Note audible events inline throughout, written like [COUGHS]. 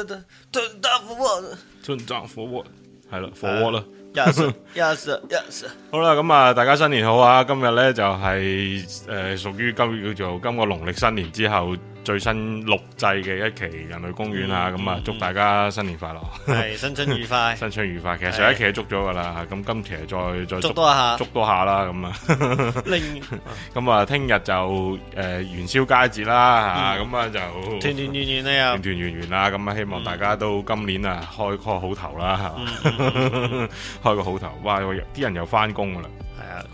吞火火鍋係啦，火鍋啦，yes yes yes， [LAUGHS] 好啦，咁啊，大家新年好啊！今日咧就係誒，屬於今叫做今個農曆新年之後。最新錄製嘅一期人類公園啊，咁啊祝大家新年快樂，係新春愉快，新春愉快。其實上一期係捉咗噶啦，咁今期再再捉多下，捉多下啦，咁啊，咁啊，聽日就誒元宵佳節啦，嚇咁啊就團團圓圓啊，團團圓圓啦，咁啊希望大家都今年啊開個好頭啦，開個好頭，哇！啲人又翻工噶啦。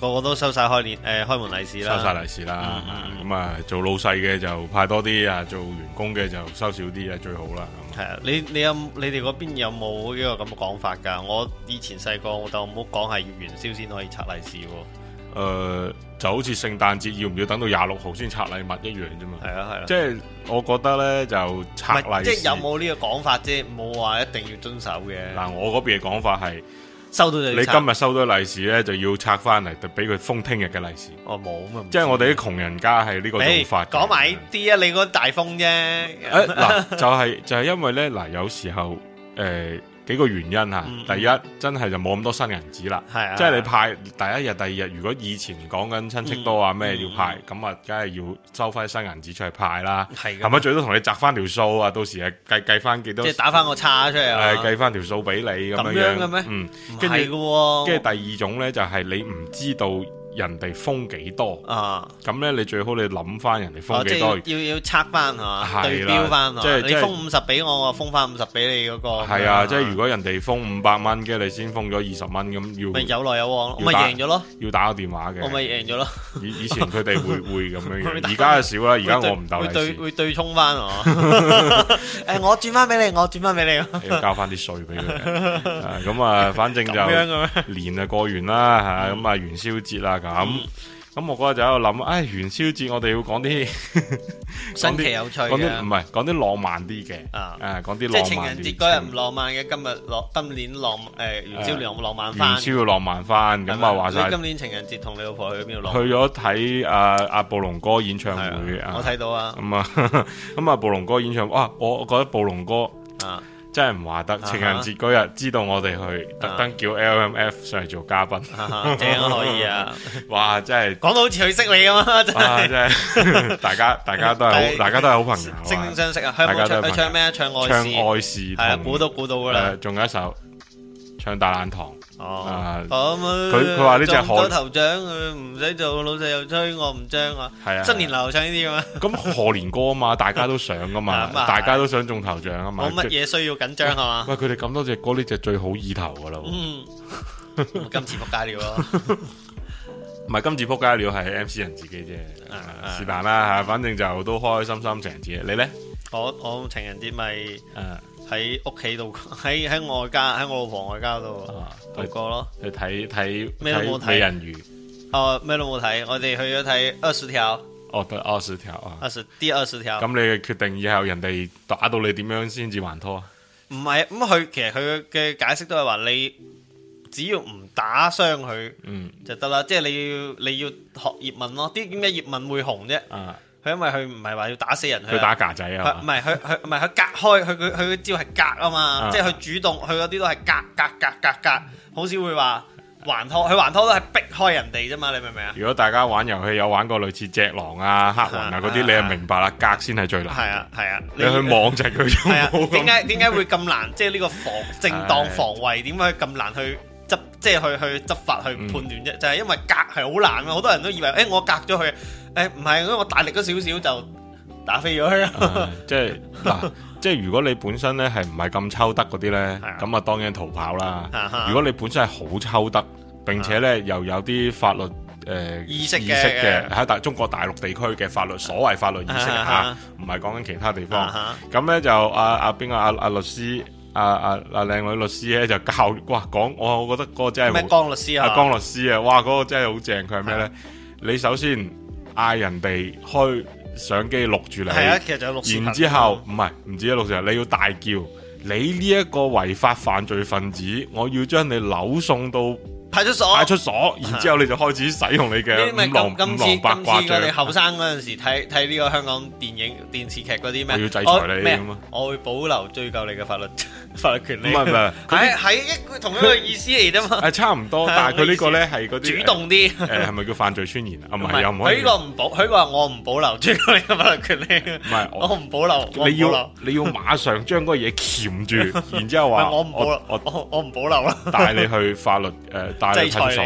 個個都收晒開年誒、呃、開門利、嗯、是啦，收晒利是啦。咁啊做老細嘅就派多啲啊，做員工嘅就收少啲啊，最好啦。係啊，你你有你哋嗰邊有冇呢個咁嘅講法噶？我以前細個我當冇講係要元宵先可以拆利是。誒、呃，就好似聖誕節要唔要等到廿六號先拆禮物一樣啫嘛。係啊係啊。即係我覺得咧就拆利即係有冇呢個講法啫，冇話一定要遵守嘅。嗱，我嗰邊嘅講法係。收到你今日收到利是咧，就要拆翻嚟，就俾佢封聽日嘅利是。哦，冇啊嘛，即係我哋啲窮人家係呢個做法。講埋啲啊，你個大風啫。誒、 [LAUGHS] 哎，嗱，就係、是、就係、是、因為咧，嗱，有時候誒。呃幾個原因，第一真係就冇咁多新人紙啦，即係你派第一日、第二日，如果以前講緊親戚多啊咩要派，咁啊，梗係要收翻新人紙出嚟派啦。係，後咪最多同你摘翻條數啊，到時啊計返翻幾多，即係打翻個叉出嚟啊，計翻條數俾你咁樣。嘅咩？嗯，跟住，跟住第二種咧，就係你唔知道。人哋封幾多啊？咁咧，你最好你諗翻人哋封幾多？要要測翻啊，對標翻，即係你封五十俾我，我封翻五十俾你嗰個。係啊，即係如果人哋封五百蚊，跟住你先封咗二十蚊，咁要咪有來有往咯？我咪贏咗咯！要打個電話嘅，我咪贏咗咯。以以前佢哋會會咁樣樣，而家就少啦。而家我唔鬥。會對會對沖翻，我轉翻俾你，我轉翻俾你，要交翻啲稅俾佢。咁啊，反正就年啊過完啦嚇，咁啊元宵節啦。咁咁，嗯嗯、那我嗰日就喺度諗，唉、哎，元宵節我哋要講啲 [LAUGHS] 些新奇有趣啊，唔係講啲浪漫啲嘅，誒，講啲浪漫。即係情人節嗰日唔浪漫嘅，今日浪今年浪誒、呃，元宵節有冇浪漫翻？元宵要浪漫翻，咁啊話，所以今年情人節同你老婆去邊度浪？去咗睇阿阿暴龍哥演唱會啊！我睇到啊。咁啊咁啊，暴龍哥演唱會，哇、啊！我覺得暴龍哥啊。真係唔話得，情人節嗰日知道我哋去，特登叫 L M F 上嚟做嘉賓，都可以啊！哇，真係講到好似佢識你咁啊！真係真係，大家大家都係大家都係好朋友，惺惺相識啊！唱唱咩？唱愛事，唱愛事，係啊，估都估到噶啦，仲有一首唱大懶堂。哦，佢佢話呢隻賀頭獎，唔使做老細又吹我，唔張啊，新年流彩呢啲啊嘛，咁賀年歌啊嘛，大家都想噶嘛，大家都想中頭獎啊嘛，冇乜嘢需要緊張啊嘛，喂，佢哋咁多隻歌，呢隻最好意頭噶啦，今次仆街了咯，唔係今次仆街了，係 M C 人自己啫，是但啦吓，反正就都開開心心情人節，你咧，我我情人節咪誒。喺屋企度，喺喺我外家，喺我老婆外家度，去、啊、過咯，去睇睇咩都冇睇，美人魚，誒咩、哦、都冇睇，我哋去咗睇二十條，哦對，二十條啊，二十第二十條，咁你嘅決定以後人哋打到你點樣先至還拖啊？唔係咁佢其實佢嘅解釋都係話你只要唔打傷佢，嗯，就得啦，即係你要你要學葉問咯，啲點解葉問會紅啫？啊。佢因為佢唔係話要打死人，佢、啊、打格仔啊，唔係佢，佢唔係佢隔開，佢佢佢招係隔啊嘛，是啊，即係佢主動，佢嗰啲都係隔隔隔隔隔，好少會話還拖，佢還拖都係逼開人哋啫嘛，你明唔明啊？如果大家玩遊戲有玩過類似隻狼啊、黑魂啊嗰啲，你就明白啦，是啊、隔先係最難。係啊係啊，你去網就係佢。係啊，點解點解會咁難？即係呢個防正當防衛，點解咁難去？即係去去執法去判斷啫，就係因為隔係好難嘅，好多人都以為誒我隔咗佢，誒唔係，因為我大力咗少少就打飛咗佢。即係嗱，即係如果你本身咧係唔係咁抽得嗰啲咧，咁啊當然逃跑啦。如果你本身係好抽得，並且咧又有啲法律誒意識嘅意識嘅喺大中國大陸地區嘅法律所謂法律意識嚇，唔係講緊其他地方。咁咧就阿阿邊個阿阿律師。啊啊嗱，靚女律師咧就教哇講我，我覺得嗰個真係咩江律師啊，阿江律師啊，哇嗰個真係好正！佢係咩咧？你首先嗌人哋開相機錄住你，係啊，其實就錄。然之後唔係唔止啊，錄視頻，你要大叫，你呢一個違法犯罪分子，我要將你扭送到派出所派出所。然之後你就開始使用你嘅五龍八卦。你後生嗰陣時睇睇呢個香港電影、電視劇嗰啲咩，我要制裁你咁啊！我會保留追究你嘅法律法律權利，唔係唔係係係一同一個意思嚟啫嘛？係差唔多，但係佢呢個咧係嗰啲主動啲，誒係咪叫犯罪宣言？啊？唔係，佢呢個唔保，佢呢個我唔保留，主專登嘅法律權利，唔係我唔保留。你要你要馬上將嗰嘢鉗住，然之後話我唔保我我唔保留啦，帶你去法律誒法律診所。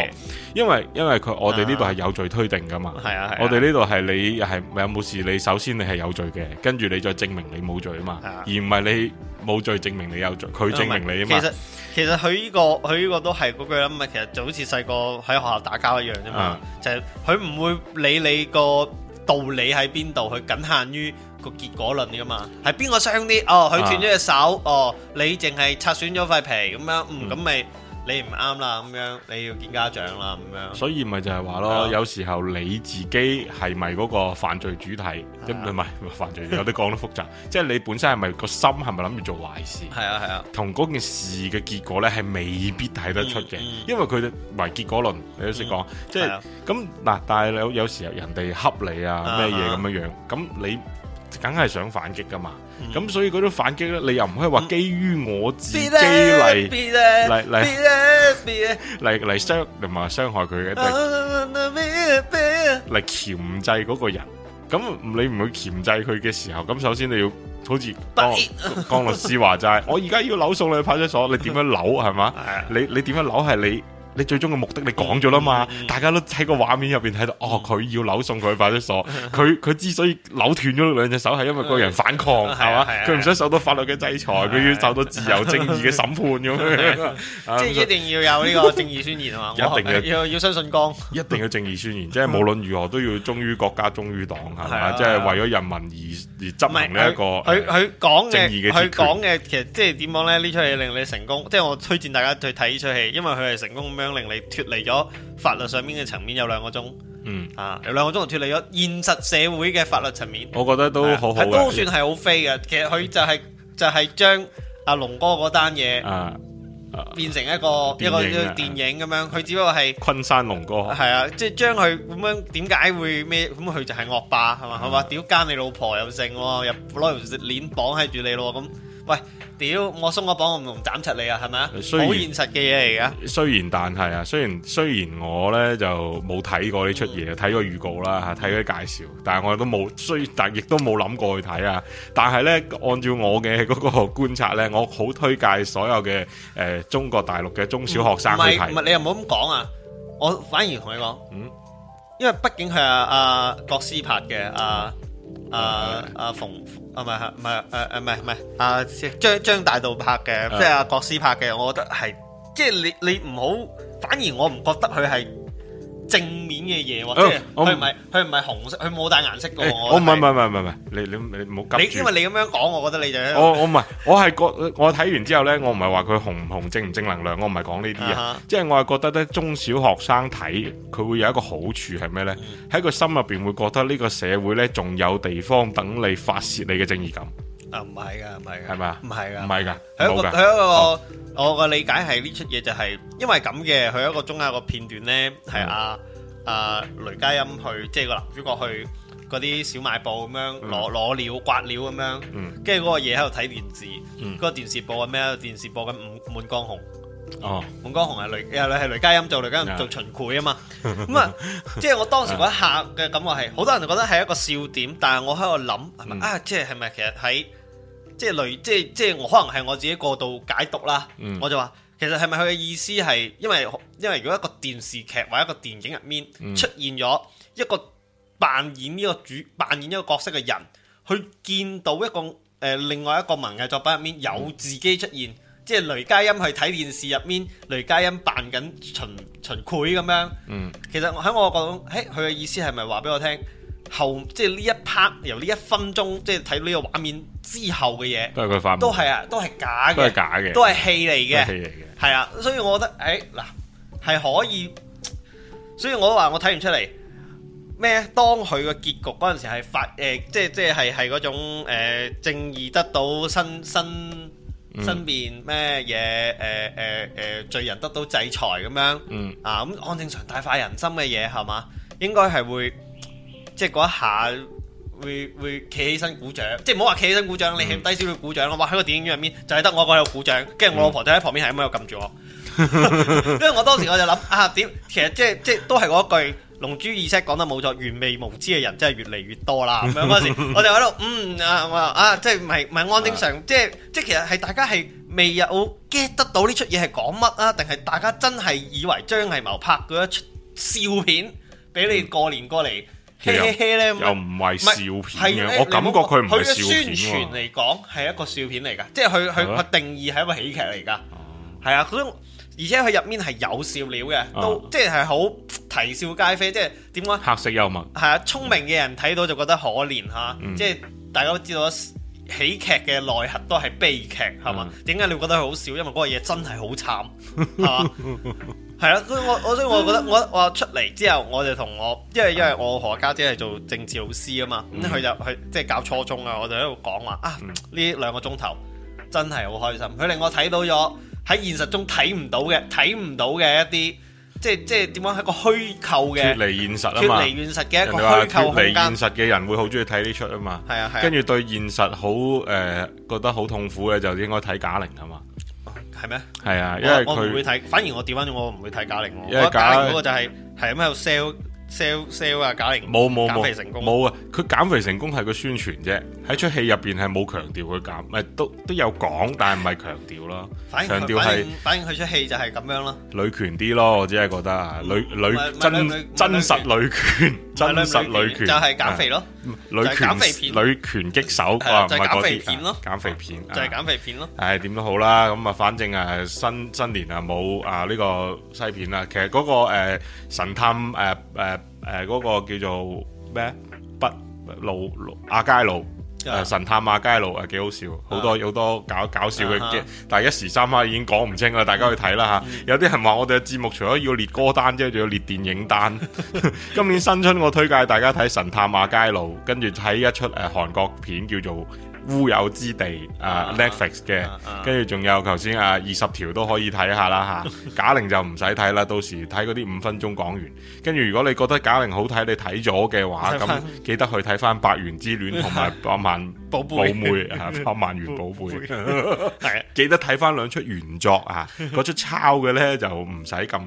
因為因為佢我哋呢度係有罪推定噶嘛，啊啊啊、我哋呢度係你係有冇事，你首先你係有罪嘅，跟住你再證明你冇罪啊嘛，啊而唔係你冇罪證明你有罪，佢證明你啊嘛其。其實其實佢呢個佢呢個都係嗰句啦，嘛，其實就好似細個喺學校打交一樣啫嘛，啊、就係佢唔會理你個道理喺邊度，佢僅限於個結果論噶嘛，係邊個傷啲，哦佢斷咗隻手，啊、哦你淨係擦損咗塊皮咁樣，嗯咁咪。嗯你唔啱啦，咁樣你要見家長啦，咁樣。所以咪就係話咯，啊、有時候你自己係咪嗰個犯罪主體？唔係、啊、犯罪主題， [LAUGHS] 有啲講得複雜。即、就、係、係、你本身係咪個心係咪諗住做壞事？係啊係啊。同嗰、啊、件事嘅結果咧，係未必睇得出嘅，嗯嗯、因為佢哋為結果論，你都識講。即係咁嗱，但係你有，有時候人哋恰你什麼啊咩嘢咁樣樣，咁你梗係想反擊噶嘛？咁、嗯、所以嗰種反擊咧，你又唔可以話基於我自己嚟嚟嚟嚟嚟嚟傷同埋傷害佢嘅，嚟鉗制嗰個人。咁你唔去鉗制佢嘅時候，咁首先你要好似江江律師話齋， [LAUGHS] 我而家要扭送你去派出所，你點樣扭係嘛？ [LAUGHS] 你你點樣扭係你？你最終嘅目的你講咗啦嘛，大家都喺個畫面入邊睇到，哦，佢要扭送佢去派出所，佢佢之所以扭斷咗兩隻手，係因為個人反抗，係嘛？佢唔想受到法律嘅制裁，佢要受到自由正義嘅審判咁樣，即係一定要有呢個正義宣言啊嘛！一定要要相信光，一定要正義宣言，即係無論如何都要忠於國家、忠於黨，係嘛？即係為咗人民而而執行呢一個佢佢講正義嘅佢講嘅，其實即係點講咧？呢出戲令你成功，即係我推薦大家去睇呢出戲，因為佢係成功。樣令嚟，脫離咗法律上面嘅層面有兩個鐘，嗯啊有兩個鐘就脫離咗現實社會嘅法律層面，我覺得都好好，係都算係好飛嘅。嗯、其實佢就係、是、就係、是、將阿龍哥嗰單嘢啊變成一個、啊、一個電影咁樣，佢只不過係昆山龍哥係啊，即係將佢咁樣點解會咩咁佢就係惡霸係嘛係嘛屌姦你老婆又剩喎，又攞條鏈綁喺住你咯咁。喂，屌！我鬆個綁，我唔同斬柒你啊，係咪啊？好然現實嘅嘢嚟噶。雖然但係啊，雖然呢、嗯、雖然我咧就冇睇過呢出嘢，睇過預告啦，睇過介紹，但係我都冇，雖但亦都冇諗過去睇啊。但係咧，按照我嘅嗰個觀察咧，我好推介所有嘅誒、呃、中國大陸嘅中小學生去睇唔係，唔係，你又冇咁講啊！我反而同你講，嗯，因為畢竟係阿郭師拍嘅啊。呃啊，阿馮啊，唔係唔係，誒誒，唔係唔係，阿張張大導拍嘅，即係阿國師拍嘅，我覺得係，即係你你唔好，反而我唔覺得佢係。正面嘅嘢或者，佢唔係佢唔係紅色，佢冇帶顏色嘅喎。我唔係唔係唔係唔係，你你你冇急住。因為你咁樣講，我覺得你就我我唔係，我係覺我睇完之後咧，我唔係話佢紅唔紅，正唔正能量，我唔係講呢啲啊。即係我係覺得咧，中小學生睇佢會有一個好處係咩咧？喺佢心入邊會覺得呢個社會咧仲有地方等你發泄你嘅正義感。啊，唔係㗎，唔係㗎，係咪啊？唔係㗎，唔係一喺個喺個。我個理解係呢出嘢，就係、是、因為咁嘅，佢一個中間一個片段咧，係阿阿雷佳音去，即係個男主角去嗰啲小賣部咁樣攞攞料刮料咁樣，跟住嗰個嘢喺度睇電視，嗰、嗯、個電視播緊咩啊？電視播緊《滿江紅》哦，嗯，《滿江紅》係雷係雷佳音做雷佳音做秦檜啊嘛，咁啊，即係我當時嗰一下嘅感覺係，好多人覺得係一個笑點，但係我喺度諗係咪啊？即係係咪其實喺？即係雷，即係即係我可能係我自己過度解讀啦，嗯、我就話其實係咪佢嘅意思係因為因為如果一個電視劇或者一個電影入面、嗯、出現咗一個扮演呢個主扮演一個角色嘅人，佢見到一個誒、呃、另外一個文藝作品入面有自己出現，嗯、即係雷佳音去睇電視入面，雷佳音扮緊秦秦檜咁樣，嗯、其實喺我角度，佢嘅意思係咪話俾我聽？後即係呢一 part 由呢一分鐘即係睇到呢個畫面之後嘅嘢，都係佢發都係啊，都係假嘅，都係假嘅，都係戲嚟嘅，係啊，所以我覺得誒嗱，係可以，所以我都話我睇唔出嚟咩？當佢嘅結局嗰陣時係發誒、呃，即係即係係係嗰種誒、呃、正義得到伸伸伸張咩嘢？誒誒誒罪人得到制裁咁樣，嗯啊咁按正常大快人心嘅嘢係嘛？應該係會。即係嗰一下會會企起身鼓掌，即係唔好話企起身鼓掌，嗯、你起低少少鼓掌咯。哇！喺個電影院入面就係得我喺度鼓掌，跟住我老婆就喺旁邊係咁喺度撳住我。嗯、 [LAUGHS] 因為我當時我就諗啊，點其實即係即係都係嗰句《龍珠二世》講得冇錯，愚昧無知嘅人真係越嚟越多啦。咁嗰、嗯、時我就喺度嗯啊啊，啊，即係唔係唔係按正常，嗯、即係即係其實係大家係未有 get 得到呢出嘢係講乜啊？定係大家真係以為張藝謀拍嗰一出笑片俾你過年過嚟？嗯嘿嘿嘿，不是，又唔係笑片，我感覺佢唔係，佢嘅宣傳嚟講係一個笑片嚟噶，即係佢佢佢定義係一個喜劇嚟噶，係啊，種而且佢入面係有笑料嘅，啊、都即係係好啼笑皆非，即係點講？黑色幽默係啊，聰明嘅人睇到就覺得可憐吓，嗯、即係大家都知道喜劇嘅內核都係悲劇，係嘛？點解、嗯、你會覺得佢好笑？因為嗰個嘢真係好慘，係嘛？ [LAUGHS] 係啦、啊，所以我所以我覺得我我出嚟之後，我就同我，因為因為我和家姐係做政治老師啊嘛，咁佢、嗯、就佢即係教初中啊，我就喺度講話啊，呢兩、嗯、個鐘頭真係好開心，佢令我睇到咗喺現實中睇唔到嘅，睇唔到嘅一啲，即係即係點樣係一個虛構嘅，脫離現實啊嘛，脫離現實嘅一個虛構空間。脫離現實嘅人會好中意睇呢出啊嘛，係啊，啊跟住對現實好誒、呃、覺得好痛苦嘅就應該睇賈玲啊嘛。係咩？係啊，因為我唔會睇，反而我調翻轉我唔會睇賈玲。因為賈玲嗰個就係係咁喺度 sell sell sell 啊，賈玲冇冇冇減肥成功冇啊，佢減肥成功係個宣傳啫。喺出戲入邊係冇強調佢減，咪都都有講，但係唔係強調咯。強調係反映佢出戲就係咁樣咯，女權啲咯，我只係覺得啊，女女真真實女權，真實女權就係減肥咯，女權女拳擊手啊，唔係個減肥片咯，減肥片就係減肥片咯。誒，點都好啦，咁啊，反正啊，新新年啊冇啊呢個西片啦。其實嗰個誒神探誒誒誒嗰個叫做咩？畢路路阿佳路。Yeah. 神探馬佳路誒，幾好笑，好多好多搞搞笑嘅、uh huh. 但係一時三刻已經講唔清啦，大家去睇啦、uh huh. 有啲人話我哋嘅節目除咗要列歌單之後，仲要列電影單。 [LAUGHS] [LAUGHS] 今年新春我推介大家睇《神探馬佳路》，跟住睇一出誒、呃、韓國片叫做，烏有之地啊、uh, Netflix 嘅的，跟住仲有頭先啊二十條都可以睇下啦吓，賈玲、uh, uh, 就唔使睇啦， [LAUGHS] 到時睇嗰啲五分鐘講完，跟住如果你覺得賈玲好睇，你睇咗嘅話，咁 [LAUGHS] 記得去睇翻《百元之戀》同埋《百萬》。寶貝寶啊，萬元寶貝，係記得睇翻兩齣原作啊，嗰齣抄嘅咧就唔使咁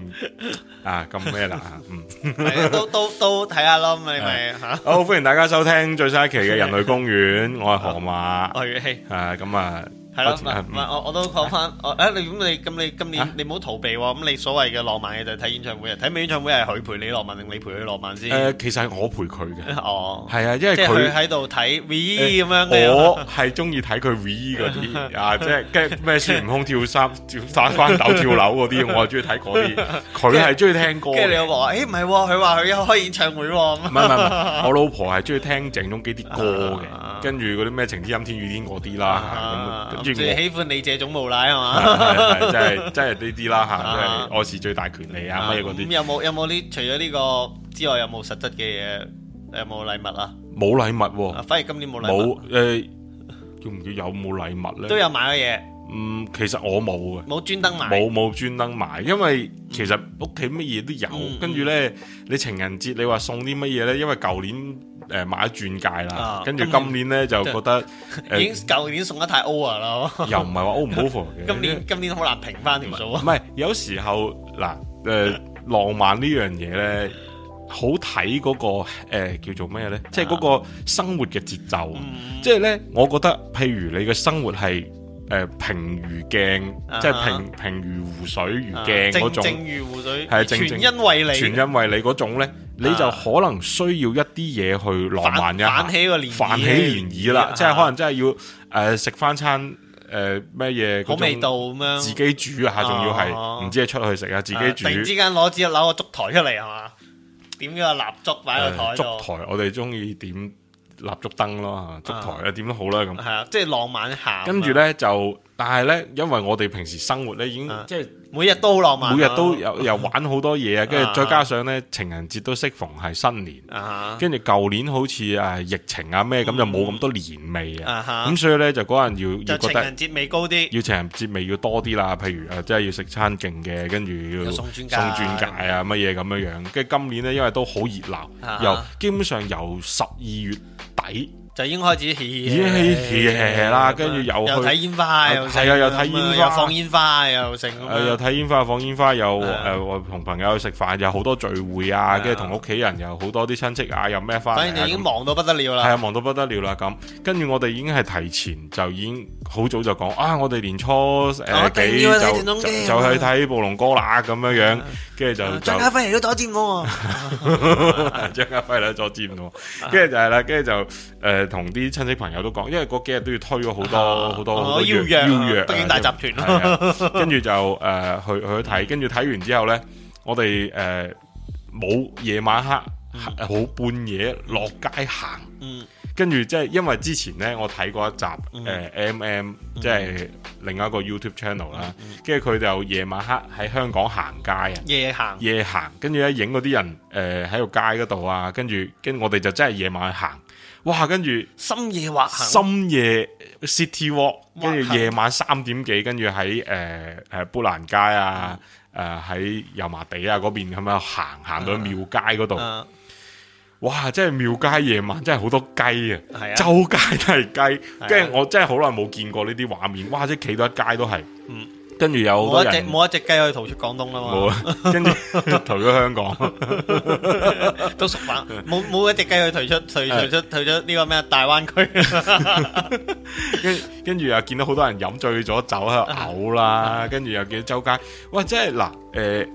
啊咁咩啦啊，嗯，都都都睇下咯，咁咪吓，好歡迎大家收聽最新一期嘅《人類公園》，我係河馬，係啊，咁啊。係啦，唔係我我都講翻，誒你咁你咁你今年你唔好逃避喎，咁你所謂嘅浪漫嘅就係睇演唱會啊，睇演唱會係佢陪你浪漫定你陪佢浪漫先？誒，其實係我陪佢嘅，哦，係啊，因為佢喺度睇 V e 咁樣，我係中意睇佢 V e 嗰啲啊，即係跟咩孫悟空跳三跳三關斗跳樓嗰啲，我啊中意睇嗰啲，佢係中意聽歌。跟住你老婆話，誒唔係，佢話佢又開演唱會，唔係唔係，我老婆係中意聽鄭中基啲歌嘅。跟住嗰啲咩情天陰天雨天嗰啲啦，跟住，你喜歡你這種無賴係嘛？真係真係呢啲啦嚇真係，愛是最大權利啊乜嘢嗰啲。咁有冇有冇呢？除咗呢個之外，有冇實質嘅嘢？有冇禮物啊？冇禮物喎，反而今年冇禮物。冇誒，叫唔叫有冇禮物咧？都有買嘅嘢。嗯，其實我冇嘅。冇專登買，冇冇專登買，因為其實屋企乜嘢都有。跟住咧，你情人節你話送啲乜嘢咧？因為舊年，誒，買咗鑽戒啦，跟住、啊、今年咧年就覺得，對呃、已經舊年送得太 over 啦， [LAUGHS] 又唔係話 over 唔 over 嘅。今年為今年好難平翻條數啊！唔係、啊，有時候嗱，誒、啊，呃啊、浪漫呢樣嘢咧，好睇嗰、嗰個誒、呃、叫做咩咧？即係嗰個生活嘅節奏，即係咧，我覺得譬如你嘅生活係。誒，平如鏡，即係平平如湖水如鏡嗰種，正正如湖水係，全因為你，全因為你嗰種咧，你就可能需要一啲嘢去浪漫一下，泛起個漣漪，泛起漣漪啦，即係可能真係要誒食翻餐誒咩嘢，味道咁樣，自己煮下，仲要係唔知係出去食啊，自己煮，突然之間攞支扭個燭台出嚟係嘛，點個蠟燭擺個台，燭台我哋中意點。蠟燭燈咯，燭台啊，點都好啦咁。係啊，即係浪漫下。跟住咧就，但係咧，因為我哋平時生活咧已經、啊、即係。每日都好浪漫，每日都又又玩好多嘢啊，跟住再加上咧，情人節都適逢係新年，跟住舊年好似疫情啊咩咁就冇咁多年味啊，咁所以咧就嗰陣要要覺得情人節味高啲，要情人節味要多啲啦，譬如即係要食餐勁嘅，跟住送送鑽戒啊乜嘢咁樣樣，跟住今年咧因為都好熱鬧，由基本上由十二月底。就已經開始，已經開始啦，跟住又又睇煙花，係啊，又睇煙花，放煙花，又成咁。誒，又睇煙花，放煙花，又誒，同朋友去食飯，又好多聚會啊，跟住同屋企人又好多啲親戚啊，又咩花。反正你已經忙到不得了啦。係啊，忙到不得了啦咁。跟住我哋已經係提前就已經好早就講啊，我哋年初誒幾就就去睇暴龍哥啦咁樣樣，跟住就張家輝嚟咗坐尖嘅喎，張家輝嚟咗坐尖嘅喎，跟住就係啦，跟住就誒。同啲親戚朋友都講，因為嗰幾日都要推咗好多好多，要約，要約，大集團咯。跟住就誒去去睇，跟住睇完之後呢，我哋誒冇夜晚黑好半夜落街行，跟住即係因為之前呢，我睇過一集誒 M M，即係另一個 YouTube channel 啦，跟住佢就夜晚黑喺香港行街啊，夜行夜行，跟住咧影嗰啲人誒喺個街嗰度啊，跟住跟我哋就真係夜晚去行。哇！跟住深夜划行，深夜 city walk，跟住夜晚三點幾，跟住喺誒誒砵蘭街啊，誒喺、嗯呃、油麻地啊嗰邊咁樣行，行到廟街嗰度。嗯嗯、哇！真係廟街夜晚真係好多雞啊，啊周街都係雞，跟住、啊、我真係好耐冇見過呢啲畫面。哇！即係企到一街都係。嗯跟住有冇一隻冇一隻雞可以逃出廣東吖嘛？冇啊，跟住逃咗香港， [LAUGHS] 都熟反冇冇一隻雞可以逃出逃逃出是的 逃出呢個咩大灣區？是的 [LAUGHS] 跟跟住又見到好多人飲醉咗，走喺度嘔啦。 [LAUGHS] 跟住又見到周街哇，喂即呃、真係嗱誒，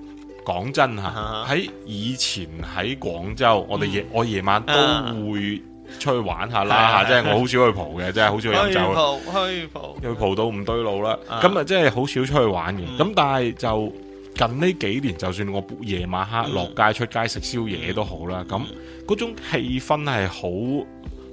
講真嚇喺以前喺廣州，嗯、我哋夜我夜晚都會。嗯出去玩下啦，即係我好少去蒲嘅，即係好少去飲酒去蒲去蒲，去蒲到唔對路啦。咁啊，即係好少出去玩嘅。咁但係就近呢幾年，就算我夜晚黑落街出街食宵夜都好啦。咁嗰種氣氛係好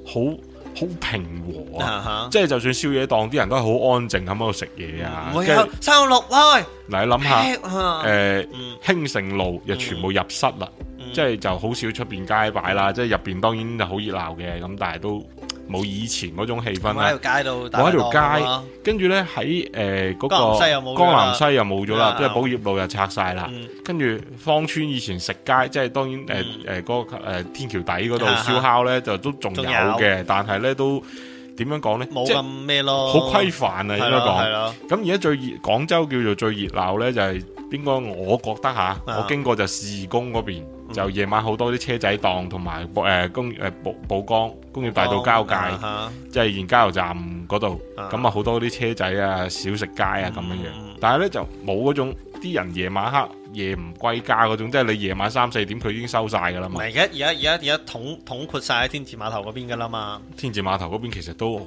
好好平和啊！即係就算宵夜檔啲人都係好安靜咁喺度食嘢啊。三六六，喂，嚟諗下，誒，興盛路又全部入室啦。即係就好少出邊街擺啦，即係入邊當然就好熱鬧嘅，咁但係都冇以前嗰種氣氛啦。喺條街度，喺條街，跟住咧喺誒嗰個江南西又冇，江南西又冇咗啦，即係寶業路又拆晒啦。跟住芳村以前食街，即係當然誒誒個誒天橋底嗰度燒烤咧，就都仲有嘅，但係咧都點樣講咧？冇咁咩咯，好規範啊，應該講。咁而家最熱廣州叫做最熱鬧咧，就係邊個？我覺得吓，我經過就市二宮嗰邊。就夜晚好多啲車仔檔，同埋誒工誒、呃、寶寶崗工業大道交界，即係沿加油站嗰度，咁啊好多啲車仔啊、小食街啊咁、嗯、樣樣。但係咧就冇嗰種啲人夜晚黑夜唔歸家嗰種，即係你夜晚三四點佢已經收晒㗎啦嘛。而家而家而家而家統統括晒喺天字碼頭嗰邊㗎啦嘛。天字碼頭嗰邊其實都好。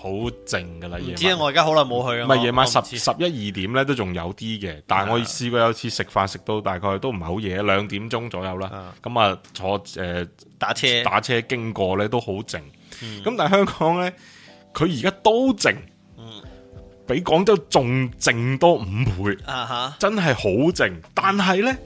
好靜噶啦！唔知我而家好耐冇去啦。唔係夜晚十十一二點咧，都仲有啲嘅。但係我試過有一次食飯食到大概都唔係好夜，兩點鐘左右啦。咁啊坐，坐、呃、誒打車打、打車經過咧都好靜。咁、嗯、但係香港咧，佢而家都靜，嗯，比廣州仲靜多五倍。啊哈，真係好靜。但係咧，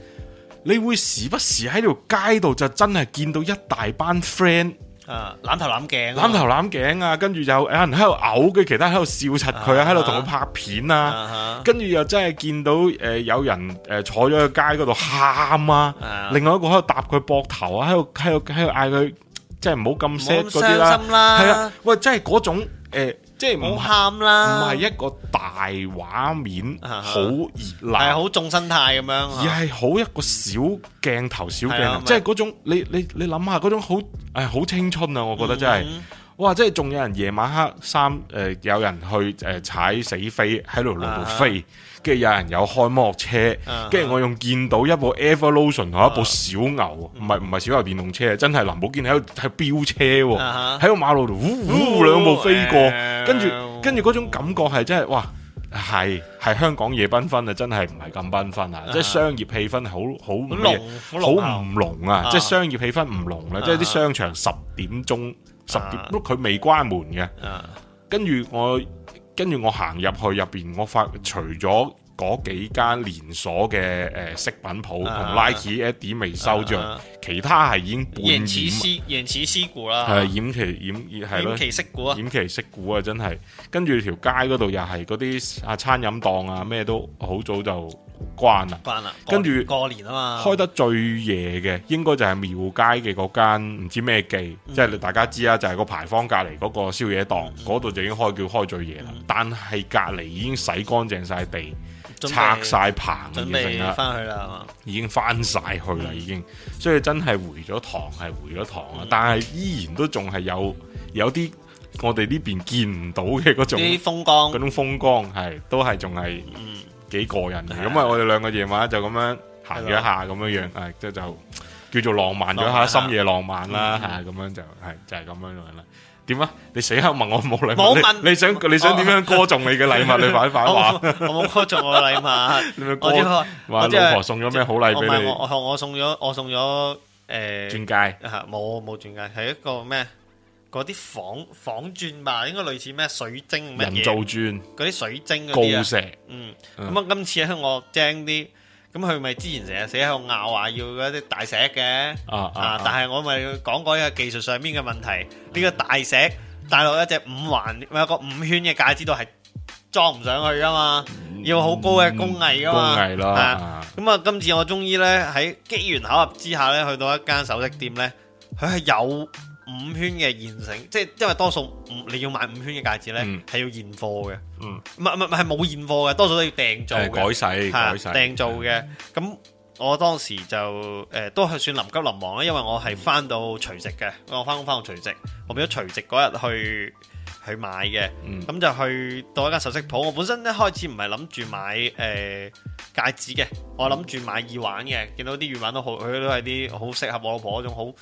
你會時不時喺條街度就真係見到一大班 friend。啊！攬頭攬頸，攬頭攬頸啊！跟住就有人喺度嘔嘅，其他喺度笑柒佢啊哈，喺度同佢拍片啊，跟住、啊、哈又真係見到誒有人誒坐咗喺街嗰度喊啊！啊哈另外一個喺度搭佢膊頭啊，喺度喺度喺度嗌佢，即係唔好咁錫嗰啲啦。係啊，喂，即係嗰種誒。欸即係唔好喊啦！唔係一個大畫面，好哈熱鬧，係好重生態咁樣，而係好一個小鏡頭、嗯、小鏡頭，即係嗰種、嗯、你你你諗下嗰種好、呃、好青春啊！我覺得真係、嗯、哇！即係仲有人夜晚黑三、呃、有人去、呃、踩死飛喺度路度飛。啊嗯跟住有人有開摩托車，跟住我用見到一部 Evolution 同一部小牛，唔係唔係小牛電動車，真係林寶堅尼喺度喺飆車喎，喺個馬路度呼呼兩部飛過，跟住跟住嗰種感覺係真係哇，係係香港夜繽紛啊！真係唔係咁繽紛啊！即係商業氣氛好好好唔濃啊！即係商業氣氛唔濃咧，即係啲商場十點鐘十點佢未關門嘅，跟住我。跟住我行入去入邊，面我發覺除咗。嗰幾間連鎖嘅誒飾品鋪同 Nike、Adidas 收著，啊、其他係已經半偃旗息偃啦。係偃旗偃而啊！偃旗息鼓啊！真係。跟住條街嗰度又係嗰啲啊餐飲檔啊咩都好早就關啦。關啦。跟住過年啊著嘛。開得最夜嘅應該就係廟街嘅嗰間唔知咩記，即係、嗯、大家知啊，就係、是、個牌坊隔離嗰個宵夜檔嗰度、嗯、就已經開叫開最夜啦。嗯、但係隔離已經洗乾淨晒地。拆晒棚，準備翻去啦，已經翻晒去啦，係嘛？已經，所以真係回咗堂，係回咗堂啊！嗯、但係依然都仲係有有啲我哋呢邊見唔到嘅嗰種，種風光，嗰種風光係都係仲係幾過癮。咁啊，嗯、我哋兩個夜晚就咁樣行咗下，咁樣的樣，係即就叫做浪漫咗下，下，深夜浪漫啦，係咁、嗯、樣就係就係、是、咁樣樣啦。點啊！你死黑問我冇禮物，冇問，你想你想點樣歌頌你嘅禮物？你反反話，我冇歌頌我嘅禮物。我即係話老婆送咗咩好禮俾你？唔係我我我送咗我送咗誒，鑽戒啊！冇冇鑽戒，係一個咩？嗰啲仿仿鑽吧，應該類似咩水晶乜嘢？人造鑽，嗰啲水晶嗰啲鋯石。嗯，咁啊，今次喺我精啲。咁佢咪之前成日寫喺度拗話要嗰啲大石嘅，啊，啊，啊啊但係我咪講過一個技術上面嘅問題，呢、啊、個大石戴落一隻五環，有個五圈嘅戒指度係裝唔上去噶嘛，嗯、要好高嘅工藝噶嘛，咁啊，工啊、嗯，今次我終於呢，喺機緣巧合之下呢，去到一間首飾店呢，佢係有。五圈嘅現成，即係因為多數五你要買五圈嘅戒指咧，係要現貨嘅。嗯，唔係唔係唔係冇現貨嘅，多數都要訂做嘅。改改曬，訂做嘅。咁、嗯、我當時就誒、呃、都係算臨急臨忙啦，因為我係翻到除夕嘅，我翻工翻到除夕，我變咗除夕嗰日去去買嘅。咁、嗯、就去到一間首飾鋪，我本身一開始唔係諗住買誒、呃、戒指嘅，我諗住買耳環嘅，見到啲耳環都好，佢都係啲好適合我老婆嗰種好。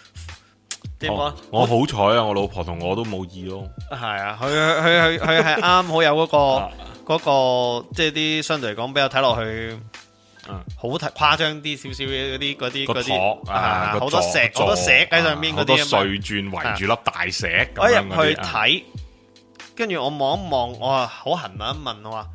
我好彩啊！我老婆同我都冇意咯。係啊，佢佢佢佢係啱好有嗰個嗰個，即係啲相對嚟講比較睇落去，嗯，好誇張啲少少嘅嗰啲嗰啲嗰啲好多石好多石喺上邊嗰啲碎鑽圍住粒大石咁樣。我入去睇，跟住我望一望，我啊好痕啊，一問我話。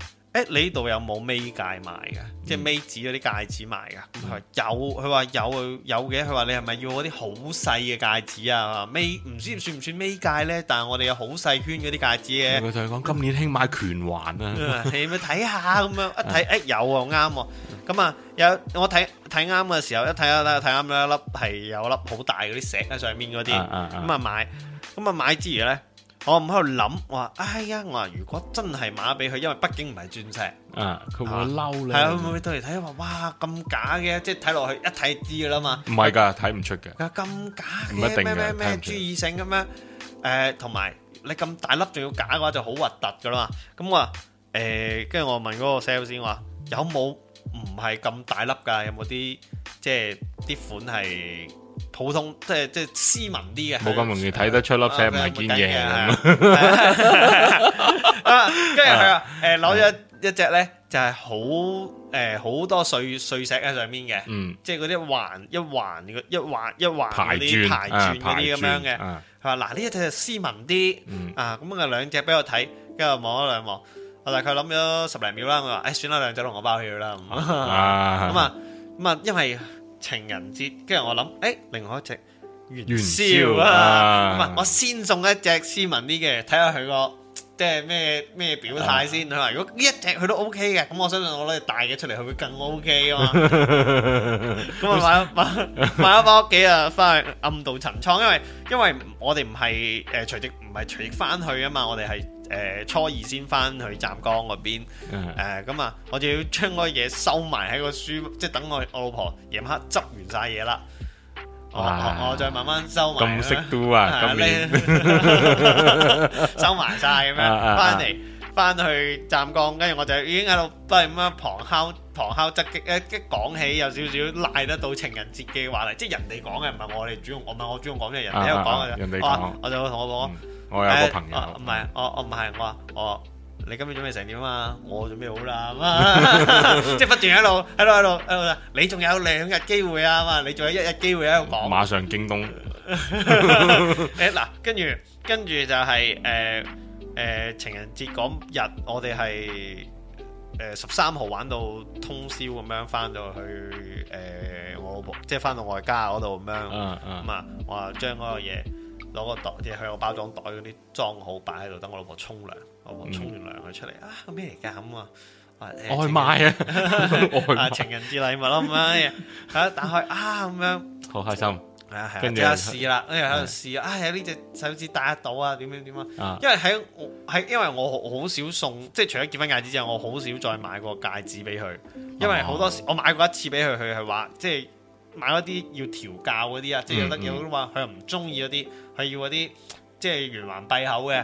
誒，你呢度有冇尾戒賣嘅？即係尾指嗰啲戒指賣嘅。咁佢話有，佢話有，有嘅。佢話你係咪要嗰啲好細嘅戒指啊？尾唔知算唔算尾戒咧？但係我哋有好細圈嗰啲戒指嘅。我同佢講今年興買全環啊。你咪睇下咁樣，一睇誒有喎，啱喎。咁啊，有我睇睇啱嘅時候，一睇啊睇啱咗一粒係有粒好大嗰啲石喺上面嗰啲，咁啊買，咁啊買之餘咧。我唔喺度諗，話哎呀，我話如果真係買俾佢，因為畢竟唔係鑽石，啊，佢會嬲你，係啊，會唔會到嚟睇話哇咁假嘅？即係睇落去一睇知噶啦嘛。唔係㗎，睇唔出嘅。咁假嘅咩咩咩鑽耳石嘅咩？誒，同埋你咁大粒仲要假嘅話，就好核突噶啦嘛。咁我誒，跟住我問嗰個 sales 先話，有冇唔係咁大粒㗎？有冇啲即係啲款係？普通即係即係斯文啲嘅，冇咁容易睇得出粒石唔係堅嘢啊。跟住佢話誒，攞咗一隻咧，就係好誒，好多碎碎石喺上面嘅，即係嗰啲一環一環一環一環嗰啲排轉排啲咁樣嘅，係嘛？嗱呢一隻就斯文啲，啊，咁啊兩隻俾我睇，跟住望一兩望，我大概諗咗十零秒啦，我話誒，算啦，兩隻同我包票啦，咁啊咁啊，因為。情人節，跟住我諗，誒，另外一隻元宵啊，唔係，我先送一隻斯文啲嘅，睇下佢個即係咩咩表態先。佢話如果呢一隻佢都 OK 嘅，咁我相信我攞隻大嘅出嚟，佢會更 OK 啊嘛。咁啊買咗，買咗返屋企啊，翻去暗度陳倉，因為因為我哋唔係誒隨意唔係隨意翻去啊嘛，我哋係。誒初二先翻去湛江嗰邊，咁啊、嗯呃，我就要將嗰啲嘢收埋喺個書，即係等我我老婆夜晚黑執完晒嘢啦，我再慢慢收埋。咁識 do 啊？收埋晒。咁樣翻嚟，翻、啊啊、去湛江，跟住我就已經喺度都係咁樣旁敲旁敲側擊，一激講起有少少賴得到情人節嘅話題，即係人哋講嘅，唔係我哋主動，唔係我主動講嘅，人哋喺度講嘅啫。哇、啊！我，我就同我講。我有個朋友，唔係、啊，我我唔係，我我，我，我你今日準備成點啊？我準備好啦， [LAUGHS] 即係不斷喺度，喺度喺度喺度，你仲有兩日機會啊嘛？你仲有一日機會喺度講，馬上京東。誒，嗱，跟住跟住就係誒誒情人節嗰日，我哋係誒十三號玩到通宵咁樣，翻到去誒、呃、我即係翻到外家嗰度咁樣，咁啊、uh, uh.，我話將嗰個嘢。攞個袋，即係佢個包裝袋嗰啲裝好，擺喺度等我老婆沖涼。我老婆沖完涼佢出嚟啊，咩嚟㗎咁啊？我去買啊，情人節禮物咯咁樣。啊，打開啊咁樣，好開心。係啊係啊，跟住試啦，跟住喺度試啊。唉，呢隻手指戴得到啊？點樣點樣啊？因為喺喺，因為我好少送，即係除咗結婚戒指之後，我好少再買個戒指俾佢。因為好多時我買過一次俾佢，佢係話即係。買嗰啲要調教嗰啲啊，即係有得有都話佢又唔鍾意嗰啲，係要嗰啲即係圓環閉口嘅。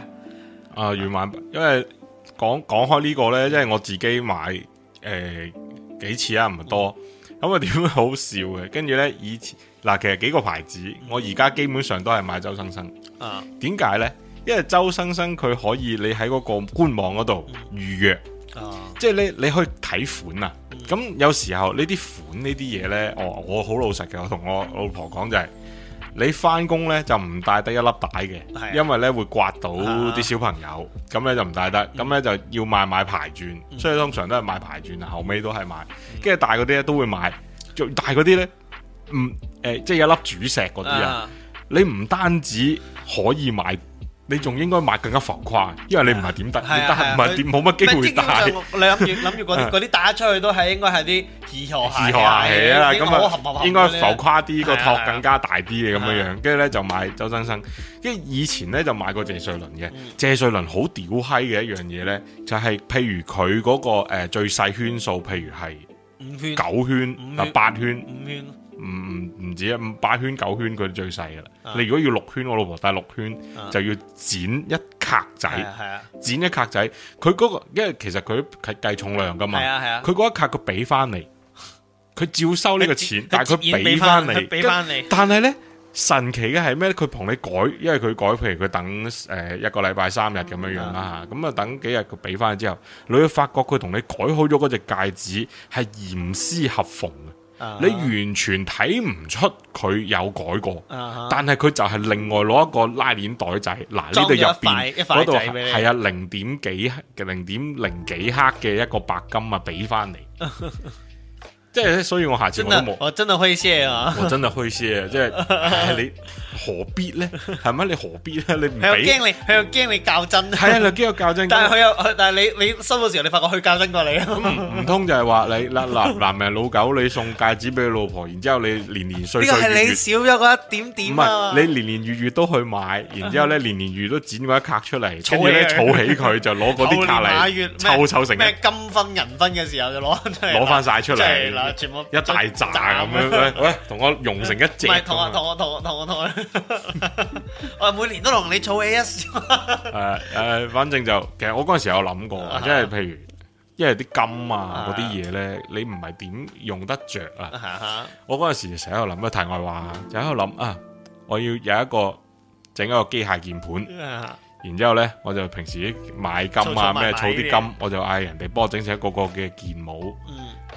啊，圓環，因為講講開呢、這個呢，因為我自己買誒、呃、幾次啊，唔多。咁啊點好笑嘅？跟住呢，以前嗱，其實幾個牌子，嗯、我而家基本上都係買周生生。啊，點解呢？因為周生生佢可以你喺嗰個官網嗰度預約。嗯即係你，你去睇款啊！咁有時候呢啲款呢啲嘢呢，我我好老實嘅，我同我老婆講就係，你返工呢，就唔帶得一粒帶嘅，因為呢會刮到啲小朋友，咁呢、啊、就唔帶得，咁呢就要買買牌鑽，嗯、所以通常都係買牌鑽啊，後尾都係買，跟住大嗰啲呢都會買，最大嗰啲呢，唔、嗯、即係一粒主石嗰啲啊，你唔單止可以買。你仲應該買更加浮誇，因為你唔係點得，唔係點冇乜機會帶。你諗住諗住嗰啲啲打出去都係應該係啲意外鞋啦，咁啊應該浮誇啲，個托更加大啲嘅咁樣樣，跟住咧就買周生生。跟住以前咧就買過謝瑞麟嘅，謝瑞麟好屌閪嘅一樣嘢咧，就係譬如佢嗰個誒最細圈數，譬如係五圈、九圈、八圈。唔唔唔止啊，八圈九圈佢最細噶啦。啊、你如果要六圈，我老婆帶六圈、啊、就要剪一格仔，啊啊、剪一格仔。佢嗰、嗰個因為其實佢計重量噶嘛，佢嗰、啊啊、一格，佢俾翻你，佢照收呢個錢，但係佢俾翻你，俾翻你。但係咧神奇嘅係咩咧？佢同你改，因為佢改，譬如佢等誒一個禮拜三日咁樣樣啦吓，咁、嗯、啊等幾日佢俾翻之後，你會發覺佢同你改好咗嗰隻戒指係嚴絲合縫。你完全睇唔出佢有改過，uh huh. 但係佢就係另外攞一個拉鏈袋、啊、面仔，嗱呢度入面嗰度係啊零點幾零點零幾克嘅一個白金啊，俾翻你。 [LAUGHS] 即係所以我下次我冇。我真係虛師啊！我真係虛師啊！即係你何必咧？係咪你何必咧？你唔俾？有驚你，佢又驚你較真。係啊，有驚我較真。但係佢有，但係你你收到時候，你發覺佢較真過你啊！唔通就係話你男男男人老狗，你送戒指俾老婆，然之後你年年歲歲係你少咗嗰一點點啊！唔係，你年年月月都去買，然之後咧年年月都剪嗰一卡出嚟，儲咧儲起佢，就攞嗰啲卡嚟抽抽成咩金婚銀婚嘅時候就攞翻攞翻晒出嚟。全部一大紮咁樣，喂，同我融成一隻。唔係，同我，同我，同我，同我，同我。我每年都同你儲起一紮。誒誒，反正就其實我嗰陣時有諗過，即係譬如，因為啲金啊嗰啲嘢咧，你唔係點用得着啊。我嗰陣時成日喺度諗啲題外話，就喺度諗啊，我要有一個整一個機械鍵盤。然之後咧，我就平時買金啊咩，儲啲金，我就嗌人哋幫我整成一個個嘅鍵帽。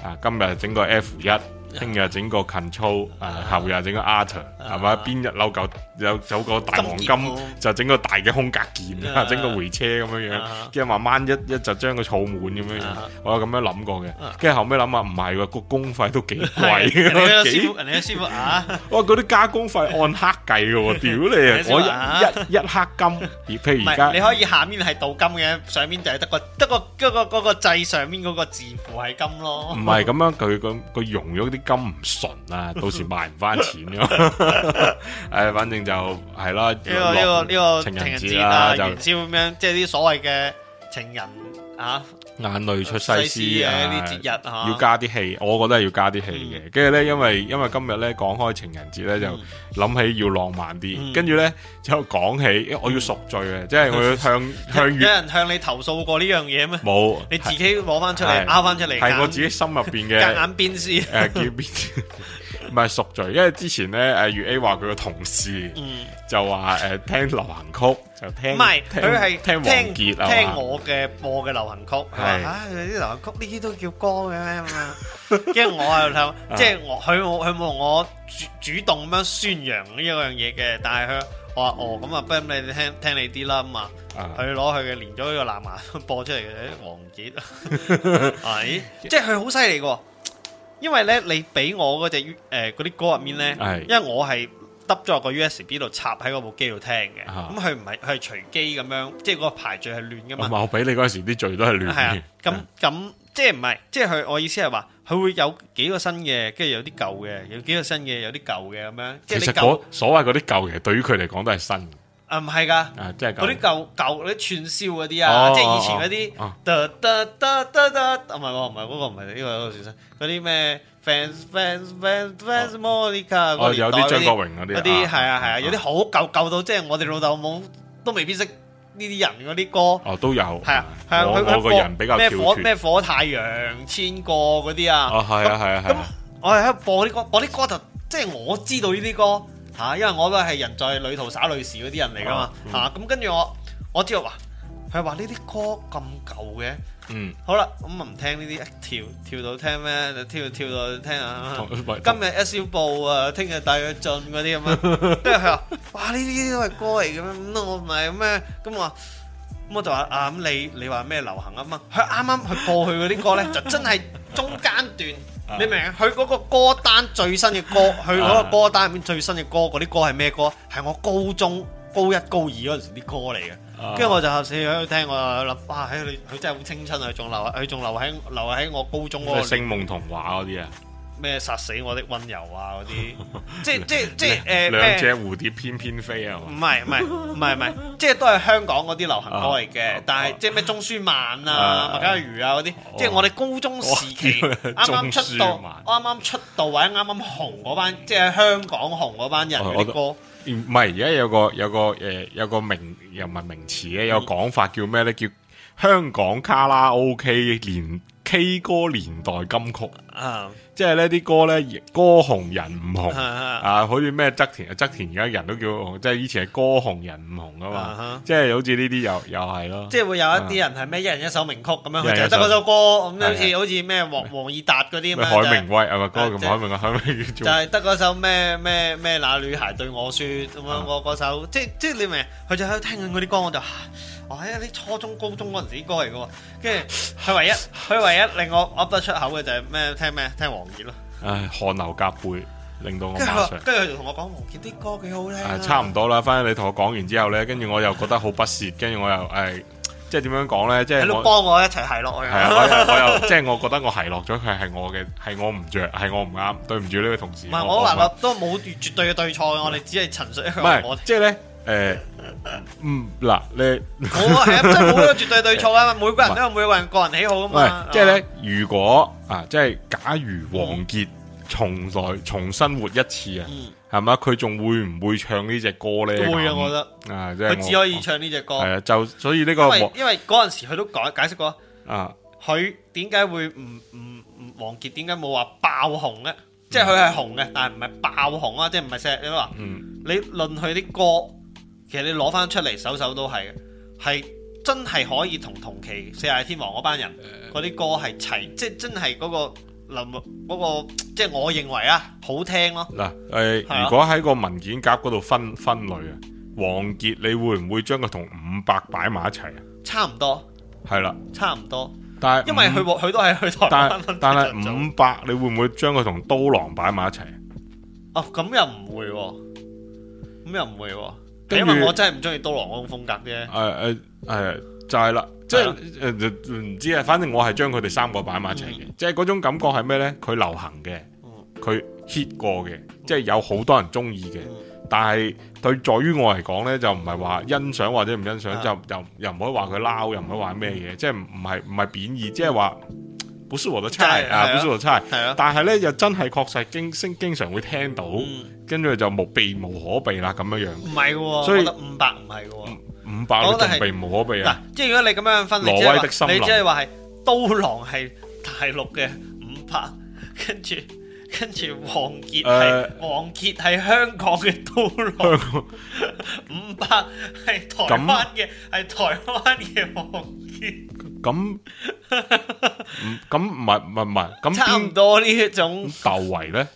啊！今日整個 F 一。聽日整個 control，誒，後日整個 alt，係咪？邊日摟夠有有個大黃金，就整個大嘅空格鍵，整個回車咁樣樣，跟住慢慢一一就將個儲滿咁樣樣。我有咁樣諗過嘅，跟住後尾諗啊，唔係喎，個工費都幾貴嘅。你個師傅，啊！哇，啲加工費按克計嘅，屌你啊！我一一克金，譬如而家，你可以下面係鍍金嘅，上面就係得個得個個個掣上面嗰個字符係金咯。唔係咁樣，佢個個溶咗啲。咁金唔順啊，到時賣唔翻錢咯。 [LAUGHS] [LAUGHS] 反正就係咯，呢、這個呢人呢、這個這個情人節啦、啊，咁就樣，即係啲所謂嘅情人啊。眼淚出西施啊！呢節日，要加啲戲，我覺得係要加啲戲嘅。跟住咧，因為因為今日咧講開情人節咧，就諗起要浪漫啲。跟住咧，就講起，我要贖罪嘅，即係我要向向月。有人向你投訴過呢樣嘢咩？冇，你自己攞翻出嚟，啱翻出嚟，係我自己心入邊嘅。夾硬邊絲，誒，叫邊絲。唔係贖罪，因為之前咧，誒月 A 話佢個同事就話誒聽流行曲，就聽唔係佢係聽王傑啊，聽我嘅播嘅流行曲，係啊啲流行曲呢啲都叫歌嘅嘛。跟住我喺度聽，即係我佢冇佢冇同我主主動咁樣宣揚呢一樣嘢嘅，但係佢我話哦咁啊，不如你聽聽你啲啦嘛。佢攞佢嘅連咗呢個藍牙播出嚟嘅王傑，係即係佢好犀利嘅。因為咧，你俾我嗰隻誒嗰啲歌入面咧，是因為我係耷咗個 U S B 度插喺部機度聽嘅，咁佢唔係佢係隨機咁樣，即係嗰個排序係亂噶嘛。我俾你嗰時啲序都係亂嘅。咁咁即係唔係？即係我意思係話，佢會有幾個新嘅，跟住有啲舊嘅，有幾個新嘅，有啲舊嘅咁樣。即你其實嗰所謂嗰啲舊嘅，對於佢嚟講都係新。啊唔係㗎，嗰啲舊舊嗰啲串燒嗰啲啊，即係以前嗰啲得得得得得，唔係喎唔係嗰個唔係呢個嗰個先生，嗰啲咩 fans fans fans fans Monica，哦有啲張國榮嗰啲，嗰啲係啊係啊，有啲好舊舊到即係我哋老豆老母都未必識呢啲人嗰啲歌，哦都有，係啊係啊，我我個人比較咩火咩火太陽千個嗰啲啊，啊係啊係啊，咁我係喺度播啲歌，播啲歌就即係我知道呢啲歌。嚇，因為我都係人在旅途灑淚時嗰啲人嚟噶嘛，嚇咁跟住我，我知道話，佢話呢啲歌咁舊嘅，嗯，好啦，咁唔聽呢啲，一跳跳到聽咩？跳跳到聽啊！今日一小步啊，聽日大躍進嗰啲咁樣，跟住佢話，哇，呢啲都係歌嚟嘅咩？咁我唔係咩？咁我咁我就話：啊，咁你你話咩流行啊嘛？佢啱啱佢過去嗰啲歌咧，就真係中間段。你明啊？佢嗰個歌單最新嘅歌，佢嗰個歌單入面最新嘅歌，嗰啲歌係咩歌？係我高中高一高二嗰陣時啲歌嚟嘅。跟住我就合適喺度聽我，我啊諗哇，喺佢佢真係好青春啊！佢仲留佢仲留喺留喺我高中嗰、嗰個，星夢童話嗰啲啊！咩殺死我的温柔啊嗰啲，即係即係即係誒，兩隻蝴蝶翩翩飛啊！唔係唔係唔係唔係，即係都係香港嗰啲流行歌嚟嘅。但係即係咩鐘舒漫啊、麥嘉瑜啊嗰啲，即係我哋高中時期啱啱出道、啱啱出道或者啱啱紅嗰班，即係香港紅嗰班人嘅歌。唔係而家有個有個誒有個名又唔係名詞咧，有個講法叫咩咧？叫香港卡拉 OK 年 K 歌年代金曲啊！即係呢啲歌咧，歌紅人唔紅啊！好似咩側田啊，側田而家人都叫即係以前係歌紅人唔紅啊嘛！即係好似呢啲又又係咯。即係會有一啲人係咩一人一首名曲咁樣，佢就係得嗰首歌咁，好似好似咩黃黃義達嗰啲咁海明威係嘛，嗰咁海明海明威做就係得嗰首咩咩咩那女孩對我說咁樣，我嗰首即即你明，佢就喺度聽緊嗰啲歌我就。我係一啲初中、高中嗰陣時歌嚟嘅，跟住佢唯一佢唯一令我噏得出口嘅就係咩聽咩聽王傑咯。唉，汗流浹背令到我 Sir,。佢跟住又同我講王傑啲歌幾好聽。差唔多啦，反正你同我講完之後咧，跟住我又覺得好不屑。跟住我又誒、哎，即係點樣講咧？即係我幫我一齊奚落去、啊。我又,我又 [LAUGHS] 即係我覺得我奚落咗佢係我嘅，係我唔着，係我唔啱，對唔住呢個同事。唔係是我話我,說我都冇絕對嘅對錯、嗯、我哋只係陳述一個是即係咧。誒，嗯，嗱，你我係啊，真係冇一個絕對對錯啊，每個人都有每個人個人喜好咁嘛。即係咧，如果啊，即係假如王傑從來重生活一次啊，係嘛，佢仲會唔會唱呢隻歌咧？唔會啊，我覺得啊，即係佢只可以唱呢隻歌。係啊，就所以呢個，因為嗰陣時佢都解解釋過啊，佢點解會唔唔王傑點解冇話爆紅咧？即係佢係紅嘅，但係唔係爆紅啊，即係唔係錫你都話，你論佢啲歌。其實你攞翻出嚟首首都係，係真係可以同同期四大天王嗰班人嗰啲、呃、歌係齊，即係真係嗰、嗰個林嗰、嗰個嗰個，即係我認為啊，好聽咯。嗱、呃，誒、呃，啊、如果喺個文件夾嗰度分分類會會會會啊，王傑你會唔會將佢同五百擺埋一齊啊？差唔多。係啦。差唔多。但係因為佢佢都係去台灣。但係五百你會唔會將佢同刀郎擺埋一齊？哦，咁又唔會，咁又唔會。因為我真係唔中意刀郎嗰種風格啫、嗯，誒誒誒，就係、是、啦，即係唔知啊，反正我係將佢哋三個擺埋一齊嘅，即係嗰種感覺係咩咧？佢流行嘅，佢 hit 過嘅，即係、嗯、有好多人中意嘅，嗯、但係對在於我嚟講咧，就唔係話欣賞或者唔欣賞，嗯、就就又唔可以話佢撈，又唔可以話咩嘢，即係唔唔係唔係貶義，即係話。不是我都差，啊本書都差，係咯。但係咧又真係確實經經經常會聽到，跟住就無避無可避啦咁樣樣。唔係，所以我覺得五百唔係嘅，五百都避無可避啊！嗱，即係如果你咁樣分挪威的森林，你即係話係刀郎係大陸嘅五百，跟住跟住王傑係王傑係香港嘅刀郎，五百係台灣嘅係台灣嘅王傑。咁咁唔係唔係唔係，差唔多種呢種竇唯咧，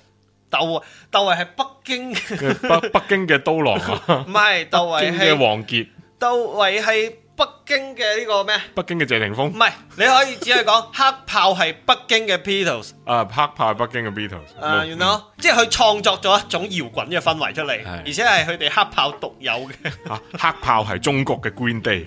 竇竇唯係北京嘅北北京嘅刀郎啊，唔係竇唯係王傑，竇唯係。北京嘅呢個咩？北京嘅謝霆鋒？唔係，你可以只係講黑豹係北京嘅 Beatles。啊，黑豹係北京嘅 Beatles。啊，you know 即係佢創作咗一種搖滾嘅氛圍出嚟，而且係佢哋黑豹獨有嘅。啊，黑豹係中國嘅 Green Day。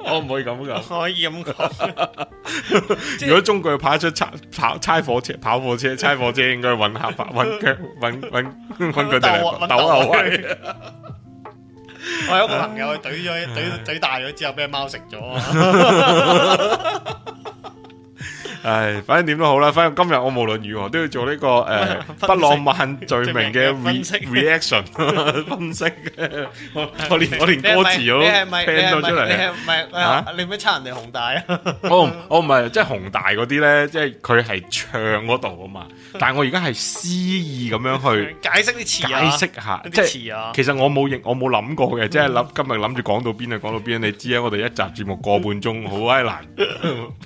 我唔可以咁講，可以咁講。如果中國要跑出拆跑猜火車、跑火車、猜火車，應該揾黑豹、揾腳、揾揾揾佢哋嚟鬥牛。我有個朋友佢懟咗懟懟大咗之後，俾隻貓食咗。唉，反正點都好啦。反正今日我無論如何都要做呢個誒不浪漫罪名嘅 re reaction 分析嘅。我連我連歌詞我都搬到出嚟。你唔係踩人哋宏大啊？我唔我唔係即係宏大嗰啲咧，即係佢係唱嗰度啊嘛。但係我而家係詩意咁樣去解釋啲詞啊，解釋下即係其實我冇認我冇諗過嘅，即係諗今日諗住講到邊啊，講到邊啊？你知啊？我哋一集節目個半鐘好鬼難，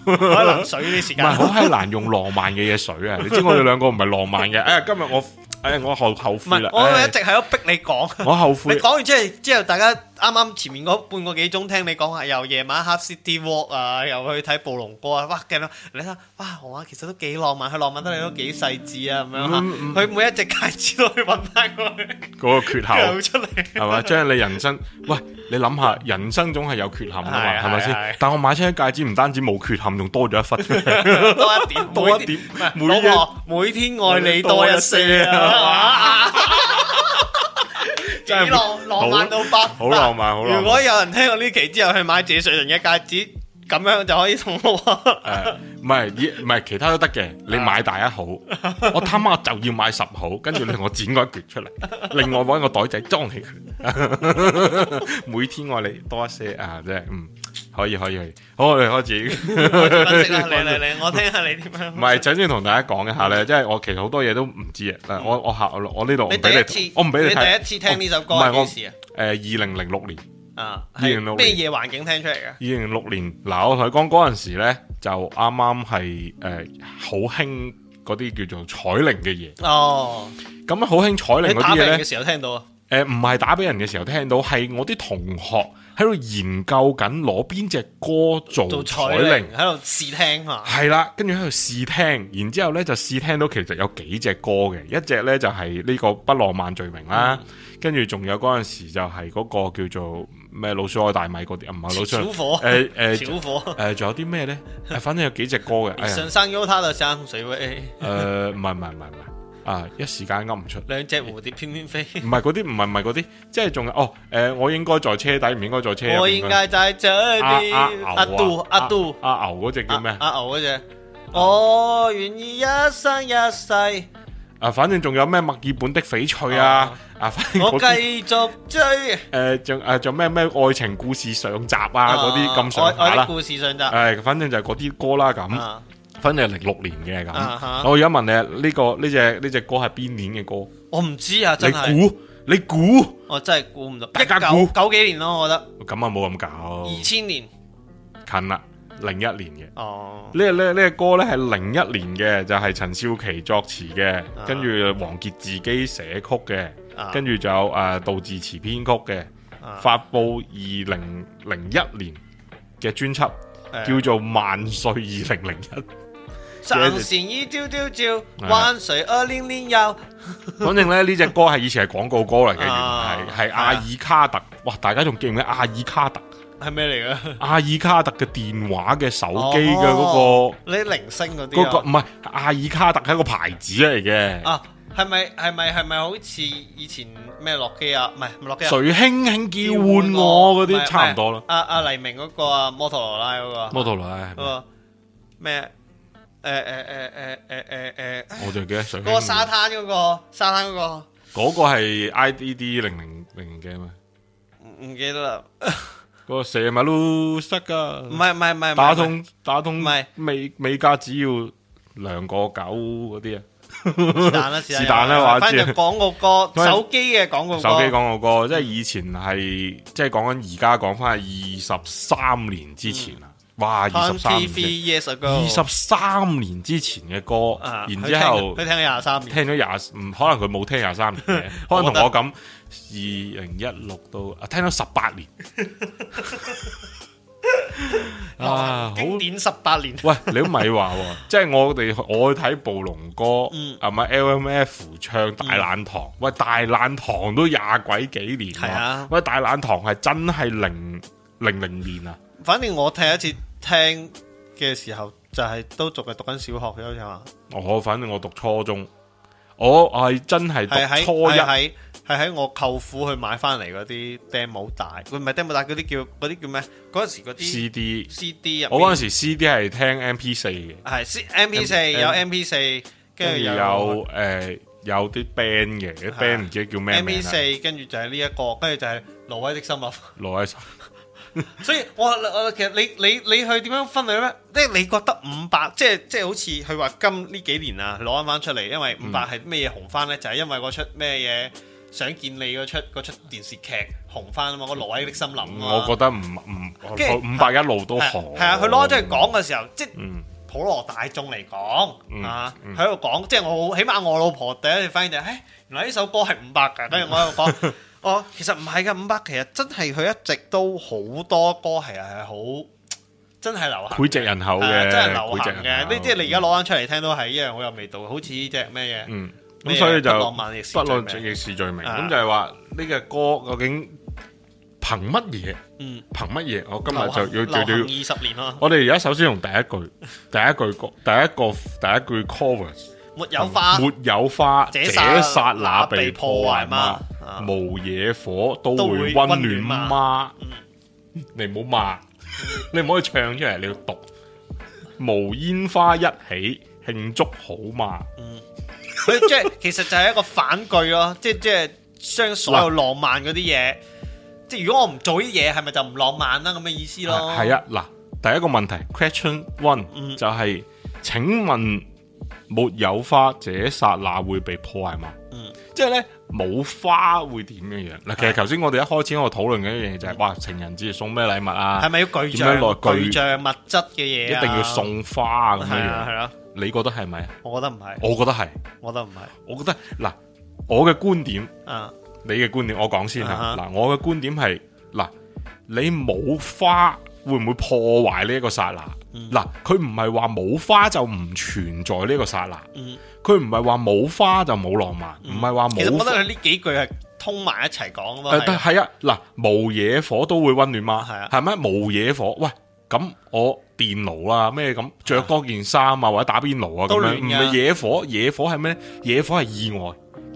我諗水啲時間。好 [LAUGHS] 難用浪漫嘅嘢水啊！你知我哋兩個唔係浪漫嘅。哎呀，今日我，哎呀，我後後悔啦。是哎、呀我一直喺度逼你講，我後悔。你講完之後之後大家。啱啱前面嗰半個幾鐘聽你講話，又夜晚黑 city walk 啊，又去睇暴龍哥啊，哇咁樣你睇下哇，我其實都幾浪漫，佢浪漫得你都幾細緻啊咁樣，佢每一隻戒指都去揾翻佢嗰個缺陷出嚟，係嘛？將你人生喂，你諗下，人生總係有缺陷啊嘛，係咪先？但我買出啲戒指唔單止冇缺陷，仲多咗一分，多一點，多一點，每個每天愛你多一些啊！浪，浪，漫到爆，好浪漫！如果有人聽我呢期之後去買謝瑞麟嘅戒指，咁樣就可以同我。唔係、uh，唔係其他都得嘅，你買大一號、uh. 我他媽就要買十號跟住你同我剪嗰一橛出嚟，另外搵個袋仔裝起佢， [LAUGHS] 每天愛你多一些啊！真係，嗯。可以可以，好，我哋開始。你你你，我聽下你點樣。唔係，首先同大家講一下咧，即係我其實好多嘢都唔知啊。我我下我呢度，你第一次，我唔俾你第一次聽呢首歌。唔係我，誒，二零零六年啊，二零六咩嘢環境聽出嚟嘅。二零六年嗱，我同你講嗰陣時咧，就啱啱係誒，好興嗰啲叫做彩鈴嘅嘢。哦，咁好興彩鈴嗰啲嘢咧。打俾人嘅時候聽到，誒，唔係打俾人嘅時候聽到，係我啲同學。喺度研究緊攞邊隻歌做彩鈴，喺度試聽吓。係啦，跟住喺度試聽，然之後咧就試聽到其實有幾隻歌嘅，一隻咧就係呢、這個不浪漫罪名啦，嗯、跟住仲有嗰陣時就係嗰個叫做咩老鼠愛大米嗰啲啊，唔係老鼠。小火誒誒，小、呃呃、火誒，仲、呃呃、有啲咩咧？反正有幾隻歌嘅。身上有他的香水味，誒、 [LAUGHS] 呃，唔係唔係唔係。啊！一時間噏唔出。兩隻蝴蝶翩翩飛。唔係嗰啲，唔係唔係嗰啲，即係仲有哦誒，我應該在車底，唔應該在車底。我應該在車底。阿阿杜阿杜阿牛嗰隻叫咩？阿牛嗰隻。我願意一生一世。啊，反正仲有咩墨爾本的翡翠啊？啊，反正我繼續追。誒，仲誒仲咩咩愛情故事上集啊？嗰啲咁上下愛的故事上集。誒，反正就係嗰啲歌啦咁。分反係零六年嘅。咁，我而家問你啊，呢個呢隻呢隻歌係邊年嘅歌？我唔知啊，真係你估？你估？我真係估唔到。一九九九幾年咯，我覺得。咁啊，冇咁搞。二千年。近啦，零一年嘅。哦。呢個呢呢個歌咧係零一年嘅，就係陳少琪作詞嘅，跟住王傑自己寫曲嘅，跟住就有誒杜自持編曲嘅，發佈二零零一年嘅專輯，叫做《萬歲二零零一》。晨時一丟丟照，晚睡二零零又。反正咧呢隻歌係以前係廣告歌嚟嘅，係係阿爾卡特。哇，大家仲記唔記得阿爾卡特係咩嚟嘅？阿爾卡特嘅電話嘅手機嘅嗰個，你啲鈴聲嗰啲啊。唔係阿爾卡特係一個牌子嚟嘅。啊，係咪係咪係咪好似以前咩諾基亞？唔係諾基亞？誰輕輕叫喚我嗰啲差唔多啦。阿阿黎明嗰個啊，摩托羅拉嗰個，摩托羅拉嗰個咩？誒誒誒誒誒誒誒，我仲記得上嗰、那個、個沙灘嗰個沙灘嗰個，嗰、那個係 I D D 零零零嘅唔記得啦。個蛇咪都塞噶，唔係唔係唔係，打通打通唔係美美加只要兩個九嗰啲啊，是但啦是但啦，反正講個歌個手機嘅講個歌手機講個歌，即係以前係即係講緊而家講翻係二十三年之前、嗯哇！二十三年，二十三年之前嘅歌，然之後佢聽咗廿三年，聽咗廿，可能佢冇聽廿三年，可能同我咁，二零一六到啊，聽咗十八年，啊，經典十八年，喂，你都咪話，即係我哋我去睇暴龍歌，啊咪 LMF 唱大懶堂，喂，大懶堂都廿鬼幾年，係啊，喂，大懶堂係真係零零零年啊，反正我聽一次。聽嘅時候就係、是、都仲係讀緊小學好似啊！我、哦、反正我讀初中，哦、我係真係讀初一，係喺我舅父去買翻嚟嗰啲 demo 帶，佢唔係 demo 帶嗰啲叫嗰啲叫咩？嗰陣時嗰啲 C D C D，啊。我嗰陣時 C D 係聽 M P 四嘅，係 M P 四有 M P 四，跟住有誒有啲 band 嘅，band 唔記得叫咩 M P 四，跟住就係呢一個，跟住就係挪威的森林啊，挪威。 [LAUGHS] 所以我，我其實你你你去點樣分類咧？即係你覺得五百，即係即係好似佢話今呢幾年啊，攞翻翻出嚟，因為五百係咩嘢紅翻咧？嗯、就係因為嗰出咩嘢想見你嗰出出電視劇紅翻啊嘛，個挪威的森林啊嘛。我覺得唔唔，五百實一路都紅。係啊，佢攞、啊、出去講嘅時候，即係、嗯、普羅大眾嚟講啊，喺度講，即係我起碼我老婆第一反應就係、是哎，原來呢首歌係五百嘅，跟住我喺度講。嗯 [LAUGHS] 哦，其實唔係嘅，五百其實真係佢一直都好多歌係係好真係流行，膾炙人口嘅，真係流行嘅。呢啲你而家攞翻出嚟聽都係一樣好有味道，好似呢隻咩嘢？嗯，咁所以就浪漫亦不浪漫亦是罪名，咁就係話呢隻歌究竟憑乜嘢？嗯，憑乜嘢？我今日就要就要二十年咯。我哋而家首先用第一句，第一句歌，第一個第一句 covers。沒有花，沒有花，這剎那被破壞嗎？無野火都會温暖嗎？你唔好罵，你唔可以唱出嚟，你要讀。無煙花一起慶祝好嘛？佢即係其實就係一個反句咯，即係即係將所有浪漫嗰啲嘢，即係如果我唔做啲嘢，係咪就唔浪漫啦？咁嘅意思咯。係啊，嗱，第一個問題，Question One 就係，請問。沒有花，這剎那會被破壞嘛？嗯，即係咧冇花會點嘅樣？嗱，其實頭先我哋一開始我討論嘅一樣嘢就係，哇，情人節送咩禮物啊？係咪要巨像？點樣巨像物質嘅嘢一定要送花啊？咁樣樣係咯？你覺得係咪？我覺得唔係。我覺得係。我覺得唔係。我覺得嗱，我嘅觀點，你嘅觀點，我講先吓。嗱，我嘅觀點係嗱，你冇花會唔會破壞呢一個剎那？嗱，佢唔係話冇花就唔存在呢個剎那，佢唔係話冇花就冇浪漫，唔係話冇。其實我覺得佢呢幾句係通埋一齊講。誒，係啊，嗱、啊，冇、啊、野火都會溫暖嘛，係咩、啊？冇野火，喂，咁我電爐啦，咩咁着多件衫啊，啊啊或者打邊爐啊，咁、啊、樣唔係野火，野火係咩？野火係意外。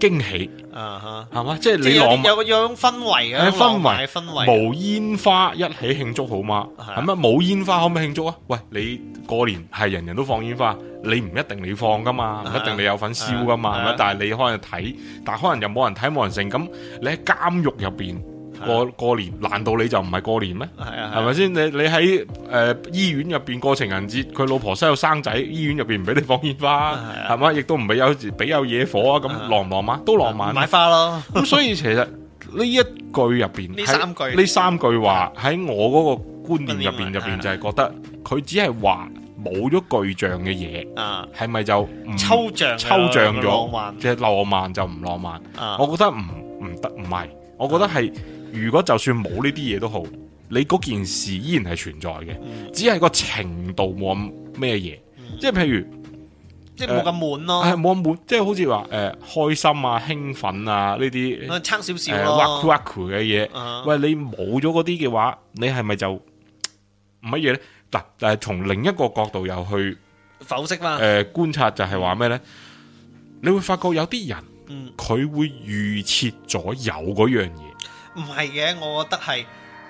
驚喜啊吓，係嘛、uh huh.？即係你有有種氛圍啊氛圍，氛圍。冇煙花一起慶祝好嘛、uh huh. 嗎？係咪冇煙花可唔可以慶祝啊？喂，你過年係人人都放煙花，你唔一定你放噶嘛，唔、uh huh. 一定你有份燒噶嘛，uh huh. 係咪，但係你可以睇，但可能又冇人睇冇人性，咁你喺監獄入邊。過過年，難道你就唔係過年咩？係啊，係咪先？你你喺誒醫院入邊過情人節，佢老婆生又生仔，醫院入邊唔俾你放煙花，係嘛？亦都唔俾有，俾有野火啊！咁浪唔浪漫？都浪漫。買花咯。咁所以其實呢一句入邊，呢三句呢三句話喺我嗰個觀念入邊入邊就係覺得佢只係話冇咗具象嘅嘢，係咪就抽象抽象咗？即係浪漫就唔浪漫。我覺得唔唔得，唔係，我覺得係。如果就算冇呢啲嘢都好，你件事依然係存在嘅。嗯、只係個程度冇咁咩嘢，嗯、即係譬如，即係冇咁悶咯，係冇咁悶，即係好似話誒開心啊、興奮啊呢啲，撐少少，wack wack 嘅嘢。喂，你冇咗啲嘅話，你係咪就乜嘢咧？嗱，誒，從另一個角度又去剖析啦，誒，觀察就係話咩咧？你會發覺有啲人，佢、嗯、會預設咗有樣嘢。唔係嘅，我覺得係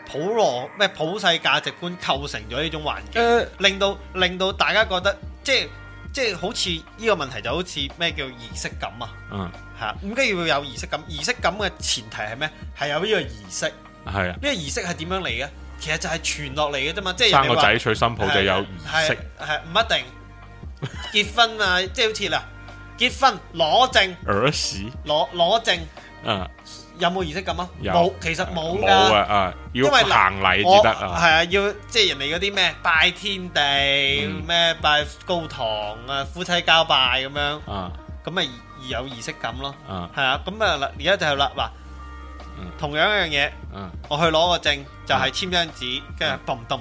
普羅咩普世價值觀構成咗呢種環境，呃、令到令到大家覺得，即係即係好似呢個問題就好似咩叫儀式感啊？嗯，係啊，咁梗係要有儀式感。儀式感嘅前提係咩？係有呢個儀式。係啊的。呢個儀式係點樣嚟嘅？其實就係傳落嚟嘅啫嘛。即係生個仔娶新抱就有儀式，係唔一定 [LAUGHS] 結婚啊，即係好似啦，結婚攞證兒媳攞攞證啊。有冇儀式感啊？冇，其實冇噶。冇啊啊！因為行禮至得啊，係啊，要即係人哋嗰啲咩拜天地、咩拜高堂啊、夫妻交拜咁樣。啊，咁咪而有儀式感咯。啊，係啊，咁啊嗱，而家就係啦嗱，同樣一樣嘢。啊，我去攞個證，就係簽張紙，跟住揼揼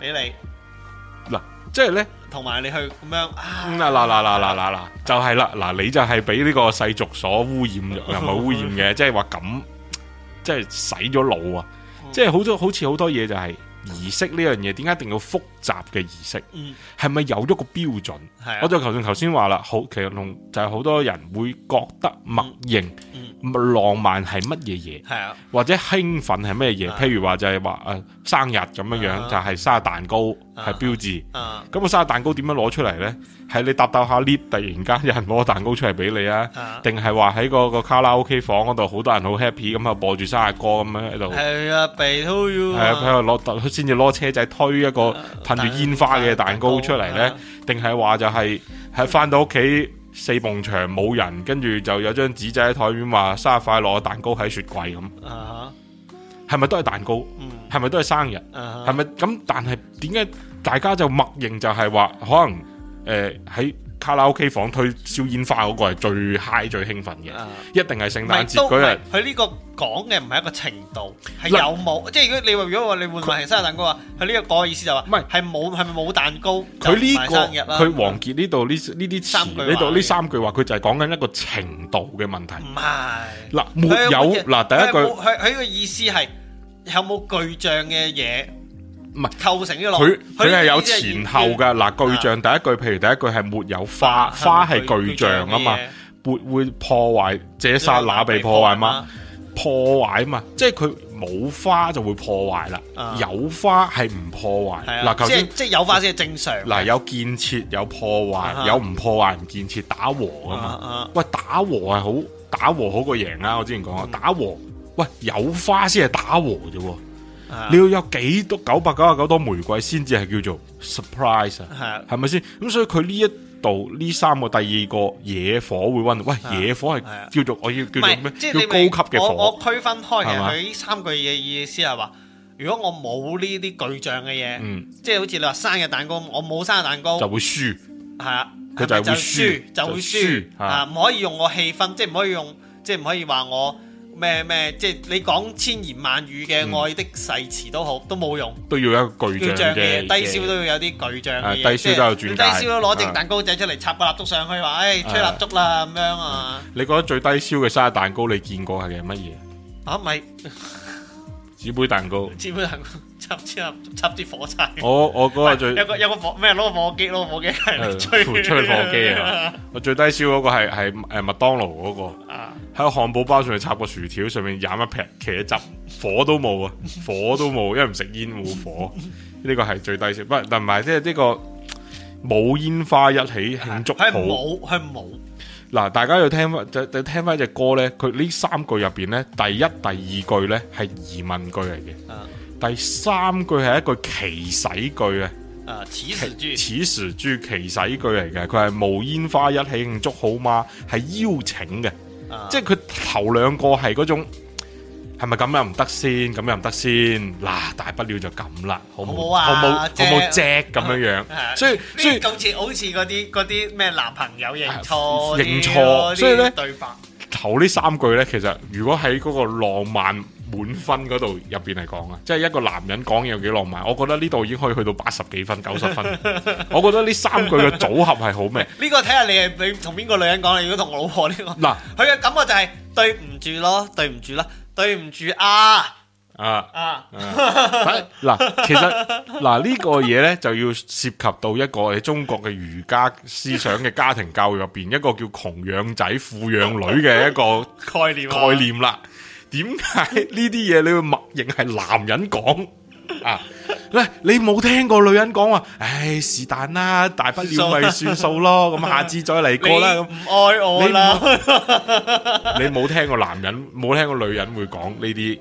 俾你。嗱，即係咧。同埋你去咁樣，嗱嗱嗱嗱嗱嗱，就係啦，嗱你就係俾呢個世俗所污染，又唔係污染嘅，即係話咁，即係洗咗腦啊，即係好多好似好多嘢就係儀式呢樣嘢，點解一定要複？集嘅儀式，係咪有咗個標準？我就頭先頭先話啦，好其實同就係好多人會覺得默認浪漫係乜嘢嘢，或者興奮係乜嘢？譬如話就係話誒生日咁樣樣，就係生日蛋糕係標誌。咁個生日蛋糕點樣攞出嚟咧？係你搭搭下 lift，突然間有人攞個蛋糕出嚟俾你啊？定係話喺個卡拉 OK 房嗰度，好多人好 happy 咁啊，播住生日歌咁樣喺度。係啊，被套要係啊，佢度攞先至攞車仔推一個。住煙花嘅蛋糕出嚟咧，定係話就係喺翻到屋企、嗯、四埲牆冇人，跟住就有張紙仔喺台面話生日快樂嘅蛋糕喺雪櫃咁，係咪、嗯、都係蛋糕？係咪、嗯、都係生日？係咪咁？嗯、是是但係點解大家就默認就係話可能誒喺？呃卡拉 OK 房推燒煙花嗰個係最 high 最興奮嘅，一定係聖誕節嗰日。佢呢個講嘅唔係一個程度，係有冇？即係如果你話如果話你換埋生日蛋糕啊，佢呢個講嘅意思就話唔係，係冇係咪冇蛋糕？佢呢個佢王傑呢度呢呢啲三句呢度呢三句話，佢就係講緊一個程度嘅問題。唔係嗱，冇有嗱第一句，佢佢個意思係有冇具象嘅嘢？唔係構成嘅佢佢係有前後㗎。嗱，巨象第一句，譬如第一句係沒有花，花係巨象啊嘛，會會破壞這剎那被破壞嘛，破壞啊嘛，即係佢冇花就會破壞啦，有花係唔破壞嗱。頭先即係有花先係正常嗱，有建設有破壞有唔破壞唔建設打和啊嘛，喂打和係好打和好過贏啊！我之前講啊，打和喂有花先係打和啫喎。你要有幾多九百九十九朵玫瑰先至係叫做 surprise，係咪先？咁所以佢呢一度呢三個第二個野火會溫，喂，野火係叫做我要叫做咩？要高級嘅火。我我區分開，其實佢呢三個嘢意思係話，如果我冇呢啲具象嘅嘢，即係好似你話生日蛋糕，我冇生日蛋糕就會輸，係啊，佢就就會輸，就會輸啊！唔可以用我氣氛，即係唔可以用，即係唔可以話我。咩咩，即係，就是，你講千言萬語嘅愛的誓詞都好，嗯、都冇用，都要有一個具象嘅低消，都要有啲具象嘅嘢，啊、即係你低消都攞隻蛋糕仔出嚟插個蠟燭上去，話誒、啊哎，吹蠟燭啦咁樣啊！你覺得最低消嘅生日蛋糕你見過係嘅乜嘢啊？唔係紙杯蛋糕，紙杯蛋糕。插插啲火柴。我我嗰個最有個有個火咩攞個火機攞火機嚟吹。吹火機啊！我最低燒嗰個係係誒麥當勞嗰個啊，喺個漢堡包上面插個薯條，上面飲一劈，茄汁，火都冇啊，火都冇，因為唔食煙冇火。呢個係最低燒，不但唔係即係呢個冇煙花一起慶祝，冇係冇。嗱，大家要聽翻就就聽翻隻歌咧，佢呢三句入邊咧，第一、第二句咧係疑問句嚟嘅。第三句係一句祈使句啊！啊，此時奇，此時諸祈使句嚟嘅，佢係無煙花一起慶祝好嗎？係邀請嘅，啊、即係佢頭兩個係嗰種，係咪咁又唔得先？咁又唔得先？嗱、啊，大不了就咁啦，好冇？好冇、啊？好冇？只咁帥帥樣樣，所以所以，好次好似嗰啲啲咩男朋友認錯認錯錯，所以咧對白頭呢三句咧，其實如果喺嗰個浪漫。滿分嗰度入邊嚟講啊，即係一個男人講嘢有幾浪漫，我覺得呢度已經可以去到八十幾分，九十分。 [LAUGHS] 我覺得呢三句嘅組合係好咩？呢個睇下你係你同邊個女人講，你如果同我老婆呢，這個嗱，佢嘅啦感覺就係對唔住咯，對唔住啦，對唔住啊啊啊！嗱，其實嗱呢，這個嘢呢，就要涉及到一個喺中國嘅儒家思想嘅家庭教育入邊 [LAUGHS] 一個叫窮養仔、富養女嘅一個概念 [LAUGHS] 概念啦，啊。點解呢啲嘢你會默認係男人講啊？喂，你冇聽過女人講話？唉，是但啦，大不了咪算數咯。咁下次再嚟過啦，唔愛我啦。你冇聽過男人，冇聽過女人會講呢啲。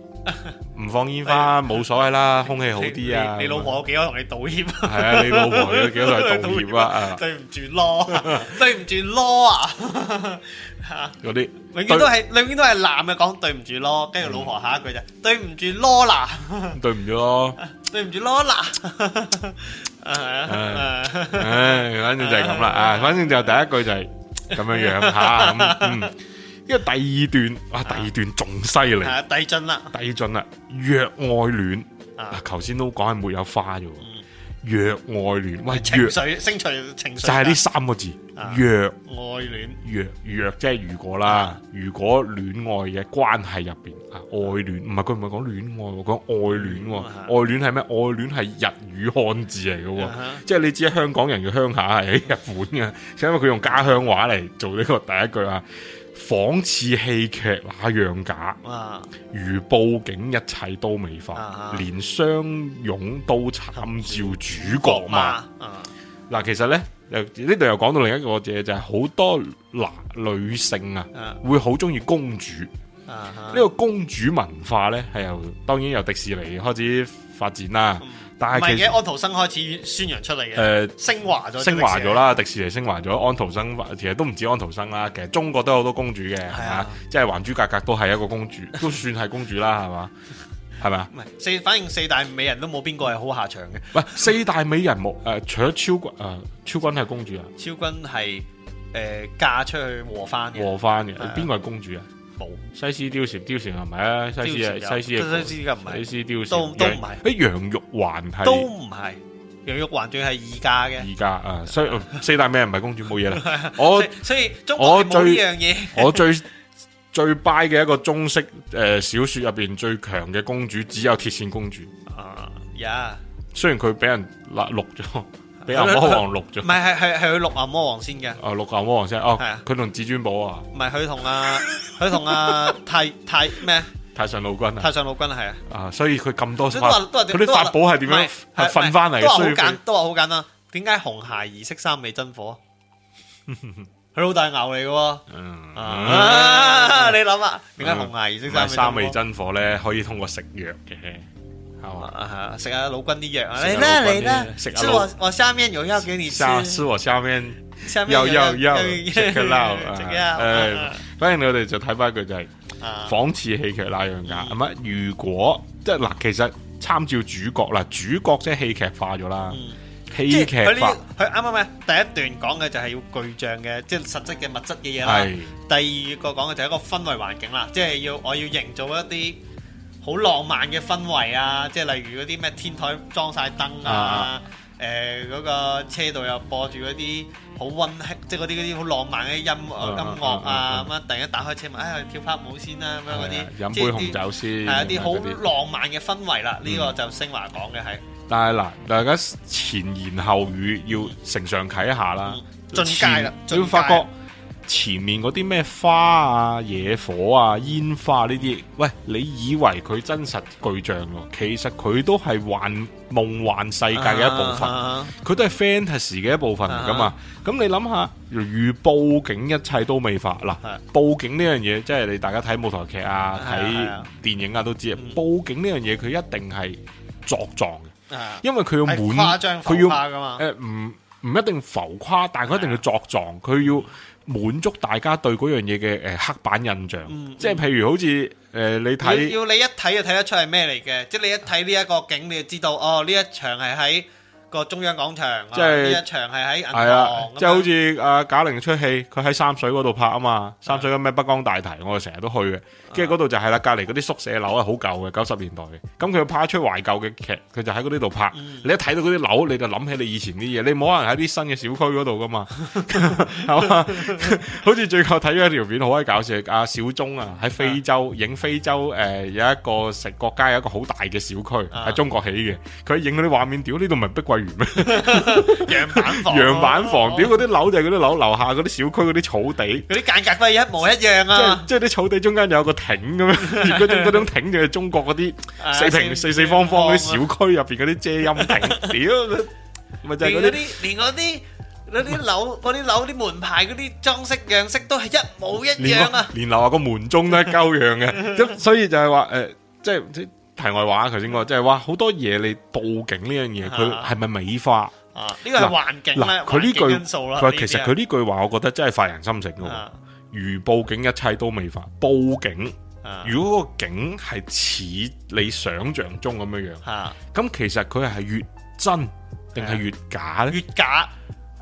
唔放煙花冇所謂啦，空氣好啲啊！你老婆有幾多同你道歉？啊？係啊，你老婆有幾多同你道歉啊？對唔住咯，對唔住咯啊！嗰啲永遠都係，永遠都係男嘅講對唔住咯，跟住老婆下一句就對唔住羅啦，對唔住咯，對唔住羅啦。係啊，唉，反正就係咁啦啊，反正就第一句就係咁樣樣吓，嗯。因為第二段啊，第二段仲犀利。遞進啦，遞進啦，若愛戀啊，頭先都講係沒有花啫。若愛戀喂，情緒、情緒、情緒，就係呢三個字。若愛戀，若若即係如果啦，如果戀愛嘅關係入邊啊，愛戀唔係佢唔係講戀愛，講愛戀。愛戀係咩？愛戀係日語漢字嚟嘅，即係你知香港人嘅鄉下係喺日本嘅，因為佢用家鄉話嚟做呢個第一句啊。仿似戲劇那樣假，如報警一切都未發，啊啊、連相擁都參照主角嘛。嗱、啊，啊啊、其實呢，這裡又呢度又講到另一個嘢，就係、是、好多男女性啊，會好鍾意公主。呢、啊啊、個公主文化呢，係由當然由迪士尼開始發展啦。嗯唔係嘅，安徒生開始宣揚出嚟嘅。誒、呃，升華咗升華咗啦，迪士尼升華咗。安徒生其實都唔止安徒生啦，其實中國都有好多公主嘅，吓即係《還、就是、珠格格》都係一個公主， [LAUGHS] 都算係公主啦，係嘛，係咪啊？唔係四，反正四大美人都冇邊個係好下場嘅。喂、呃，四大美人，莫、呃、誒，除咗昭君，誒、呃，昭君係公主啊？昭君係誒嫁出去和番嘅，和番嘅，邊個係公主啊？西施貂蟬，貂蟬係咪啊？西施啊，西施，西施唔係，西施貂蟬都唔係。誒， [LAUGHS] 楊玉環係都唔係，楊玉環仲係二嫁嘅。二嫁啊，所以四大咩？唔係公主冇嘢啦。我所以，我最樣嘢，我最最 buy 嘅一個中式誒、呃、小說入邊最強嘅公主只有鐵線公主啊。Uh, yeah. 雖然佢俾人拉錄咗。俾牛魔王錄咗，唔係，係係係佢錄牛魔王先嘅，哦錄牛魔王先，哦，係啊，佢同至尊寶啊，唔係佢同啊，佢同啊，太太咩？太上老君啊，太上老君啊，係啊，啊，所以佢咁多，佢啲法寶係點樣係瞓翻嚟？都話好簡，都話好簡單，點解紅孩兒識三昧真火？佢老大牛嚟嘅。嗯啊，你諗啊，點解紅孩兒識三？三昧真火咧，可以通過食藥嘅。好啊，食下老君啲藥啊，你咧，你咧，食下。我下面有藥給你，是下面，下面，要要要食啊，誒，反正我哋就睇翻一句就係，仿似戲劇那樣噶，係咪？如果即係嗱，其實參照主角啦，主角即係戲劇化咗啦，戲劇佢啱啱咩？第一段講嘅就係要具象嘅，即係實質嘅物質嘅嘢啦，第二個講嘅就係一個氛圍環境啦，即係要我要營造一啲。好浪漫嘅氛圍啊，即係例如嗰啲咩天台裝晒燈啊，嗰、啊呃嗰個車度又播住嗰啲好溫馨，即係嗰啲啲好浪漫嘅音音樂啊，咁樣、啊啊啊啊、突然間打開車門，哎，跳拍舞先啦、啊，咁樣嗰啲飲杯紅酒先，係一啲好浪漫嘅氛圍啦、啊。呢、嗯、個就星華講嘅係。但係嗱，大家前言後語要承上啟下啦、嗯，進階啦，你前要發覺。前面嗰啲咩花啊、野火啊、煙花呢啲，喂，你以為佢真實具象咯？其實佢都係幻夢幻世界嘅一部分，佢、uh huh. 都係 fantasy 嘅一部分嚟噶嘛。咁、uh huh. 你諗下，如布景一切都未發嗱，布、uh huh. 景呢樣嘢，即係你大家睇舞台劇啊、睇、uh huh. 電影啊都知啊。布景呢樣嘢，佢、huh. 一定係作狀，uh huh. 因為佢要滿誇張浮誇佢要，噶嘛。誒、呃，唔唔一定浮誇，但係佢一定要作狀，佢要。Uh huh. 滿足大家對嗰樣嘢嘅誒刻板印象，嗯嗯、即係譬如好似誒、呃、你睇要，要你一睇就睇得出係咩嚟嘅，嗯、即係你一睇呢一個景你就知道哦呢一場係喺個中央廣場，即係是呢、啊、一場係喺銀行，嗯、即係好似阿賈玲出戲，佢喺三水嗰度拍啊嘛，三水嗰咩北江大堤，嗯、我哋成日都去嘅。跟住嗰度就係啦，隔離嗰啲宿舍樓係好舊嘅，九十年代嘅。咁佢拍出懷舊嘅劇，佢就喺嗰啲度拍。嗯、你一睇到嗰啲樓，你就諗起你以前啲嘢。你冇可能喺啲新嘅小區嗰度噶嘛？係嘛？好似最後睇咗一條片好鬼搞笑，阿小鐘啊喺非洲影、啊、非洲誒、呃、有一個食國家有一個好大嘅小區，係、啊、中國起嘅。佢影嗰啲畫面屌呢度唔係碧桂園咩？板 [LAUGHS] 房、啊、房，洋板房。屌嗰啲樓就係嗰啲樓，樓下嗰啲小區嗰啲草地，嗰啲間隔都係一模一樣啊！即係即係啲草地中間有個。亭咁樣，嗰 [LAUGHS] 種種亭就係中國嗰啲四平四四方方啲小區入邊嗰啲遮陰亭， [LAUGHS] 屌，咪就係嗰啲連嗰啲啲樓嗰啲樓啲門牌嗰啲裝飾樣式都係一模一樣啊，連樓下個門鐘都係鳩樣嘅，咁所以就係話誒，即係即係題外話、啊，頭先我就係話好多嘢你布景呢樣嘢，佢係咪美化啊？這是環呢個係環境咧，佢呢句因素啦。佢其實佢呢句話，我覺得真係發人心醒嘅。啊如報警一切都未發，報警。如果個景係似你想象中咁樣樣，咁、啊、其實佢係越真定係越假呢？越假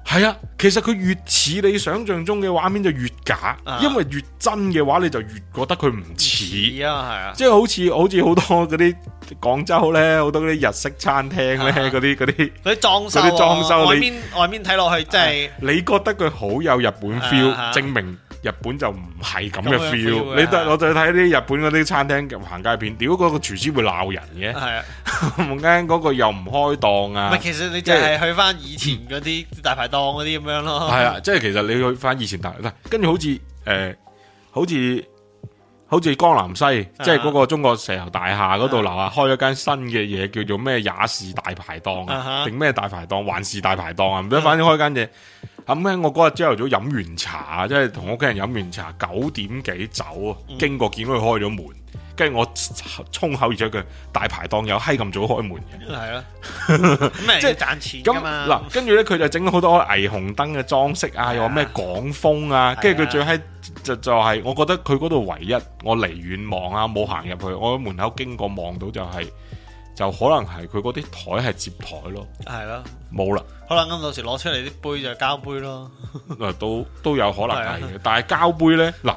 係啊！其實佢越似你想象中嘅畫面就越假，啊、因為越真嘅話你就越覺得佢唔似啊！係啊，即、啊、係好似好似好多嗰啲廣州呢，好多嗰啲日式餐廳呢，嗰啲嗰啲啲裝修，啲裝修，你外邊外邊睇落去即係你覺得佢好有日本 feel，、啊啊、證明。日本就唔係咁嘅 feel，你我再睇啲日本嗰啲餐廳行街片，屌嗰個廚師會鬧人嘅，係啊，嗰個又唔開檔啊！唔係，其實你就係去翻以前嗰啲大排檔嗰啲咁樣咯。係啊，即係其實你去翻以前大，唔跟住好似好似好似江南西，即係嗰個中國石油大廈嗰度樓下開咗間新嘅嘢，叫做咩？亞視大排檔啊，定咩大排檔？還是大排檔啊？唔得，反正開間嘢。咁咧，我嗰日朝頭早飲完茶，即係同屋企人飲完茶，九點幾走，經過見佢開咗門，跟住、嗯、我衝口而，而且佢大排檔有閪咁早開門嘅，係啊，即係賺錢噶嘛，嗱，跟住咧佢就整咗好多霓虹燈嘅裝飾啊，又話咩港風啊，跟住佢最閪就就係，我覺得佢嗰度唯一我離遠，我離遠望啊，冇行入去，我喺門口經過望到就係、是。就可能係佢嗰啲台係接台咯，係啦冇啦，了可能咁到時攞出嚟啲杯就係膠杯咯，都都有可能係嘅，是的 但係膠杯咧，嗱的，嘩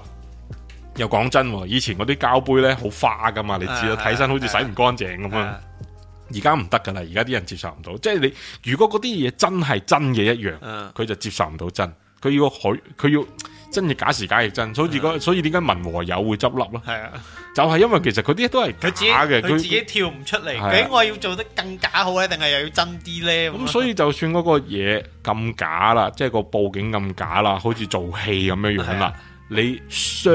又講真，以前嗰啲膠杯咧好花噶嘛，的你知道睇身好似洗唔乾淨咁樣，而家唔得噶啦，而家啲人接受唔到，即係你如果嗰啲嘢真係真嘅一樣，佢的就接受唔到真，佢要佢要。真亦假，時假亦真，所以個所以點解文和友會執笠咯？係啊，就係因為其實佢啲都係假嘅，佢自，自己跳唔出嚟，咁、啊、我要做得更假好咧，定係又要真啲咧？咁所以就算嗰個嘢咁假啦，即、就、係、是、個佈景咁假啦，好似做戲咁樣用啦，啊、你相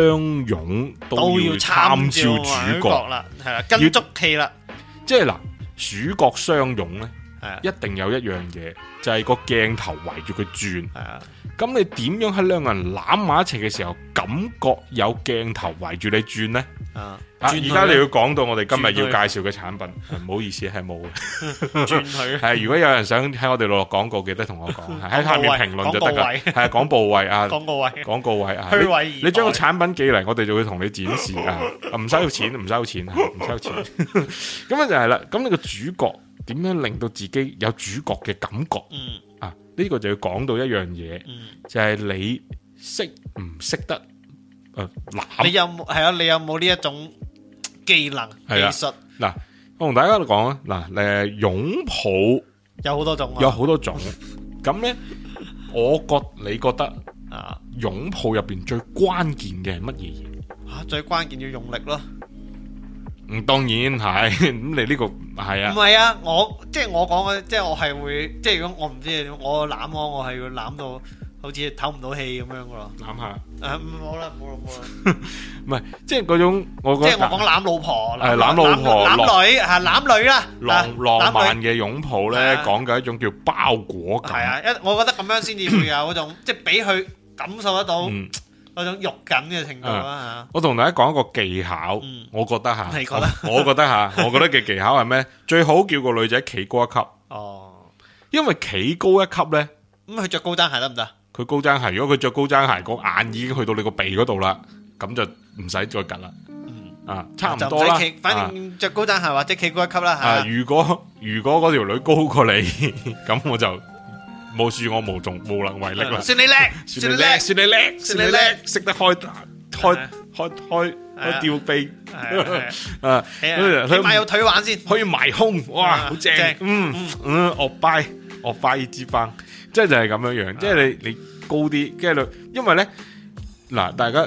擁都要參照主角啦，係啦、啊，跟足戲啦，即係嗱，主角相擁咧。一定有一樣嘢，就係個鏡頭圍住佢轉。係啊，咁你點樣喺兩個人攬埋一齊嘅時候，感覺有鏡頭圍住你轉呢？啊，而家你要講到我哋今日要介紹嘅產品，唔去好意思係冇嘅。係去， [LAUGHS] 如果有人想喺我哋落廣告，記得同我講，喺下面評論就得噶。係啊，廣告位啊，廣告位，廣告位啊，虛位、啊、位你將個產品寄嚟，我哋就會同你展示啊，唔收 [LAUGHS] 錢，唔收錢，唔收錢。咁啊 [LAUGHS] 就係啦，咁你個主角。點樣令到自己有主角嘅感覺啊？呢個就要講到一樣嘢，就係你識唔識得？誒，你有冇係啊？你有冇呢一種技能技術？嗱，我同大家嚟講啊，嗱，誒，擁抱有好多種，有好多種。咁咧，我覺你覺得啊，擁抱入邊最關鍵嘅係乜嘢？吓，最關鍵要用力咯。嗯，當然係。咁你呢個係啊？唔係啊，我即係我講嘅，即係我係會，即係如果我唔知點，我攬我，我係要會攬到好似透唞唔到氣咁樣嘅咯。攬下。誒，好啦，好啦，好啦。唔係，即係嗰種我個。即係我講攬老婆。係攬老婆。攬女嚇，攬女啦。浪浪漫嘅擁抱咧，講緊一種叫包裹感。係啊，一我覺得咁樣先至會有嗰種，即係俾佢感受得到，嗰種肉緊嘅程度啦嚇，我同大家講一個技巧，我覺得嚇，我覺得，我覺得嚇，我覺得嘅技巧係咩？最好叫個女仔企高一級，哦，因為企高一級咧，咁佢著高踭鞋得唔得？佢高踭鞋，如果佢著高踭鞋，個眼已經去到你個鼻嗰度啦，咁就唔使再緊啦，啊，差唔多啦，就唔使企，反正著高踭鞋或者企高一級啦嚇。如果如果嗰條女高過你，咁我就。冇樹，我無從無能為力啦。算你叻，算你叻，算你叻，算你叻，識得開開開開開吊臂啊！起碼有腿玩先，可以埋胸，哇，好正嗯嗯，哦拜哦拜，支翻，即係就係咁樣樣，即係你你高啲，跟住因為咧嗱，大家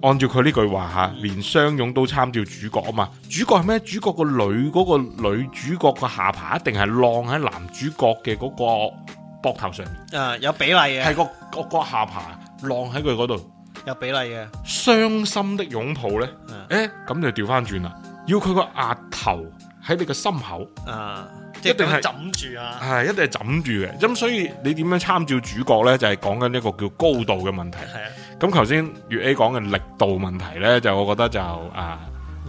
按照佢呢句話吓，連雙擁都參照主角啊嘛，主角係咩？主角個女嗰個女主角個下巴一定係晾喺男主角嘅嗰個。膊頭上面誒、啊，有比例嘅，係個個下巴，晾喺佢嗰度，有比例嘅。傷心的擁抱咧誒，咁的、欸、就調翻轉啦。要佢個額頭喺你個心口，啊，一定係枕住啊，係一定係枕住嘅。咁所以你點樣參照主角咧，就係講緊一個叫高度嘅問題。係啊的，咁頭先粵 A 講嘅力度問題咧，就我覺得就啊，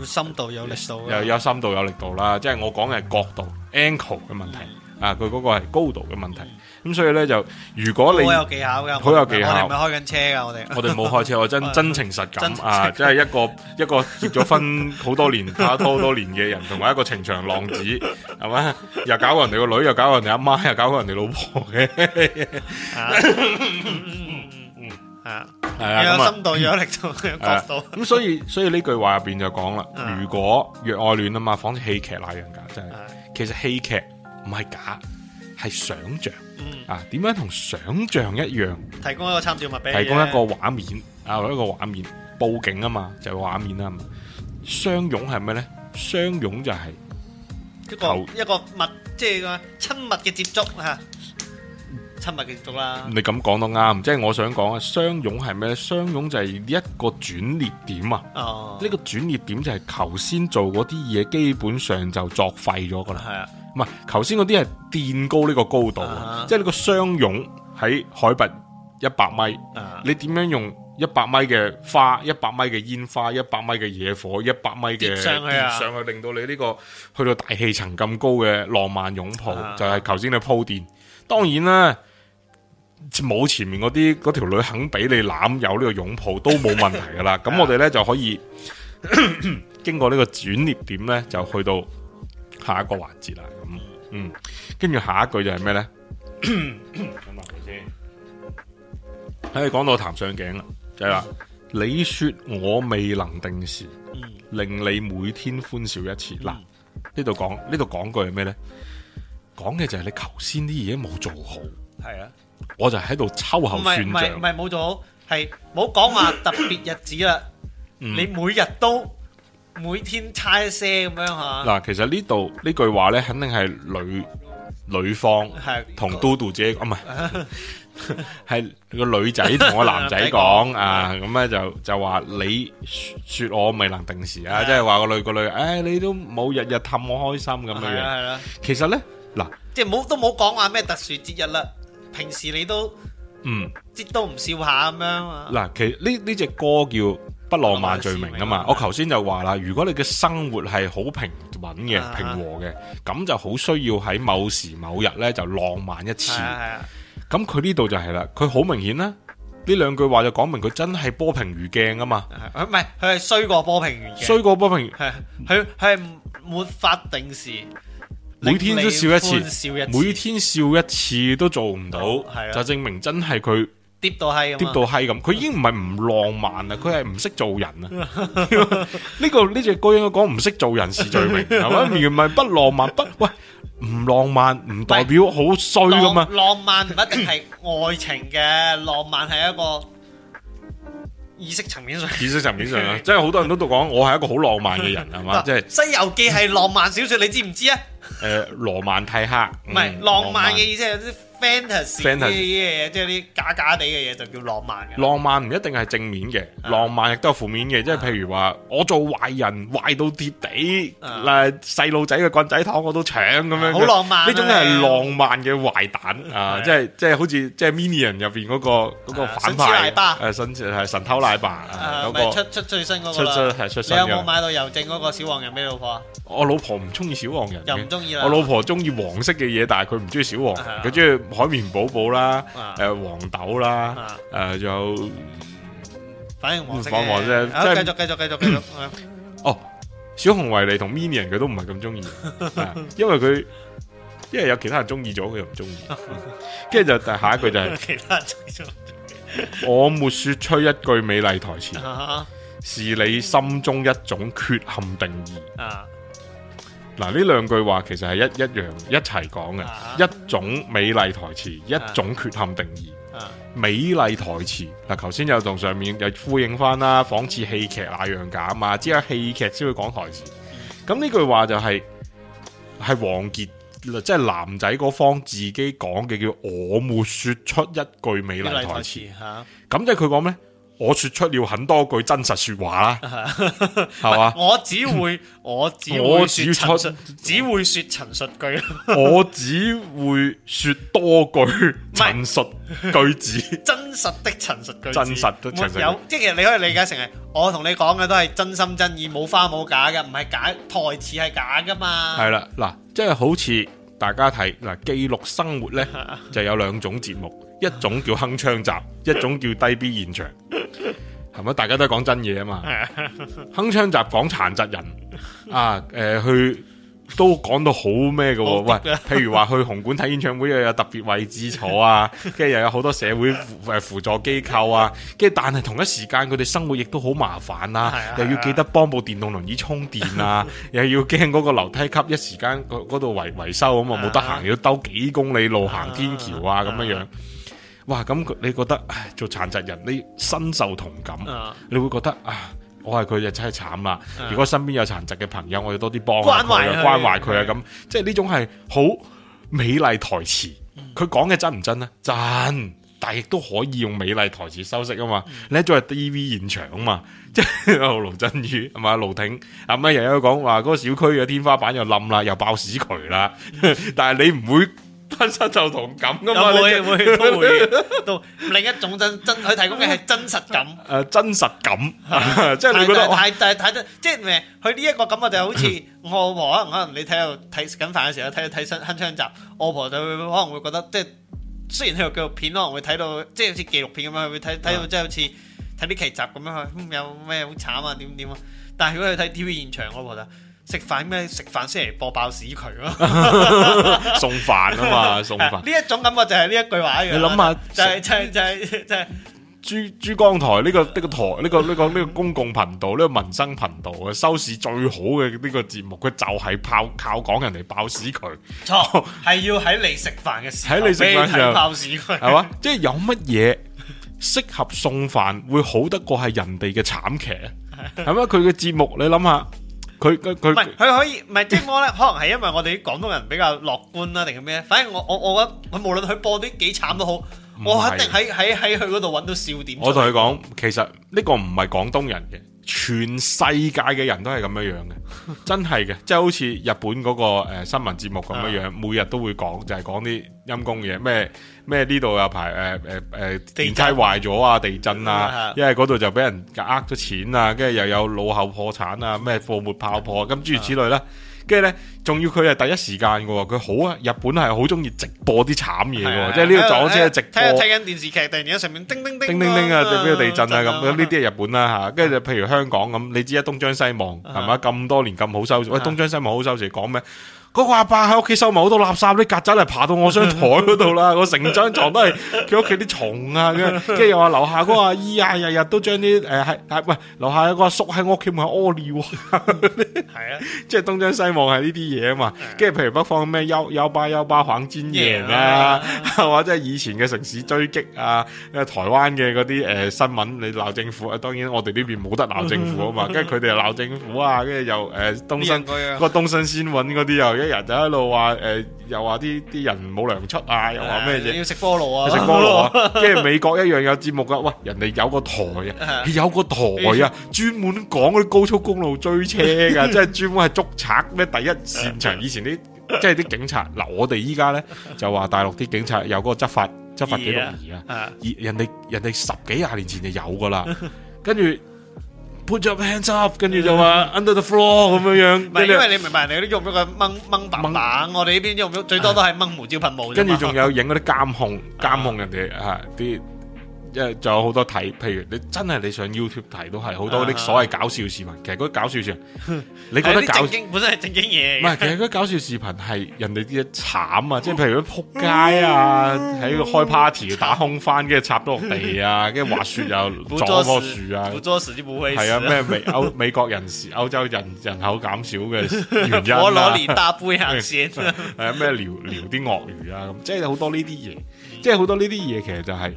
深度有力度又有，有深度有力度啦。即、就、係、是、我講嘅係角度 angle 嘅問題啊，佢嗰個係高度嘅問題。嗯啊咁所以咧就如果你好有技巧嘅，好有技巧，我哋咪開緊車噶，我哋我哋冇開車，我真真情實感啊！即係一個一個結咗婚好多年拍拖多年嘅人，同埋一個情場浪子係嘛？又搞過人哋個女，又搞過人哋阿媽，又搞過人哋老婆嘅，係啊，有深度，有力度，有角度。咁所以所以呢句話入邊就講啦，如果若愛戀啊嘛，仿似戲劇那樣噶，真係。其實戲劇唔係假。係想象，嗯、啊，點樣同想象一樣？提供一個參照物俾你，提供一個畫面，啊，一個畫面，佈景啊嘛，就係畫面啦。相擁係咩咧？相擁就係一個一個密，即係個親密嘅接觸吓，親密嘅接觸啦。你咁講都啱，即係我想講啊，相擁係咩咧？相擁就係一個轉捩點啊。哦，呢個轉捩點就係頭先做嗰啲嘢，基本上就作廢咗噶啦。係啊。唔係，頭先嗰啲係墊高呢個高度，啊、即係呢個雙擁喺海拔一百米。啊、你點樣用一百米嘅花，一百米嘅煙花，一百米嘅野火，一百米嘅上，啊、上去，令到你呢、這個去到大氣層咁高嘅浪漫擁抱，啊、就係頭先你鋪墊。當然啦，冇前面嗰啲條女肯俾你攬，有呢個擁抱都冇問題噶啦。咁 [LAUGHS] 我哋咧、啊、就可以咳咳經過這個轉呢個轉捩點咧，就去到下一個環節啦。嗯，跟住下一句就係咩咧？等 [COUGHS] 我睇先。喺度講到談上鏡啦，就係話你說我未能定時，令你每天歡笑一次。嗱，句呢度講呢度講句係咩咧？講嘅就係你頭先啲嘢冇做好。係啊，我就喺度秋後算賬。唔係唔係冇做好，係冇講話特別日子啦。 [COUGHS] 你每日都。每天猜一聲咁樣吓，嗱，其實呢度呢句話咧，肯定係女女方係同嘟嘟姐啊，唔係係個女仔同個男仔講啊，咁咧就就話你說我未能定時啊，即係話個女個女，唉，你都冇日日氹我開心咁樣樣，係啦，其實咧嗱，即係都冇講話咩特殊節日啦，平時你都嗯，即都唔笑下咁樣啊，嗱，其實呢呢隻歌叫。不浪漫罪名啊嘛！啊我頭先就話啦，如果你嘅生活係好平穩嘅、平和嘅，咁、uh huh. 就好需要喺某時某日呢就浪漫一次。咁佢、uh huh. 呢度就係啦，佢好明顯啦，呢兩句話就講明佢真係波平如鏡啊嘛！唔係、uh，佢係衰過波平如鏡，衰過波平如，係佢佢係沒法定時，每天都笑一次，笑一次，每天笑一次都做唔到，uh huh. 就證明真係佢。跌到閪，跌到閪咁，佢已經唔係唔浪漫啦，佢係唔識做人啦。呢個呢隻歌應該講唔識做人是罪名，係嘛？而唔係不浪漫，不喂，唔浪漫唔代表好衰咁啊。浪漫唔一定係愛情嘅，浪漫係一個意識層面上。意識層面上，即係好多人都度講我係一個好浪漫嘅人，係嘛？即係《西遊記》係浪漫小說，你知唔知啊？誒，羅曼蒂克唔係浪漫嘅意思係。fantasy 即係啲假假地嘅嘢，就叫浪漫嘅。浪漫唔一定係正面嘅，浪漫亦都有負面嘅，即係譬如話我做壞人，壞到跌地，嗱細路仔嘅棍仔糖我都搶咁樣。好浪漫呢種係浪漫嘅壞蛋啊！即係即係好似即係 Minion 入邊嗰個個反派，神偷奶爸，係神偷奶爸出出出最新出出出出你有冇買到郵政嗰個小黃人？咩老婆？我老婆唔中意小黃人，又唔中意我老婆中意黃色嘅嘢，但係佢唔中意小黃，佢中意。海綿寶寶啦，誒黃豆啦，誒仲有，反應黃放黃色，繼續繼續繼續繼續，哦，小熊維尼同 Minion 佢都唔係咁中意，因為佢，因為有其他人中意咗佢又唔中意，跟住就第下一句就係，其他人中意我沒說出一句美麗台詞，是你心中一種缺陷定義啊。嗱，呢兩句話其實係一一樣一齊講嘅，一種美麗台詞，一種缺陷定義。啊啊、美麗台詞嗱，頭先又同上面又呼應返啦，仿似戲劇那樣假啊嘛，只有戲劇先會講台詞。咁呢、嗯、句話就係、是、係王傑，即、就、係、是、男仔嗰方自己講嘅，叫我沒說出一句美麗台詞。咁即係佢講咩？我說出了很多句真實說話啦，係嘛 [LAUGHS] 是？ [LAUGHS] 我只會我只會陳只會說陳述句。 [LAUGHS] 我只會說多句陳述句子， [LAUGHS] 真實的陳述句真實的陳述，句的陳述句沒有，即係其實你可以理解成係，我同你講嘅都係真心真意，冇花冇假嘅，唔係假台詞係假噶嘛。係啦，嗱，即係好似大家睇嗱，記錄生活呢就有兩種節目， [LAUGHS] 一種叫鏗鏘集，一種叫低 B 現場。 [LAUGHS] 係咪？大家都係講真嘢啊嘛。鏗鏘集講殘疾人啊，誒、呃，去都講到好咩嘅？喂，譬如話去紅館睇演唱會又有特別位置坐啊，跟住 [LAUGHS] 又有好多社會誒輔助機構啊，跟住但係同一時間佢哋生活亦都好麻煩啊，是啊又要記得幫部電動輪椅充電啊，是啊又要驚嗰個樓梯級一時間嗰度維維修咁是啊，冇得行要兜幾公里路行天橋啊，咁樣樣。哇！咁你覺得唉做殘疾人，你深受同感，啊、你會覺得是他的啊，我係佢就真係慘啦！如果身邊有殘疾嘅朋友，我哋多啲幫佢啊，關懷佢啊，咁即係呢種係好美麗台詞。佢講嘅真唔真咧？真，但係亦都可以用美麗台詞修飾啊嘛。嗯、你作為 DV 現場啊嘛，即係盧振宇係嘛，盧挺阿媽又有講話嗰個小區嘅天花板又冧啦，又爆屎渠啦，嗯、但係你唔會。親身就同感噶嘛，你就會會 [LAUGHS] 到另一種真真佢提供嘅係真實感。誒、啊，真實感，即係你覺得，但但但，即係咩？佢呢一個咁嘅就好似我老婆可能可能你睇到，睇食緊飯嘅時候睇睇新鏗鏘集，那個那個那個就是，我老婆就會可能會覺得，即係雖然佢個紀錄片可能會睇到即係好似紀錄片咁樣，會睇睇到即係好似睇啲劇集咁樣，有咩好慘啊？點點啊？但係如果佢睇 TV 現場，我覺得。食飯咩？食飯先嚟播爆屎渠咯、啊 [LAUGHS] [LAUGHS] 送飯啊嘛，送飯呢一種感覺就係呢一句話嘅。你諗下、就係，就係、係、就係、係、就係、係就係、珠珠江台呢個呢個台呢個呢個呢個公共頻道呢個民生頻道嘅收視最好嘅呢個節目，佢就係靠靠講人哋爆屎渠，錯係錯 [LAUGHS] 要喺你食飯嘅時喺你食飯嘅時候爆屎渠，係嘛？即係有乜嘢適合送飯會好得過係人哋嘅慘劇？係嘛？ [LAUGHS] 佢嘅節目，你諗下。佢佢佢唔係佢可以唔係即係我咧，可能係因為我哋啲廣東人比較樂觀啦，定係咩？反正我我我覺得佢無論佢播啲幾慘都好，是我肯定喺喺喺佢嗰度搵到笑點。我同佢講，其實呢個唔係廣東人嘅。全世界嘅人都係咁樣嘅，真係嘅，即、就、係、是、好似日本嗰、那個、呃、新聞節目咁樣每日都會講，就係講啲陰功嘢，咩咩呢度又排誒誒誒電梯壞咗啊，呃呃呃、地震啊，震啊因為嗰度就俾人呃咗錢啊，跟住又有老後破產啊，咩貨沒爆破，咁的、啊、諸如此類啦。跟住咧，仲要佢係第一時間喎，佢好啊！日本係好中意直播啲慘嘢喎，即係呢個阻車直播睇緊電視劇，突然間上面叮叮叮叮叮叮啊，俾個地震啊咁，咁呢啲係日本啦嚇，跟住就譬如香港咁，你知啊東張西望係咪？咁多年咁好收視，喂東張西望好收視講咩？嗰阿爸喺屋企收埋好多垃圾，啲曱甴嚟爬到我張台嗰度啦，我成張床都係佢屋企啲蟲啊！跟住又話樓下嗰阿姨啊，日日都將啲誒係喂樓下有個叔喺我屋企阿叔喺屋企買屙尿，係啊， [LAUGHS] 是啊即係東張西望係呢啲嘢啊嘛！跟住譬如北方咩幽幽巴幽巴反專業啦，或者即係以前嘅城市追擊啊，台灣嘅嗰啲誒新聞你鬧政，政， [LAUGHS] 政府啊，當然我哋呢邊冇得鬧政府啊嘛，跟住佢哋又鬧政府啊，跟住又誒東新個東新先穩嗰啲又。人就一路話誒，又話啲啲人冇糧出啊，又話咩嘢？要食菠蘿啊，食菠蘿啊！即係美國一樣有節目噶，喂，人哋有個台啊，有個台啊，專門講嗰啲高速公路追車噶，即係專門係捉賊咩？第一線場以前啲，即係啲警察。嗱，我哋依家咧就話大陸啲警察有嗰個執法執法紀錄儀啊，而人哋人哋十幾廿年前就有噶啦，跟住。Put your hands up，跟住就話 under the floor 咁樣樣，唔係因為你明白人哋都用咗個掹掹板，我哋呢邊用咗最多都係掹胡椒噴霧，跟住仲有影嗰啲監控，監控人哋啊啲。因為仲有好多睇，譬如你真係你上 YouTube 睇都係好多啲所謂搞笑視頻，其實嗰啲搞笑視頻，你覺得搞笑本身係正經嘢？唔係，其實嗰啲搞笑視頻係人哋啲嘢慘啊，即係 [LAUGHS] 譬如嗰啲扑街啊，喺度開 party 打空翻，跟住插到落地啊，跟住滑雪又撞棵樹啊，不係啊，咩美歐美國人士、歐洲人人口減少嘅原因佛羅里達不養蠍，係啊，咩聊聊啲鱷魚啊，咁即係好多呢啲嘢。即係好多呢啲嘢，其實就係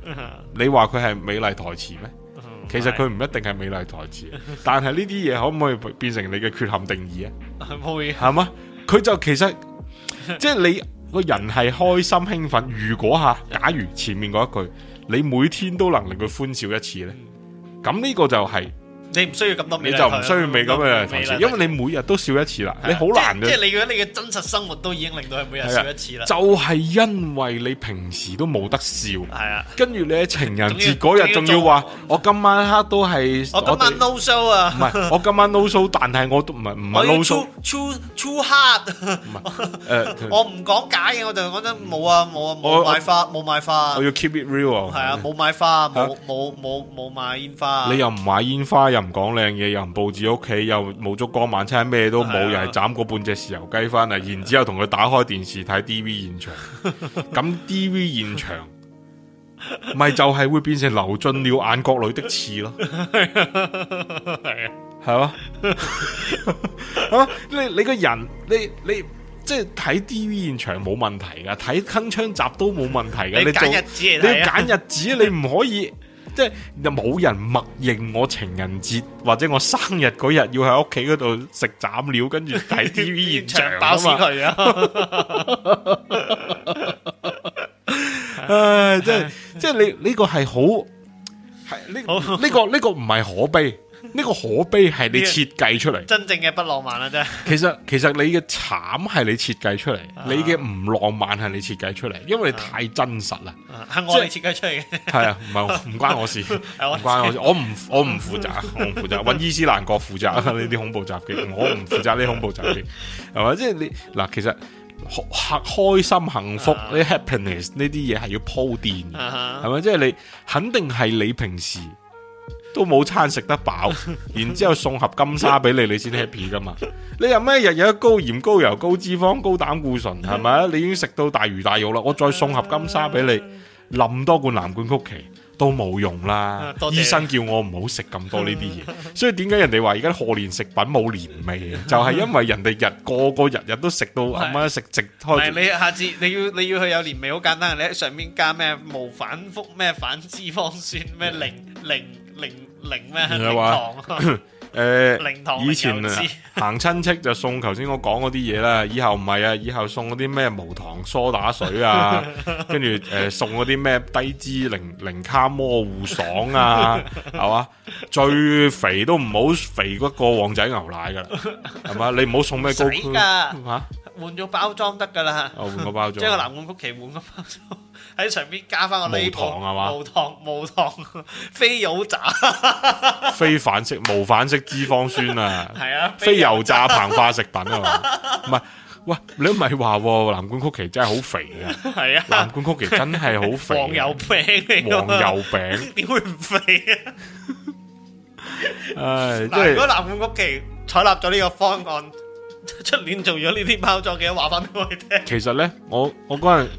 你話佢係美麗台詞咩？嗯、其實佢唔一定係美麗台詞，嗯、但係呢啲嘢可唔可以變成你嘅缺陷定義啊？係嘛、嗯，佢嗎就其實即係 [LAUGHS] 你個人係開心興奮。如果吓，假如前面嗰一句，你每天都能令佢歡笑一次咧，咁呢個就係、是。你唔需要咁多味，你就唔需要味咁嘅文字，因為你每日都笑一次啦。你好難嘅即係你如果你嘅真實生活都已經令到佢每日笑一次啦。就係因為你平時都冇得笑，係啊。跟住你喺情人節嗰日仲要話我今晚黑都係我今晚 no show 啊。唔係我今晚 no show，但係我都唔係唔係 no show。Too too hard。唔係誒，我唔講假嘢，我就覺得冇啊冇啊冇買花，冇買花。我要 keep it real 啊係啊，冇買花，冇冇冇冇買煙花。你又唔買煙花又？又唔講靚嘢，又唔布置屋企，又冇燭光晚餐，咩都冇，又係斬嗰半隻豉油雞翻嚟，然之後同佢打開電視睇 D V 現場，咁 [LAUGHS] D V 現場咪 [LAUGHS] 就係會變成流進了眼角裏的刺咯，係啊，係啊，你你個人，你你即係睇 D V 現場冇問題噶，睇鏗鏘集都冇問題噶，你揀日子， [LAUGHS] 你要揀日子，你唔可以。即係冇人默認我情人節或者我生日嗰日要喺屋企嗰度食斬料，跟住睇 T V 現場啊嘛！ [LAUGHS] [LAUGHS] [LAUGHS] 唉，即係即係你呢、呢個係好係呢呢個呢、呢個唔係、呢個、可悲。呢個可悲係你設計出嚟，真正嘅不浪漫啦，真係其實其實你嘅慘係你設計出嚟，你嘅唔浪漫係你設計出嚟，因為你太真實啦。係我你設計出嚟嘅。係啊，唔係唔關我事，唔關我事，我唔我唔負責，我唔負責搵伊斯蘭國負責呢啲恐怖襲擊，我唔負責呢啲恐怖襲擊，係嘛？即係你嗱，其實開心幸福呢 happiness 呢啲嘢係要鋪墊，係嘛？即係你肯定係你平時。都冇餐食得飽，然之後送盒金沙俾你，你先 happy 噶嘛？你又咩日日高鹽、高油、高脂肪、高膽固醇，係咪？你已經食到大魚大肉啦，我再送盒金沙俾你，諗多罐藍罐曲奇都冇用啦。醫生叫我唔好食咁多呢啲嘢，所以點解人哋話而家賀年食品冇年味？就係因為人哋日個個日日都食到，阿媽食直開。你下次你要你要去有年味，好簡單，你喺上面加咩無反覆咩反脂肪酸咩零零。零零零咩？係嘛堂？誒吧，呃、零零以前行親戚就送頭先我講嗰啲嘢啦。以後唔係啊，以後送嗰啲咩無糖梳打水啊，跟住誒送嗰啲咩低脂零零卡魔芋爽啊，係嘛？ [LAUGHS] 最肥都唔好肥過旺仔牛奶噶啦，係嘛？ [LAUGHS] 你唔好送咩高？死噶嚇！換咗包裝得噶啦。我換個包裝，即係個藍罐曲奇，我換個包裝。喺上面加翻個無糖係、啊、嘛，無糖無糖，非油炸，非反式無反式脂肪酸啊，係啊，非油炸膨化食品啊，嘛，唔係，喂，你唔係話藍罐曲奇真係好肥啊，係啊，藍罐曲奇真係好肥，黃油餅嚟，黃油餅點會唔肥啊？唉，如果藍罐曲奇採納咗呢個方案，出年做咗呢啲包裝嘅話，翻俾我哋聽。其實咧，我我嗰日。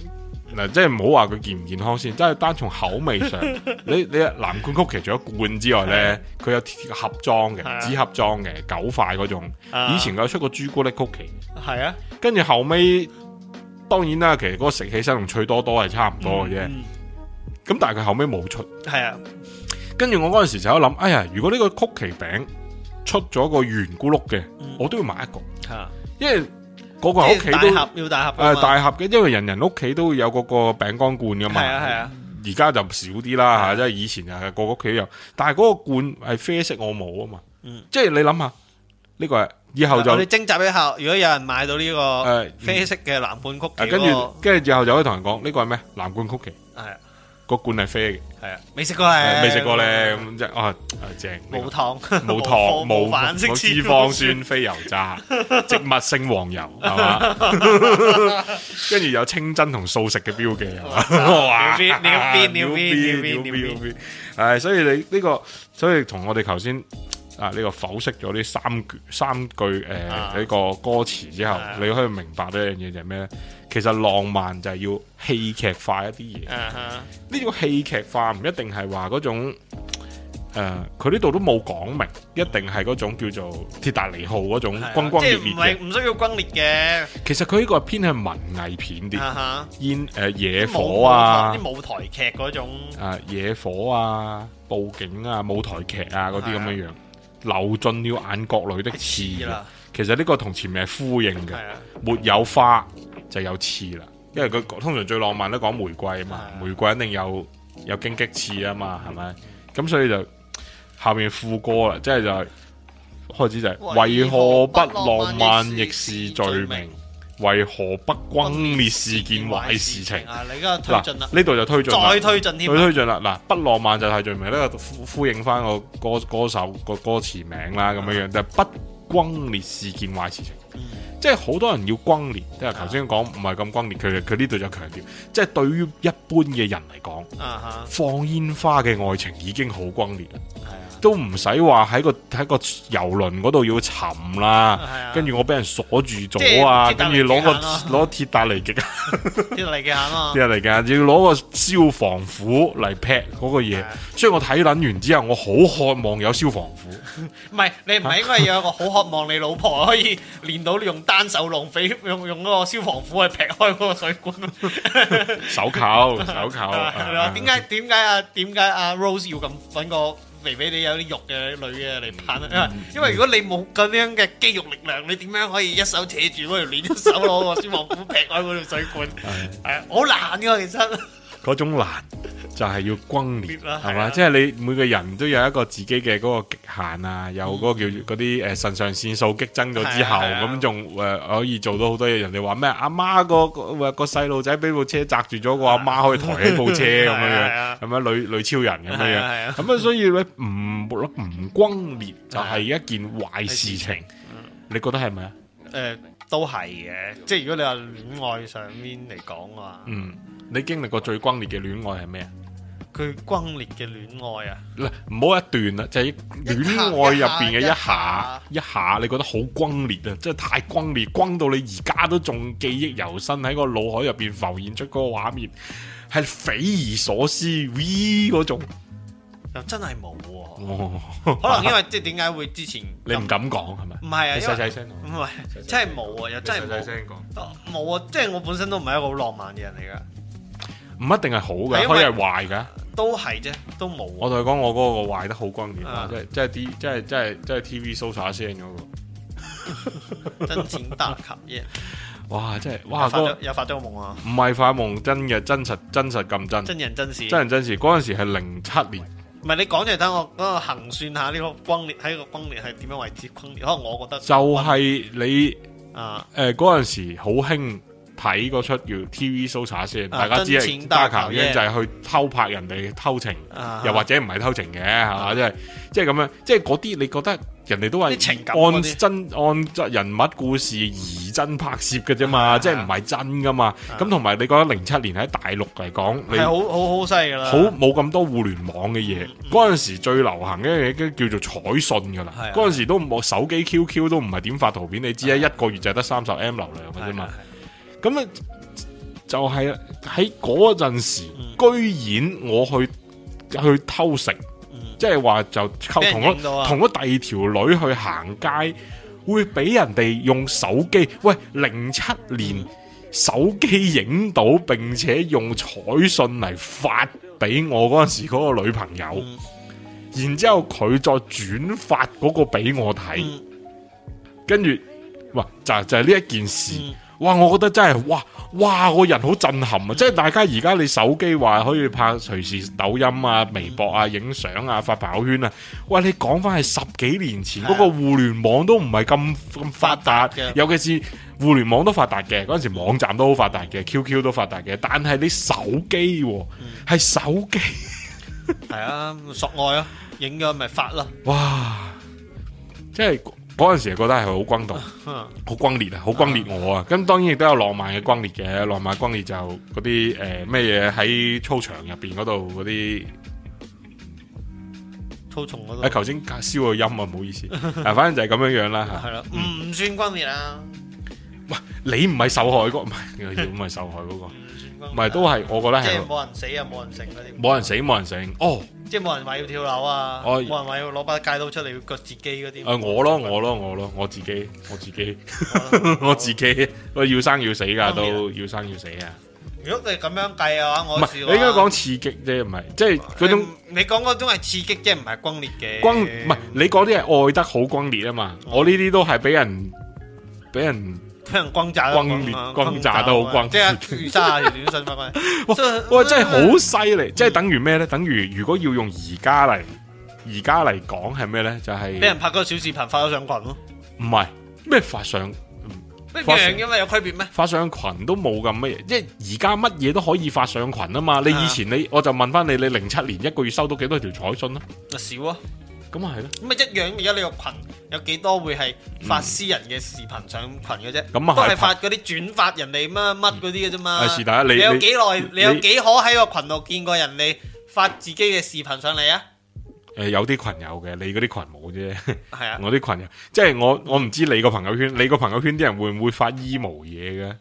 嗱，即係唔好話佢健唔健康先，即係單從口味上， [LAUGHS] 你你藍罐曲奇除咗罐之外咧，佢 [LAUGHS] 有盒裝嘅，紙盒裝嘅九塊嗰種，是啊、以前佢有出過朱古力曲奇，係是啊，跟住後尾，當然啦，其實嗰個食起身同脆多多係差唔多嘅，啫。咁但係佢後尾冇出，係是啊，跟住我嗰陣時就喺諗，哎呀，如果呢個曲奇餅出咗個圓咕碌嘅，嗯、我都要買一個，是啊、因為。嗰個屋企都，誒大盒嘅，因為人人屋企都會有嗰個餅乾罐噶嘛。係啊，係啊，而家、啊、就少啲啦吓，即係、啊、以前就嗰個屋企有，但係嗰個罐係啡色，我冇啊嘛。嗯，即係你諗下，呢、個係以後就是、啊、我哋徵集一下，如果有人買到呢、個誒、呃、啡色嘅藍罐曲奇，跟住跟住之後就可以同人講呢個係咩藍罐曲奇。係。個罐係啡，係啊，未食過係，未食過咧，咁即係啊，正，冇糖，冇糖，冇反式脂肪酸，非油炸，植物性黃油，係嘛，跟住有清真同素食嘅標記，係嘛，牛 B，牛 B，牛 B，牛 B，牛 B，牛 B，係，所以你呢個，所以同我哋頭先。啊！呢、呢個剖析咗呢三句三句誒呢、呃 uh huh. 個歌詞之後，uh huh. 你可以明白一是什麼呢樣嘢就係咩咧？其實浪漫就係要戲劇化一啲嘢。呢個戲劇化唔一定係話嗰種誒，佢呢度都冇講明，一定係嗰種叫做鐵達尼號嗰種轟轟烈烈嘅，唔需要轟烈嘅。Huh. 其實佢呢個係偏向文藝片啲，煙誒、uh huh. 呃、野火啊，啲舞台劇嗰種、啊、野火啊、布景啊、舞台劇啊嗰啲咁嘅樣、uh。Huh. 流進了眼角裡的刺，其實呢個同前面係呼應嘅，沒有花就有刺啦，因為佢通常最浪漫都講玫瑰嘛，玫瑰肯定有有荊棘刺啊嘛，係咪？咁所以就下面副歌啦，即係就開始就係為何不浪漫亦是罪名。為何不轟烈是件壞事情事？啊，你而家推進啦，呢度就推進了，再推進添，再推進啦。嗱、啊，不浪漫就係罪名，呢個、嗯、呼呼應翻個歌歌手個歌、歌詞名啦，咁樣、嗯、樣。但、就、係、是、不轟烈是件壞事情，嗯、即係好多人要轟烈，即係頭先講唔係咁轟烈，佢佢呢度就強調，即係對於一般嘅人嚟講，啊、哈放煙花嘅愛情已經好轟烈。啊都唔使話喺個喺個遊輪嗰度要沉啦，跟住我俾人鎖住咗啊！跟住攞個攞鐵達嚟夾，夾嚟夾啊嘛！夾嚟夾，要攞個消防斧嚟劈嗰個嘢。所以，我睇撚完之後，我好渴望有消防斧。唔係，你唔係應該有個好渴望你老婆可以練到你用單手浪費，用用嗰個消防斧去劈開嗰個水管。手扣手扣，點解點解啊？點解啊？阿 Rose 要咁揾個？肥肥你有啲肉嘅女嘅嚟拍啦，因為因為如果你冇咁樣嘅肌肉力量，你點樣可以一手扯住嗰條鏈，一手攞個孫王虎劈開條水管？係好難㗎，的其實。嗰種難就係要轟烈，係嘛？即係你每個人都有一個自己嘅嗰個極限啊，有個叫嗰啲誒腎上腺素激增咗之後，咁仲誒可以做到好多嘢。人哋話咩？阿媽個個個細路仔俾部車砸住咗，個阿媽可以抬起部車咁樣樣，係咪女女超人咁樣樣？咁啊，所以咧唔唔轟烈就係一件壞事情，你覺得係咪啊？誒。都係嘅，即係如果你話戀愛上面嚟講啊，嗯，你經歷過最轟烈嘅戀愛係咩啊？佢轟烈嘅戀愛啊？嗱，唔好一段啊，就係、是、戀愛入邊嘅一下一下，你覺得好轟烈啊？真係太轟烈轟到你而家都仲記憶猶新，喺個腦海入邊浮現出嗰個畫面，係匪夷所思 V 嗰種，又真係冇。可能因為，即係點解會之前你唔敢講係咪？唔係啊，細細聲講，唔係真係冇啊，又真係細細聲講，冇啊，即係我本身都唔係一個好浪漫嘅人嚟噶，唔一定係好噶，可以係壞噶，都係啫，都冇。我同你講我嗰個壞得好關鍵啊，即係即係啲即係即係即係 TV show 聲嗰個，真錢得及，哇！真係哇，又發咗夢啊？唔係發夢，真嘅真實真實咁真，真人真事，真人真事嗰陣時係零七年。唔係你講，就等我嗰個行算下呢個轟烈，喺個轟烈係點樣位置轟烈，可能我覺得就係你啊。誒嗰陣時好興睇嗰出叫 TV 搜查先，大家知係家球英就係去偷拍人哋偷情，啊、哈又或者唔係偷情嘅係嘛，即係即係咁樣，即係嗰啲你覺得？人哋都話按真按人物故事擬真拍攝嘅啫嘛，啊、即係唔係真噶嘛？咁同埋你得零七年喺大陸嚟講，啊、你好好好犀利啦，好冇咁多互聯網嘅嘢。嗰陣、嗯、時最流行嘅嘢叫做彩信噶啦，嗰陣、啊、時都冇手機 QQ 都唔係點發圖片，你知啊？一個月就得三十 M 流量嘅啫嘛。咁啊，就係喺嗰陣時，居然我去去偷食。即係話就溝通咯，同咗第二條女去行街，會俾人哋用手機，喂，零七年手機影到，並且用彩信嚟發俾我嗰陣時嗰個女朋友，嗯、然之後佢再轉發嗰個俾我睇，嗯、跟住，哇，就就係呢一件事。嗯哇！我覺得真係哇哇，個人好震撼啊！嗯、即係大家而家你手機話可以拍隨時抖音啊、微博啊、影相、嗯、啊、發朋友圈啊。哇！你講翻係十幾年前嗰個互聯網都唔係咁咁發達嘅，達尤其是互聯網都發達嘅嗰陣時，網站都好發達嘅，QQ 都發達嘅，但係你手機喎、啊，係、嗯、手機。係、嗯、 [LAUGHS] 啊，索愛啊，影咗咪發啦哇，即係。嗰陣時覺得係好轟動，好轟烈啊，好轟烈我啊，咁當然亦都有浪漫嘅轟烈嘅，浪漫轟烈就嗰啲誒咩嘢喺操場入邊嗰度嗰啲草叢嗰度。啊、哎，頭先燒個音啊，唔好意思。啊，反正就係咁樣樣啦嚇。係啦、 [LAUGHS] 嗯，唔算轟烈啊。喂，你唔係受害嗰，唔係唔係受害嗰、嗰個。 [LAUGHS] 唔係，都係，我覺得係。即係冇人死啊，冇人醒嗰啲。冇人死，冇人醒。哦，即係冇人話要跳樓啊，冇人話要攞把戒刀出嚟割自己嗰啲。我咯，我咯，我咯，我自己，我自己，我自己，我要生要死噶，都要生要死啊！如果你咁樣計嘅話，我你應該講刺激啫，唔係，即係種。你講嗰種係刺激啫，唔係轟烈嘅。轟唔係，你講啲係愛得好轟烈啊嘛！我呢啲都係俾人，俾人。俾人轟炸咯，轟炸都轟炸，即係轉信翻翻。真係好犀利！即係等於咩咧？等於如果要用而家嚟，而家嚟講係咩咧？就係俾人拍個小視頻發咗上群咯。唔係咩？發上發上，因為有區別咩？發上群都冇咁咩嘢，即係而家乜嘢都可以發上群啊嘛。你以前你我就問翻你，你零七年一個月收到幾多條彩信咯？少啊。咁啊係咯，咁啊一樣。而家你個群有幾多會係發私人嘅視頻上群嘅啫？咁啊、嗯嗯、都係發嗰啲轉發人哋乜乜嗰啲嘅啫嘛。你有幾耐？你有幾你可喺個群度見過人哋發自己嘅視頻上嚟、呃、 [LAUGHS] 啊？誒，有啲群有嘅，你嗰啲群冇啫。係啊，我啲群有，即係我我唔知你個朋友圈，嗯、你個朋友圈啲人會唔會發 emo 嘢嘅？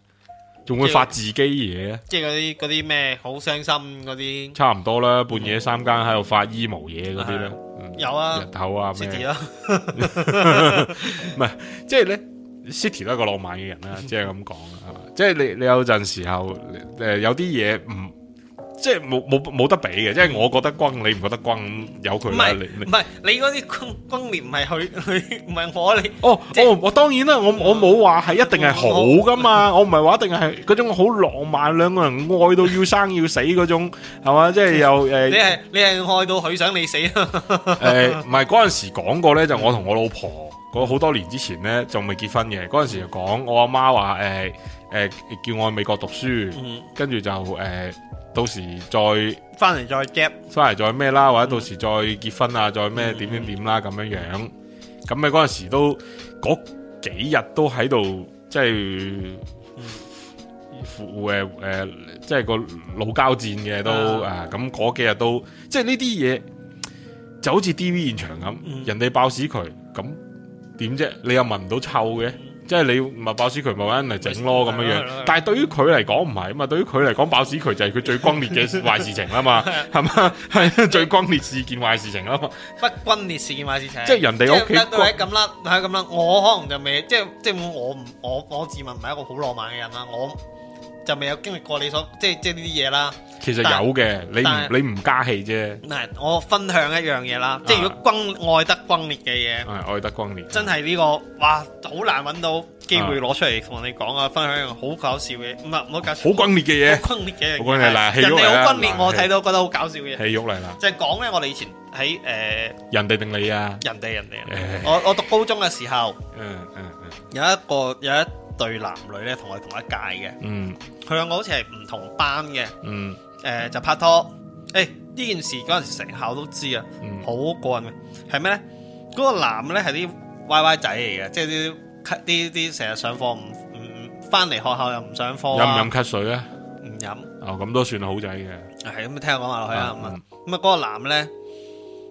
仲會發自己嘢？即係嗰啲啲咩好傷心嗰啲？差唔多啦，半夜三更喺度發 emo 嘢嗰啲咧。嗯有啊，日頭啊 City 啦，唔係，即係咧，City 都係一個浪漫嘅人啦，即係咁講啊，係嘛，即係你，你有陣時候，誒，有啲嘢唔。即係冇冇冇得比嘅，即係我覺得轟，你唔覺得轟有佢？唔係唔係，你嗰啲轟轟烈唔係佢佢，唔係我你哦哦，我、就是哦、當然啦，我我冇話係一定係好噶嘛，嗯嗯嗯、我唔係話一定係嗰種好浪漫，兩個人愛到要生 [LAUGHS] 要死嗰種係嘛？即係又誒，你係你係愛到佢想你死誒、呃？唔係嗰陣時講過咧，就我同我老婆好多年之前咧仲未結婚嘅嗰陣時就講，我阿媽話誒誒叫我去美國讀書，跟住、嗯、就誒。呃到時再翻嚟再夾，翻嚟再咩啦，或者到時再結婚啊，嗯、再咩點點點啦咁樣、嗯、樣。咁你嗰陣時都嗰幾日都喺度，即係負誒誒，即係個老交戰嘅都啊。咁嗰、啊、幾日都，即係呢啲嘢就好似 D V 現場咁，嗯、人哋爆屎渠，咁點啫？你又聞唔到臭嘅？即係你唔係爆屎渠冇人嚟整咯，咁樣樣，但係對於佢嚟講唔係，咁啊，對於佢嚟講爆屎渠就係佢最轟烈嘅壞事情啦嘛，係嘛，係最轟烈事件壞事情啦嘛，不轟烈事件壞事情。即係人哋屋企咁啦，係咁啦，我可能就未，嗯、即係即係我唔我我自問唔係一個好浪漫嘅人啊，我。就未有經歷過你所即係即係呢啲嘢啦。其實有嘅，你唔你唔加氣啫。嗱，我分享一樣嘢啦，即係如果轟愛得轟烈嘅嘢，係愛得轟烈。真係呢個哇，好難揾到機會攞出嚟同你講啊！分享一樣好搞笑嘅，唔係唔好搞笑。好轟烈嘅嘢，轟烈嘅。好搞笑嗱，人哋好轟烈，我睇到覺得好搞笑嘅。戲肉嚟啦。即係講咧，我哋以前喺誒人哋定你啊？人哋人哋。我我讀高中嘅時候，嗯嗯嗯，有一個有一對男女咧，同佢同一屆嘅，嗯，佢兩個好似係唔同班嘅，嗯，誒、呃，就拍拖，誒、欸，呢件事嗰陣時，成校都知啊，好過癮嘅，係咩咧？嗰、嗰個男呢，咧，係啲歪歪仔嚟嘅，即係啲咳，啲啲成日上課唔唔翻嚟學校又唔上課，啊，飲唔飲咳水咧？唔飲喝，哦，咁都算好仔嘅，係咁，聽我講話落去啊，咁啊，咁啊，嗰個男咧，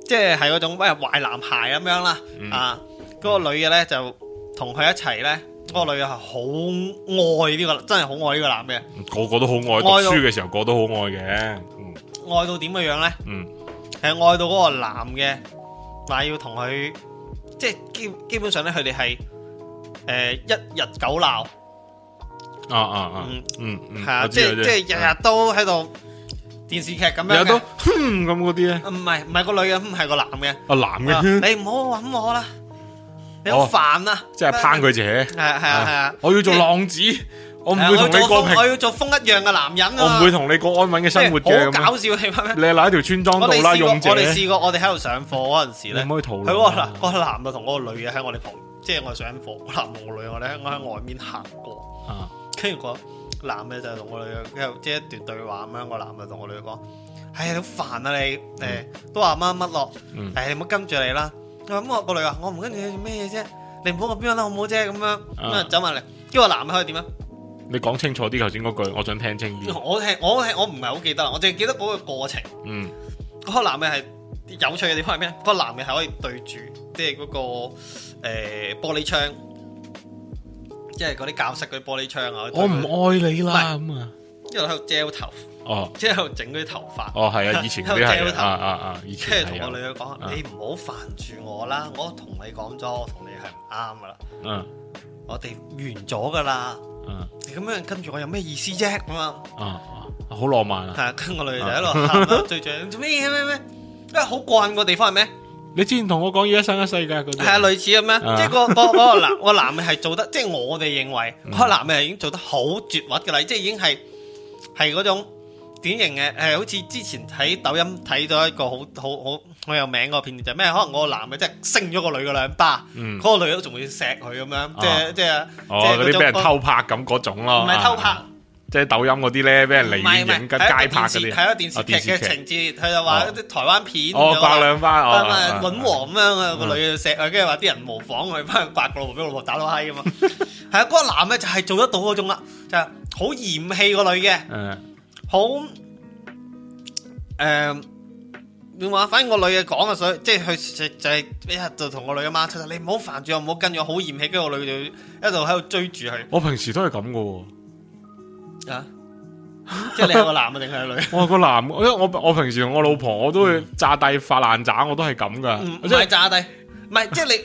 即係係嗰種喂壞男孩咁樣啦，啊，嗰個女嘅咧就同佢一齊咧。個女嘅係好愛呢個男嘅，真係好愛呢個男嘅。個個都好愛，讀書嘅時候個人都好愛嘅。嗯，愛到點嘅樣咧？嗯，係愛到嗰個男嘅，話要同佢，即係基基本上咧，佢哋係誒一日狗鬧。啊啊啊！嗯嗯，係啊，即係是即係日日都喺度電視劇咁樣嘅。哼，咁嗰啲咧？唔係唔係個女嘅，唔係個男嘅。啊，男嘅，你唔好搵我啦。你好煩啊！即係攀佢自己，係係啊係啊！我要做浪子，我唔會同你過。我要做風一樣嘅男人。我唔會同你過安穩嘅生活。好搞笑，你喺條村莊度啦，勇者。我哋試過，我哋喺度上課嗰陣時你唔可以逃。係嗱，個男就同嗰個女嘅喺我哋旁，即係我上課，個男同女，我咧我喺外面行過，跟住個男咧就同個女，跟住即係一段對話咁樣，個男就同我女講，哎呀，好煩啊你，誒，都話乜乜咯，哎，唔好跟住你啦。咁個女啊！我唔跟住你做咩嘢啫？你唔好咁偏啦，好唔好啫？咁樣咁啊，uh. 走埋嚟。叫個男嘅可以點啊？你講清楚啲，頭先嗰句，我想聽清啲。我聽，我我唔係好記得啦，我淨係記得嗰個過程。嗯，嗰個男嘅係有趣嘅地方係咩？嗰、嗰個男嘅係可以對住，即係嗰、嗰個誒、呃、玻璃窗，即係嗰啲教室嗰啲玻璃窗是啊！我唔愛你啦，咁啊，一路喺度遮頭。哦，即係整佢啲頭髮。哦係啊，以前啲啊啊即係同個女嘅講，你唔好煩住我啦，我同你講咗，我同你係唔啱噶啦。嗯，我哋完咗噶啦。嗯，你咁樣跟住我有咩意思啫？咁啊，好浪漫啊！係啊，跟個女仔喺度，最最做咩咩咩咩？因為好慣個地方係咩？你之前同我講要一生一世嘅嗰啲，係啊，類似咁咩？即係個男個男嘅係做得，即係我哋認為個男嘅係已經做得好絕核噶啦，即係已經係係嗰種。典型嘅，誒，好似之前喺抖音睇到一個好好好好有名個片段，就咩？可能我個男嘅即係升咗個女嘅兩巴，嗰個女都仲會錫佢咁樣，即係即係即係嗰啲偷拍咁嗰種咯，唔係偷拍，即係抖音啲咧，俾人離遠影街拍嗰啲，睇下電視劇嘅情節，佢就話啲台灣片，哦，刮兩巴，哦，黃王咁樣啊，個女要錫佢，跟住話啲人模仿佢，幫佢刮個老婆，俾老婆打到閪咁啊，係啊，嗰個男咧就係做得到嗰種啦，就係好嫌棄個女嘅。好誒、嗯，你話，反正個女嘅講嘅，所以即係佢就係一日就同個女阿媽出嚟，你唔好煩住我，唔好跟住我，好嫌棄，跟住我女就一路喺度追住佢。我平時都係咁噶，啊，即係你係個男嘅定係女、 [LAUGHS] 哦？我係個男，因為我我平時同我老婆我，我都會炸帝發爛渣，我都係咁噶，都係炸帝。唔係，即係、 [LAUGHS] 即係、你你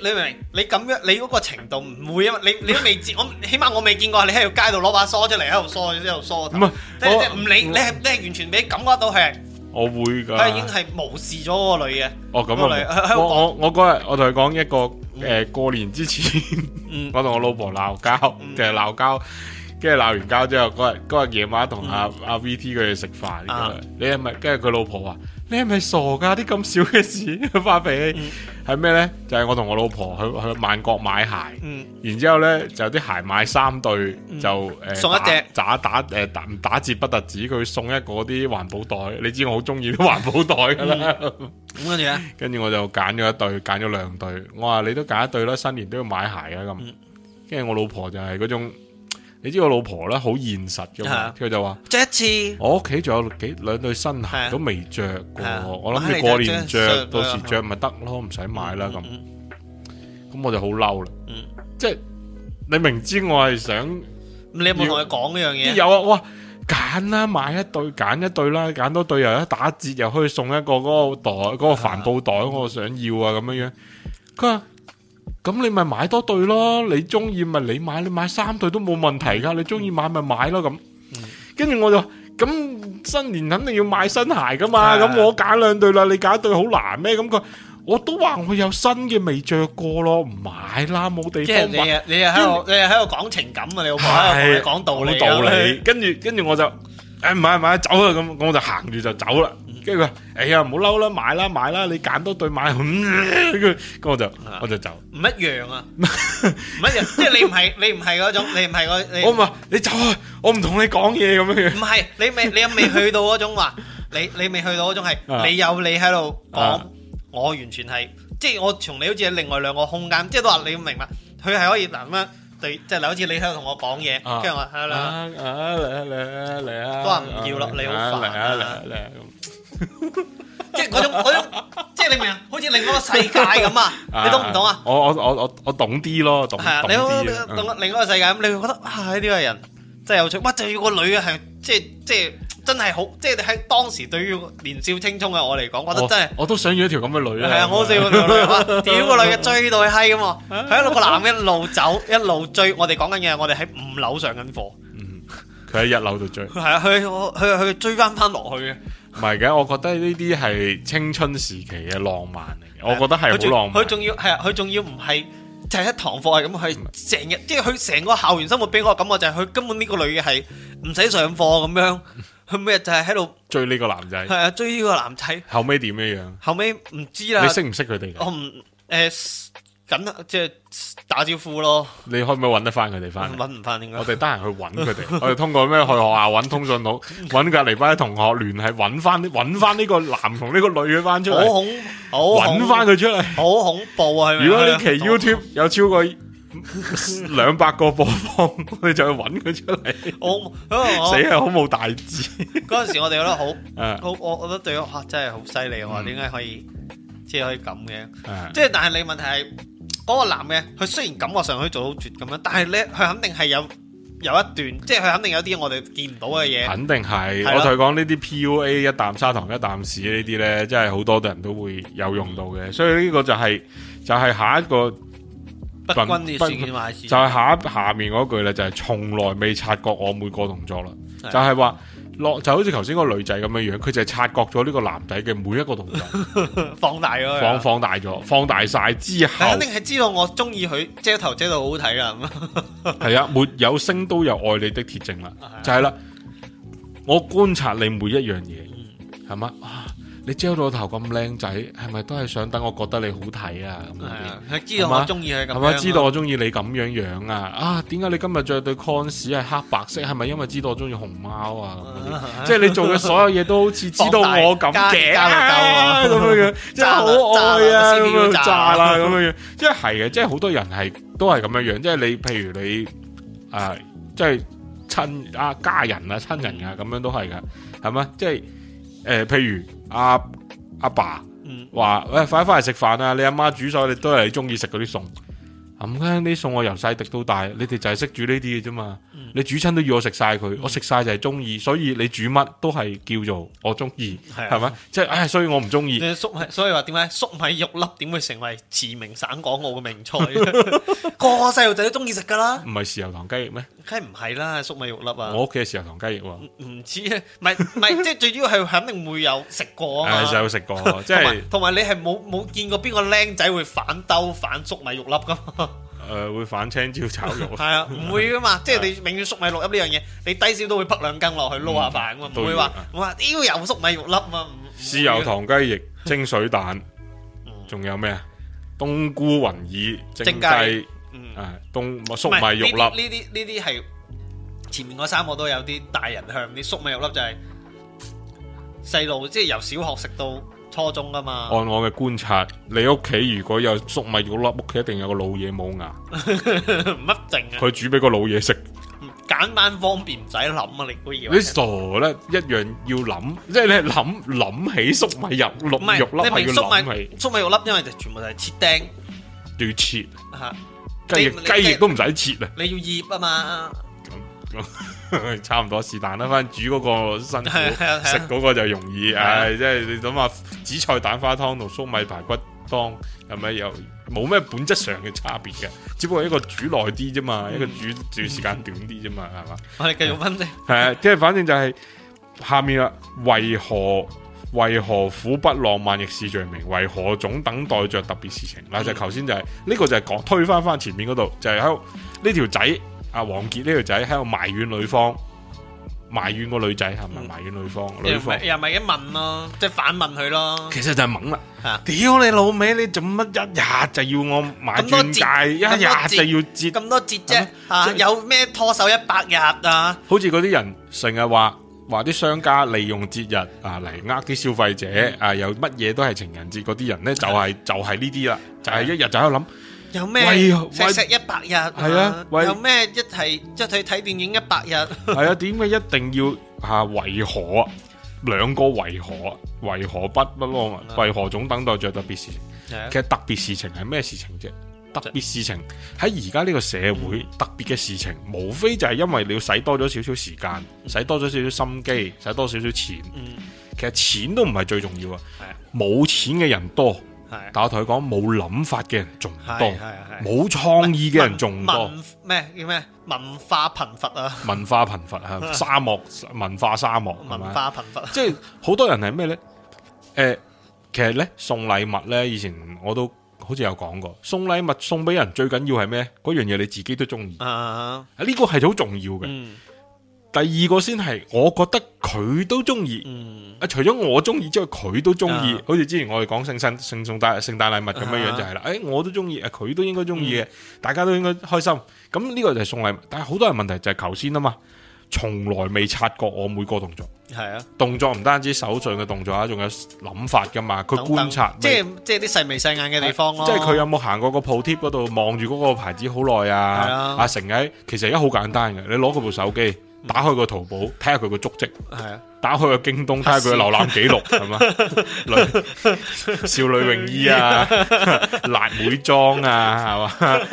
明唔明？你咁樣你嗰個程度唔會啊嘛！你你都未接，我起碼我未見過你喺條街度攞把梳出嚟喺度梳，喺度梳頭。唔係是，即係唔理我你係你係完全俾感覺到係。我會㗎。佢已經係無視咗個女嘅。哦，咁啊！我我嗰日我同佢講一個誒、嗯呃、過年之前，嗯、 [LAUGHS] 我同我老婆鬧交就係鬧交。嗯、就係跟住鬧完交之後，嗰日嗰日夜晚同阿阿 VT 佢哋食飯、嗯、你係咪？跟住佢老婆話：他太太說你係咪傻噶？啲咁少嘅事發脾氣係咩呢？就係、是、我同我老婆去去萬國買鞋，嗯、然之後呢，就啲鞋買三對、嗯、就誒送一隻，打打打折不特止，佢送一個啲環保袋。你知道我好中意啲環保袋噶啦。跟住、嗯、 [LAUGHS] 我就揀咗一對，揀咗兩對。我話你都揀一對啦，新年都要買鞋啊咁。跟住、嗯、我老婆就係嗰種。你知我老婆咧好現實㗎嘛。佢、啊、就話着一次。我屋企仲有幾兩對新鞋都未着過，啊啊、我諗住過年着，啊就是、到時着咪得咯，唔使買啦咁。咁我就好嬲啦，嗯、即係你明知我係想，你有冇同佢講呢樣嘢？有啊，哇，揀啦、啊，買一對，揀一對啦，揀多對又一打折，又可以送一個嗰個袋，嗰、啊、個帆布袋我、那個、想要啊咁樣，佢話。咁你咪買多對咯，你中意咪你買，你買三對都冇問題噶，你中意買咪買咯咁。跟住我就咁新年肯定要買新鞋噶嘛，咁我揀兩對啦，你揀一對好難咩？咁佢我都話我有新嘅未着過咯，唔買啦，冇地方買。你啊你啊喺度你啊喺度講情感啊，你喺度講道理啊，講道理。跟住跟住我就。唔誒，唔買，走啦！咁我就行住就走啦。跟住佢話，哎呀，唔好嬲啦，買啦，買啦，你揀多對買。跟住我就，我就走。唔一樣啊，唔一樣，即係你唔係，你唔係嗰種，你唔係個，我唔係。你走啊！我唔同你講嘢咁樣。唔係，你未，你又未去到嗰種話，你你未去到嗰種係，你有你喺度講，我完全係，即係我從你好似喺另外兩個空間，即係都話你明白，佢係可以咁樣。即係你好似你喺度同我講嘢，跟住我睇啦，嚟嚟嚟啊，都話唔要啦，你好煩啊，嚟嚟嚟咁，即係嗰種嗰種，種 [LAUGHS] 即係你明啊？好似另一個世界咁啊？你懂唔懂啊？我我我我我懂啲咯，懂係啊懂你好，你懂另一個世界咁，你會覺得啊呢個人真係有趣，哇！就要個女啊，係即係即係。真係好，即係喺當時對於年少青蔥嘅我嚟講，覺得真係我都想要一條咁嘅女啊！係啊，好似條女啊，屌個女嘅追到去閪咁啊！係啊，個男嘅一路走一路追。我哋講緊嘢，我哋喺五樓上緊課，佢喺一樓度追。係啊，佢佢佢追翻翻落去嘅。唔係嘅，我覺得呢啲係青春時期嘅浪漫嚟嘅。我覺得係好浪漫。佢仲要係啊，佢仲要唔係就係一堂課係咁，佢成日即係佢成個校園生活俾我嘅感覺就係佢根本呢個女嘅係唔使上課咁樣。佢每日就係喺度追呢個男仔，係啊，追呢個男仔。後尾點樣？後尾唔知啦。你認認識唔識佢哋？我唔誒緊，即、呃、係打招呼咯。你可唔可以搵得翻佢哋翻？搵唔翻應該？我哋得閒去搵佢哋， [LAUGHS] 我哋通過咩去學校搵通訊錄，搵 [LAUGHS] 隔籬班同學聯繫搵翻，搵翻呢個男同呢個女嘅翻出嚟。好恐，好搵翻佢出嚟。好恐怖啊！如果呢期 YouTube 有超過。兩百 [LAUGHS] 個播放， [LAUGHS] 你就找他出來，我就去搵佢出嚟。我死係好冇大志。嗰 [LAUGHS] 陣時我哋覺得、嗯、好，好我，我覺得對、哦，哇、嗯，真係好犀利喎！點解可以，即、就、係、是、可以咁嘅？即係、嗯就是、但係你問題係，嗰、那個男嘅，佢雖然感覺上可以做到絕咁樣，但係咧，佢肯定係有有一段，即係佢肯定有啲我哋見唔到嘅嘢、嗯。肯定係，了我同佢講呢啲 P U A 一啖砂糖一啖屎這些呢啲咧，真係好多人都會有用到嘅。所以呢個就係、是、就係、是、下一個。不均烈就係、是、下下面嗰句咧，就係、是、從來未察覺我每個動作啦是、啊。就係話落，就好似頭先個女仔咁樣樣，佢就係察覺咗呢個男仔嘅每一個動作， [LAUGHS] 放大咗了，放放大咗，放大晒之後，肯定係知道我中意佢遮頭遮到好睇㗎，係 [LAUGHS] 啊，沒有聲都有愛你的鐵證啦，是啊、就係啦，我觀察你每一樣嘢，係嗎？你遮到頭咁靚仔，係咪都係想等我覺得你好睇啊？係啊，知道我中意係咁，係嘛？知道我中意你咁樣樣啊？啊，點解你今日着對 cons 係黑白色？係咪因為知道我中意熊貓啊？即係你做嘅所有嘢都好似知道我咁樣樣，即係好愛啊！咁樣炸啦，咁樣樣，即係係啊！即係好多人係都係咁樣樣，即係你，譬如你啊，即係親啊家人啊親人啊，咁樣都係噶，係咪？即係誒，譬如。阿阿爸話，誒，快翻嚟食飯啊！爸爸嗯欸、飯你阿媽煮餸，所你都係你中意食嗰啲餸。咁、嗯、咧，啲餸我由細食到大，你哋就係識煮呢啲嘅啫嘛。嗯、你煮親都要我食晒佢，我食晒就係中意，所以你煮乜都係叫做我中意，係咪、嗯？即係、就是，所以我唔中意粟米。所以話點解粟米肉粒點會成為馳名省港澳嘅名菜？ [LAUGHS] 個個細路仔都中意食㗎啦。唔係豉油糖雞翼咩？梗唔係啦，粟米肉粒啊！我屋企係豉油糖雞翼喎，唔知啊，唔係唔係，即係最主要係肯定會有食過啊嘛，有食過，即係同埋你係冇冇見過邊個僆仔會反兜反粟米肉粒噶嘛？誒，會反青椒炒肉係啊，唔會噶嘛，即係你永遠粟米肉粒呢樣嘢，你低少都會撲兩羹落去撈下飯噶嘛，唔會話哇妖又粟米肉粒啊！豉油糖雞翼、清水蛋，仲有咩啊？冬菇雲耳蒸雞。嗯，凍個粟米肉粒，呢啲呢啲係前面嗰三個都有啲大人向啲粟米肉粒就係細路，即係由小學食到初中噶嘛。按我嘅觀察，你屋企如果有粟米肉粒，屋企一定有個老嘢冇牙，唔一定啊？佢煮俾個老嘢食，簡單方便，唔使諗啊！你都要你傻咧，一樣要諗，即係你諗諗起粟米肉粒肉粒，粟米粟米肉粒，因為就全部就係切丁，要切啊吓。雞翼雞翼都唔使切啊！你要醃啊嘛，咁咁 [LAUGHS] 差唔多是但啦。反正煮嗰個辛苦，食嗰 [LAUGHS] 個就容易。唉的，即係、哎就是、你諗下紫菜蛋花湯同粟米排骨湯係咪又冇咩本質上嘅差別嘅？只不過一個煮耐啲啫嘛， [LAUGHS] 一個煮煮時間短啲啫嘛，係嘛 [LAUGHS] 吧？我哋繼續分析。 [LAUGHS] 係啊，即係反正就係、是、下面啦，為何？為何苦不浪漫亦是罪名？為何總等待着特別事情？嗱、嗯、就係頭先就係、是、呢、這個就係講推返返前面嗰度就係喺呢條仔阿、啊、王傑呢條仔喺度埋怨女方，埋怨個女仔係咪？埋怨女方、嗯、女方又咪一問咯、啊，即、就、係、是、反問佢咯。其實就係懵啦，屌、啊、你老味，你做乜一日就要我買咁多折，一日就要折咁多折啫？有咩拖手一百日啊？好似嗰啲人成日話。話啲商家利用節日啊嚟，呃啲消費者啊，又乜嘢都係情人節嗰啲人咧，就係就係呢啲啦，就係一日就喺度諗，有咩食食一百日係啊，有咩一齊，即係去睇電影一百日係啊，點解一定要啊為何啊？兩個為何啊？為何不不浪漫？為何總等待着特別事情？其實特別事情係咩事情啫？特別事情喺而家呢個社會特別嘅事情，無非就係因為你要使多咗少少時間，使多咗少少心機，使多少少錢。其實錢都唔係最重要啊。冇錢嘅人多，但我同佢講冇諗法嘅人仲多，冇創意嘅人仲多。咩叫咩文化貧乏啊？文化貧乏啊？沙漠文化，沙漠文化貧乏，即係好多人係咩呢？誒，其實呢，送禮物呢，以前我都。好似有講過送禮物送俾人最緊要係咩？嗰樣嘢你自己都中意啊？呢個係好重要嘅。嗯、第二個先係，我覺得佢都中意、嗯、啊。除咗我中意之外，佢都中意。好似、啊、之前我哋講聖誕、聖送大聖誕禮物咁樣的樣就係、是、啦。誒、啊哎，我都中意誒，佢都應該中意嘅，嗯、大家都應該開心。咁呢個就係送禮物，但係好多人問題就係頭先啊嘛，從來未察覺我每個動作。係啊，動作唔單止手上嘅動作啊，仲有諗法噶嘛。佢觀察，即係即係啲細眉細眼嘅地方咯。啊、即係佢有冇行過個鋪貼嗰度，望住嗰個牌子好耐啊？阿、啊啊、成喺，其實而家好簡單嘅，你攞佢部手機，打開個淘寶，睇下佢個足跡。打開個京東睇下佢瀏覽記錄，係嘛？女少女泳衣啊，辣妹裝啊，係嘛？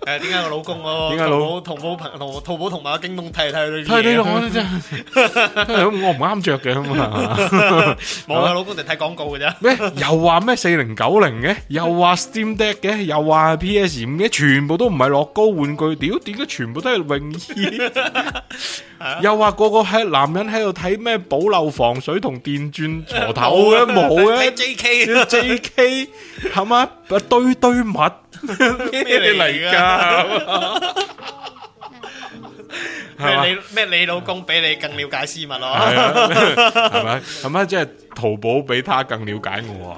誒，點解我老公我淘寶、淘寶同淘寶同埋京東睇睇佢啲嘢？睇啲嘢我真係，我唔啱着嘅嘛。冇啊，老公淨睇廣告嘅啫。咩？又話咩四零九零嘅，又話 Steam Deck 嘅，又話 PS 五嘅，全部都唔係樂高玩具。屌，點解全部都係泳衣？又話個個係。男人喺度睇咩？保樓防水同電鑽鋤頭嘅冇嘅，J K J K 係嘛？一堆堆物咩嚟噶？咩你咩你老公比你更了解私密咯？係嘛？係嘛？即係淘寶比他更了解我。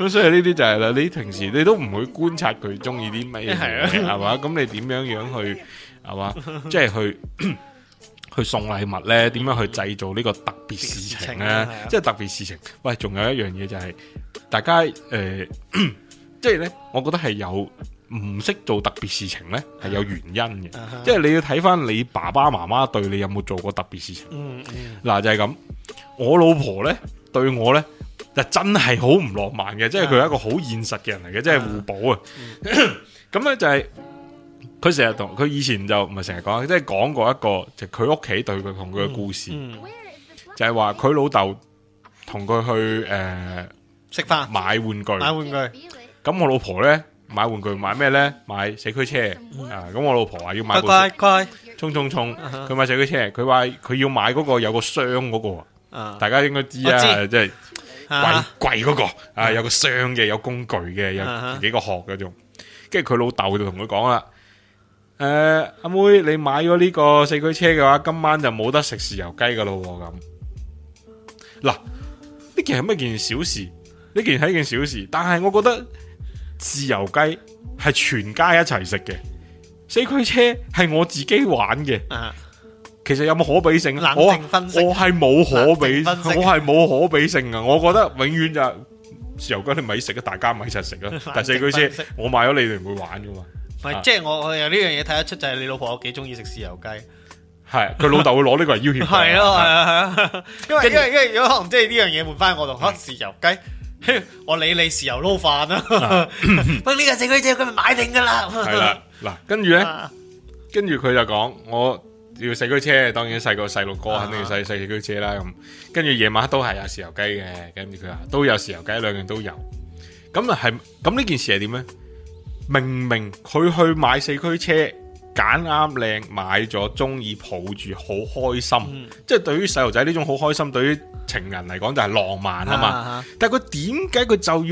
咁所以呢啲就係啦。你平時你都唔會觀察佢中意啲咩嘢嘢係嘛？咁你點樣樣去係嘛？即係去。去送禮物咧，點樣去製造呢個特別事情咧？即係特別事、啊、事情。喂，仲有一樣嘢就係、是，大家誒，即係咧，我覺得係有唔識做特別事情咧，係、嗯、有原因嘅。即係、啊、哈你要睇翻你爸爸媽媽對你有冇做過特別事情。嗱、嗯嗯啊、就係、是、咁，我老婆咧對我咧，就真係好唔浪漫嘅，即係佢係一個好現實嘅人嚟嘅，即係互補啊。咁咧、嗯、 [COUGHS] 就係、是。佢成日同佢以前就唔係成日講，即係講過一個就佢屋企對佢同佢嘅故事，就係話佢老豆同佢去誒食飯買玩具，買玩具。咁我老婆咧買玩具買咩咧？買四驅車啊！咁我老婆話要買，乖乖，衝衝衝，佢買四驅車，佢話佢要買嗰個有個箱嗰個啊！大家應該知啊，即係貴，貴嗰個啊，有個箱嘅，有工具嘅，有幾個殼嗰種。跟住佢老豆就同佢講啦。誒，阿、呃、妹，妹，你買咗呢個四驅車嘅話，今晚就冇得食豉油雞噶咯咁。嗱，呢件係咩件小事？呢件係一件小事，但係我覺得豉油雞係全家一齊食嘅，四驅車係我自己玩嘅。啊、其實有冇可比性？冷靜分析，我我係冇可比，我係冇可比性啊。我覺得永遠就豉油雞你咪食啊，大家咪一齊食啊。但四驅車我買咗，你哋唔會玩噶嘛？唔係，啊、即係我我有呢樣嘢睇得出就係你老婆有幾中意食豉油雞，係佢老豆會攞呢個嚟要挾，係咯係啊,啊,啊,啊，因為因為因為如果即係呢樣嘢換翻我同，吓豉油雞、啊，我理你豉油撈飯啦，不過呢唉唉個四驅車佢咪買定噶啦，係啦唉，嗱跟住咧，跟住佢就講我要四驅車，當然細個細路哥肯定要細四驅車啦咁，跟住夜晚都係有豉油雞嘅，跟住佢話都有豉油雞，兩樣都有，咁啊係咁呢件事係點咧？明明佢去買四驅車，揀啱靚買咗，中意抱住好開心，即係、嗯、對於細路仔呢種好開心，對於情人嚟講就係浪漫啊嘛、啊啊。但係佢點解佢就要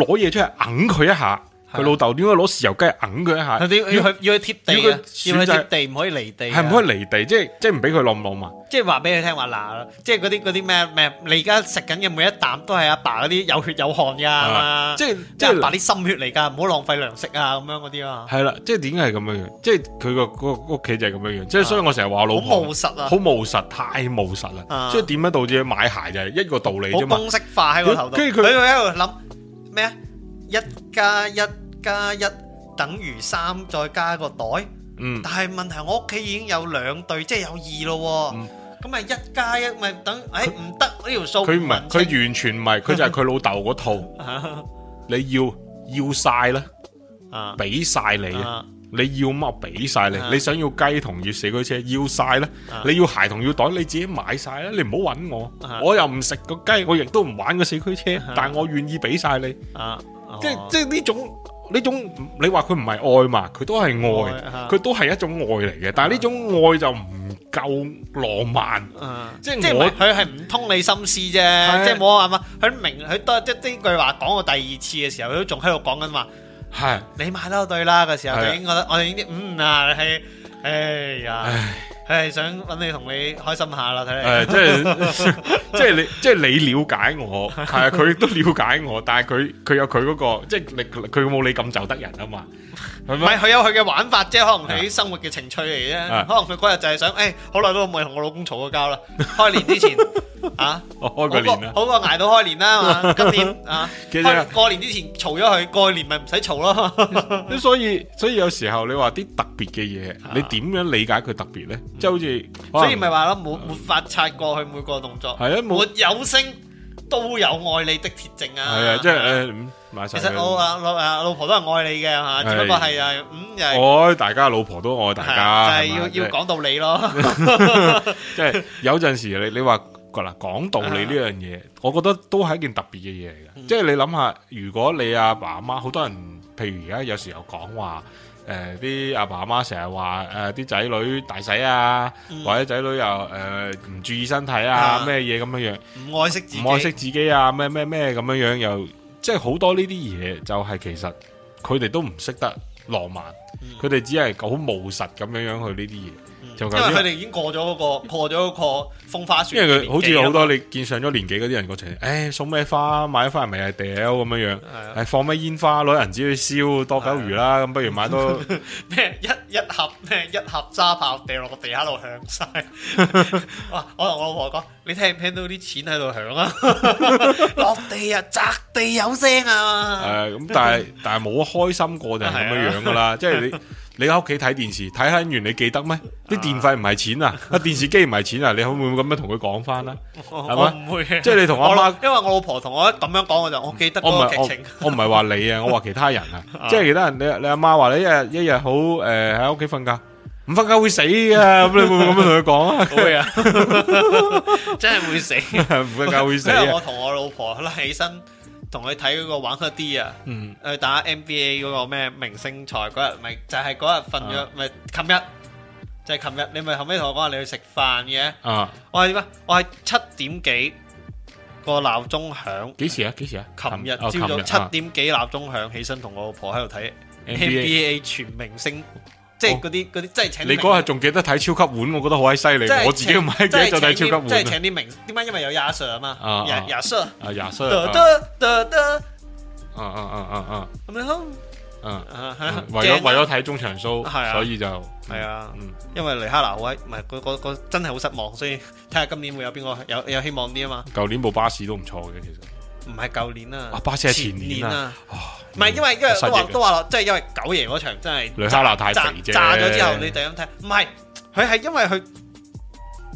攞嘢出嚟揞佢一下？佢老豆點解攞豉油雞揞佢一下？要佢要佢貼地，要佢貼地唔可以離地，係唔可以離地，即係即係唔俾佢浪唔浪漫，即係話俾佢聽話啦，即係嗰啲嗰啲咩咩，你而家食緊嘅每一啖都係阿爸嗰啲有血有汗噶，即係即係阿爸啲心血嚟噶，唔好浪費糧食啊咁樣嗰啲啊。係啦，即係點解係咁樣樣？即係佢個個屋企就係咁樣樣。即係所以我成日話老好務實啊，好務實，太務實啦。即係點樣導致買鞋就係一個道理啫嘛。公式化喺個頭度，佢喺度諗咩啊？一加一。加一等於三，再加個袋，嗯，但係問題我屋企已經有兩對，即係有二咯，咁咪一加一咪等，誒唔得呢條數，佢唔係佢完全唔係，佢就係佢老豆個套，你要要晒啦，啊，俾晒你，你要乜俾晒你，你想要雞同要四驅車，要晒啦，你要鞋同要袋，你自己買晒啦，你唔好揾我，我又唔食個雞，我亦都唔玩個四驅車，但我願意俾晒你。啊，即係即係呢種。呢種你話佢唔係愛嘛，佢都係愛，佢、啊、都係一種愛嚟嘅。啊、但係呢種愛就唔夠浪漫，是啊、即係我即係佢係唔通你心思啫、啊，即係冇啊嘛。佢明佢都，即係呢句話講到第二次嘅時候，佢都仲喺度講緊話，係、啊、你買得對啦嘅時候，佢、啊、已經覺得我哋已經啲嗯啊，係哎呀。係想搵你同你開心一下啦，睇嚟。即係即係你即係你了解我，係啊， [LAUGHS] 佢都了解我，但係佢佢有佢嗰個，即係佢冇你咁就得人啊嘛。唔係，佢有佢嘅玩法即啫，可能係生活嘅情趣嚟啫。是可能佢嗰日就係想，誒，好耐都冇同我老公嘈過交啦。 [LAUGHS] 開年之前啊，我開過年啦，好過挨到開年啦，今年啊，其實開年過年之前嘈咗佢，過年咪唔使嘈咯。 [LAUGHS] 所以所以有時候你話啲特別嘅嘢，你點樣理解佢特別咧？即係好似，所以咪話啦，冇冇法擦過去每個動作，係啊，冇有聲都有愛你的鐵證啊。係啊，即係，嗯，其實我啊老啊老婆都係愛你嘅吓，只不過係啊，嗯，又我大家老婆都愛大家，就係要要講道理咯。即係有陣時你你話嗱講道理呢樣嘢，我覺得都係一件特別嘅嘢嚟嘅。即係你諗下，如果你阿爸阿媽，好多人，譬如而家有時候講話。誒啲阿爸阿媽成日話啲仔女大洗啊，嗯、或者仔女又唔、呃、注意身體啊，咩嘢咁樣樣，唔愛惜自，唔愛惜自己啊，咩咩咩咁樣樣，又即係好多呢啲嘢，就係其實佢哋都唔識得浪漫，佢哋、嗯、只係好務實咁樣樣去呢啲嘢。因為佢哋已經過咗嗰、那個，過咗個風花雪。因為佢好似好多你見上咗年紀嗰啲人，嗰陣，誒，送咩花買花咪係掉咁樣樣，係放咩煙花攞銀紙去燒多狗魚啦，咁的不如買多咩一， [LAUGHS] 一,一盒咩一盒渣炮掉落個地下度響晒。 [LAUGHS] 哇！我同我老婆講，你聽唔聽到啲錢喺度響啊？ [LAUGHS] 落地啊，砸地有聲啊！誒、呃，咁但係但係冇開心過就係咁樣樣噶啦，即係的你。 [LAUGHS] 你喺屋企睇電視，睇睇完你記得咩？啲電費唔係錢啊，啊電視機唔係錢啊，你會唔會咁樣同佢講翻啦？係嘛？唔會。即係你同阿媽，因為我老婆同我咁樣講我就我記得嗰個劇情。我唔係話你啊，我話其他人啊，即係其他人，你你阿媽話你一日一日好誒喺屋企瞓覺，唔瞓覺會死啊！咁你會唔會咁樣同佢講啊？會啊，真係會死，唔瞓覺會死啊！因為我同我老婆起身，同佢睇嗰個玩下啲啊，去打 NBA 嗰個咩明星賽嗰日，咪、嗯、就係嗰日瞓咗，咪琴日，就係琴日。你咪後尾同我講話你去食飯嘅、啊，我係點啊？我係七點幾，個鬧鐘響，幾時啊？幾時啊？琴日朝早七點幾鬧鐘響，起身同我老婆喺度睇 NBA 全明星。即係嗰啲嗰啲，即係請啲名。你嗰日仲記得睇超級碗，我覺得好閪犀利。我自己唔係，記得就睇超級碗。即係請啲名，點解因為有亞瑟啊嘛？亞亞瑟，亞瑟。嗯嗯嗯咁你好？嗯嗯，為咗為咗睇中場 show，係所以就係啊。因為雷哈娜好閪，唔係，嗰嗰真係好失望，所以睇下今年會有邊個有有希望啲啊嘛。舊年部巴士都唔錯嘅，其實。唔係舊年啦，巴士係前年啦，唔係因為因為都話都話即係因為九爺嗰場真係雷哈娜太肥啫，炸咗之後你就咁睇，唔係佢係因為佢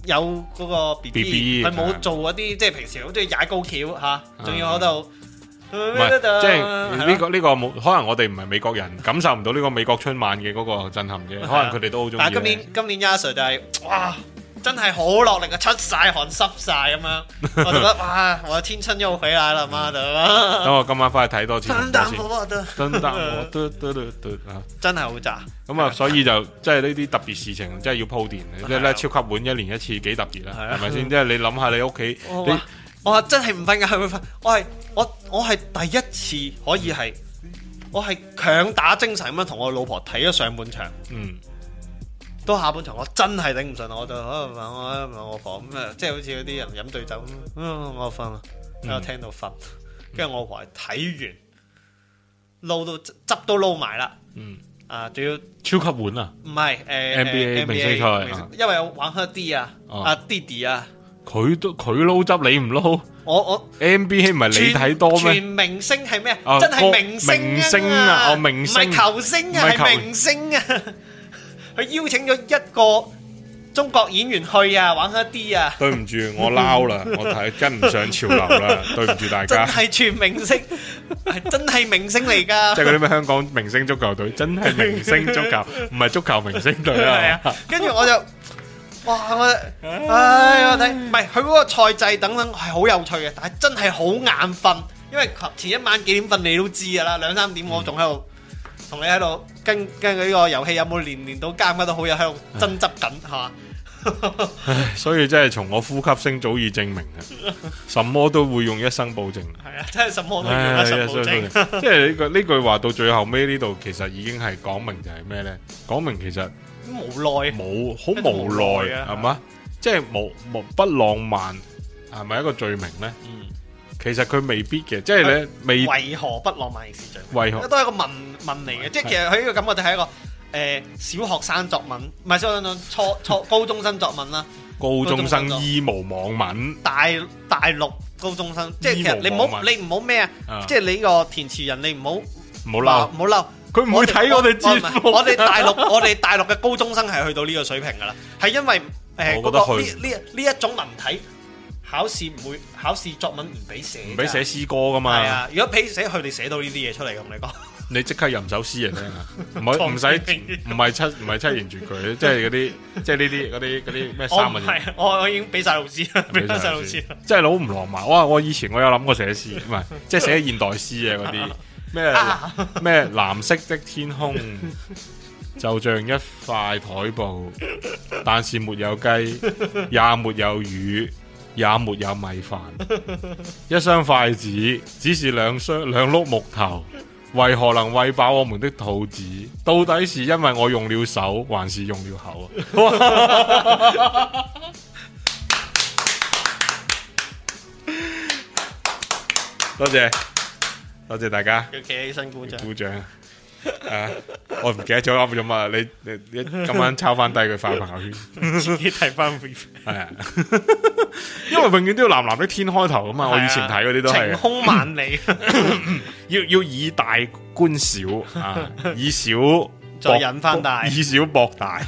有嗰個 BB，佢冇做嗰啲即係平時好中意踩高蹺嚇，仲要喺度，唔係即係呢個呢個冇可能我哋唔係美國人感受唔到呢個美國春晚嘅嗰個震撼啫，可能佢哋都好中意。但係今年今年 Usher 就係哇！真係好落力啊，出晒汗濕晒咁樣，我就覺得哇，我天春又回奶啦，嘛，得嘛，等我今晚翻去睇多次，真得我都真係好渣。咁啊，所以就即係呢啲特別事情，即係要鋪墊，即係超級碗一年一次幾特別啦，係咪先？即係你諗下你屋企，你我真係唔瞓覺，我係我我係第一次可以係，我係強打精神咁樣同我老婆睇咗上半場，嗯。到下半場我真係頂唔順，我就啊我我我我講咩，即係好似嗰啲人飲醉酒，嗯，我瞓喺個廳度瞓，跟住我哥睇完撈到執都撈埋啦，嗯，啊仲要超級碗啊，唔係誒 NBA 明星賽，因為玩下 D 啊啊 D 弟啊，佢都佢撈執你唔撈，我我 NBA 唔係你睇多咩，全明星係咩？真係明星明星啊，哦，明星唔係球星啊，係明星啊。佢邀請咗一個中國演員去啊，玩下啲啊！對唔住，我撈啦，我係跟唔上潮流啦，對唔住大家。真係全明星，係真係明星嚟㗎。即係嗰啲咩香港明星足球隊，真係明星足球，唔係足球明星隊啦。係啊，跟住我就哇，我唉我睇，唔係佢嗰個賽制等等係好有趣嘅，但係真係好眼瞓，因為前一晚幾點瞓你都知㗎啦，兩三點我仲喺度同你喺度。根根據呢個遊戲有冇連連到監得到好有喺度爭執緊吓，所以真係從我呼吸聲早已證明啊！什麼都會用一生保證，係啊，真係什麼都會用一生保證。即係呢句呢句話到最後尾呢度，其實已經係講明就係咩咧？講明其實都無奈，冇好無奈係嘛？即係冇冇不浪漫係咪一個罪名咧？嗯。其實佢未必嘅，即係你未為何不浪漫的事最為何都係一個問問嚟嘅，即係其實佢呢個感覺就係一個誒小學生作文，唔係小學生初初高中生作文啦。高中生依無網文，大大陸高中生即係其實你唔好你唔好咩啊？即係你呢個填詞人，你唔好唔好嬲唔好嬲，佢唔會睇我哋知，我哋大陸我哋大陸嘅高中生係去到呢個水平噶啦，係因為誒嗰個呢呢呢一種文體。考試唔會考試作文唔俾寫，唔俾寫詩歌噶嘛？係啊，如果俾寫，佢哋寫到呢啲嘢出嚟，同你講，你即刻吟首詩嚟聽？唔使唔係七唔係七言絕句，即係嗰啲即係呢啲嗰啲嗰啲咩？我係我我已經俾晒老師，俾晒老師，即係好唔浪漫。哇！我以前我有諗過寫詩，唔係即係寫現代詩啊嗰啲咩咩藍色的天空，就像一塊台布，但是沒有雞，也沒有魚，也沒有米飯， [LAUGHS] 一雙筷子只是兩雙兩碌木頭，為何能餵飽我們的肚子？到底是因為我用了手，還是用了口啊？ [LAUGHS] 多謝多謝大家，要企起身鼓掌鼓掌。誒，我唔記得咗諗住做乜，你你你今晚抄翻低佢發朋友圈，自睇翻。係啊，因為永遠都要藍藍的天開頭噶嘛。我以前睇嗰啲都係晴空萬里，要要以大觀小啊，以小再引翻大，以小博大，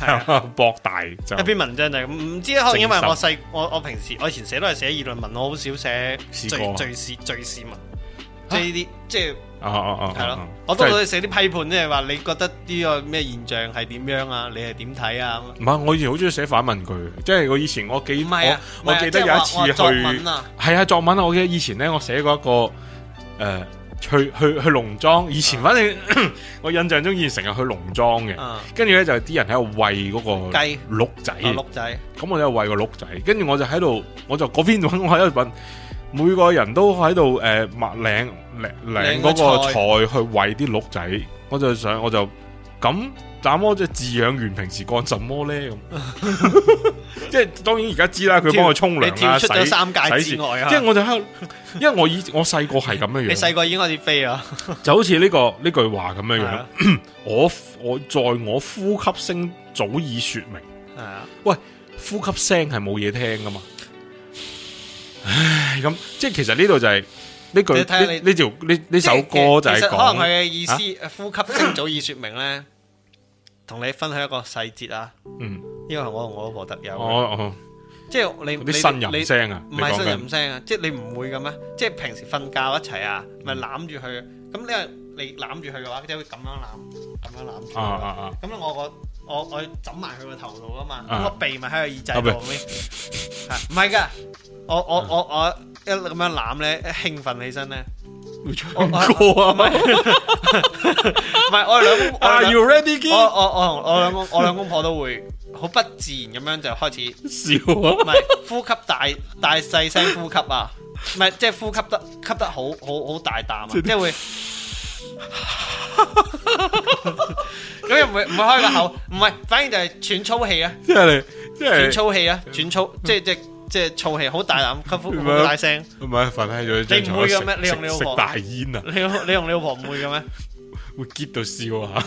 博大就一篇文章就唔知，可能因為我細我我平時我以前寫都係寫議論文，我好少寫最最敘事文即係呢啲即係。啊啊啊！係咯，我多數寫啲批判，即係話你覺得呢個咩現象係點樣啊？你係點睇啊？唔係，我以前好中意寫反問句，即係我以前我幾，我記、啊、我，我記得有一次去，係啊，我作文啊，我記得以前咧，我寫過一個誒、呃、去去去農莊，以前反正、啊、 [COUGHS] 我印象中以前成日去農莊嘅，跟住咧就啲人喺度喂嗰個雞鹿仔、啊，鹿仔，咁我喺度喂個鹿仔，跟住我就喺度，我就嗰邊搵，我喺度搵。每個人都喺度誒，抹領領領嗰個菜去喂啲鹿仔。我就想，我就咁。咁我只飼養員平時幹什麼咧？咁即係當然而家知啦，佢幫佢沖涼啦，你跳出咗三界之外，之外啊。即係我就， [LAUGHS] 因為我以我細個係咁樣樣。你細個已經開始飛啊、 [LAUGHS] 這個、是啊？就好似呢個呢句話咁樣樣。我我在我呼吸聲早已說明。係啊，喂，呼吸聲係冇嘢聽噶嘛？唉，咁即係其實呢度就係呢句呢條呢呢首歌就係講，其實可能佢嘅意思呼吸聲早已說明咧。同你分享一個細節啊，嗯，呢個係我同我老婆特有，哦哦，即係你你呻吟聲啊，唔係呻吟聲啊，即係你唔會嘅咩？即係平時瞓覺一齊啊，咪攬住佢，咁你話你攬住佢嘅話，即係會咁樣攬，咁樣攬住，啊啊啊，咁咧我個。我我枕埋佢個頭度啊嘛，咁個鼻咪喺個耳仔度咩？係唔係噶？我我我我一咁樣攬咧，一興奮起身咧，唱歌啊！唔係 [LAUGHS] 我兩我 are you re ready？我我我我兩公我兩公婆都會好不自然咁樣就開始笑啊！唔係呼吸大大細聲呼吸啊！唔係即係呼吸得吸得好好好大啖啊！即係會。咁 [LAUGHS] [LAUGHS] 又唔會唔會開個口？唔係， [LAUGHS] 反而就係喘粗氣啊！即係，即係喘粗氣啊！ [LAUGHS] 喘粗，即係即係即係粗氣，好大啖，吸呼好大聲。唔係，瞓喺度你唔會嘅咩？食食你用你老婆大煙啊？你你用你老婆唔會嘅咩？會激到笑啊！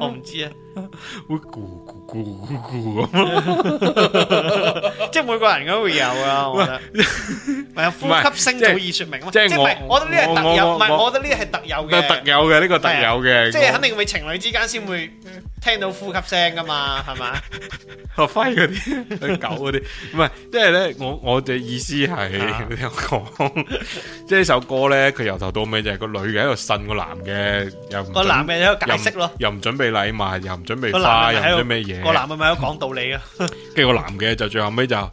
我唔知啊。會咕咕咕咕咕咁咯，即係每個人都會有啦，我覺得，係啊，呼吸聲可以說明咯，即係唔係？我覺得呢係特有，唔係？我覺得呢係特有嘅，特有嘅呢個特有嘅，即係肯定會情侶之間先會聽到呼吸聲噶嘛，係嘛？阿輝嗰啲，阿狗嗰啲，唔係，即係咧，我我嘅意思係，你聽我講，即係呢首歌咧，佢由頭到尾就係個女嘅喺度呻個男嘅，又個男嘅喺度解釋咯，又唔準備禮物，又。唔準備花又係咩嘢？男個男嘅咪有講道理啊！跟 [LAUGHS] 住個男嘅就最後尾就，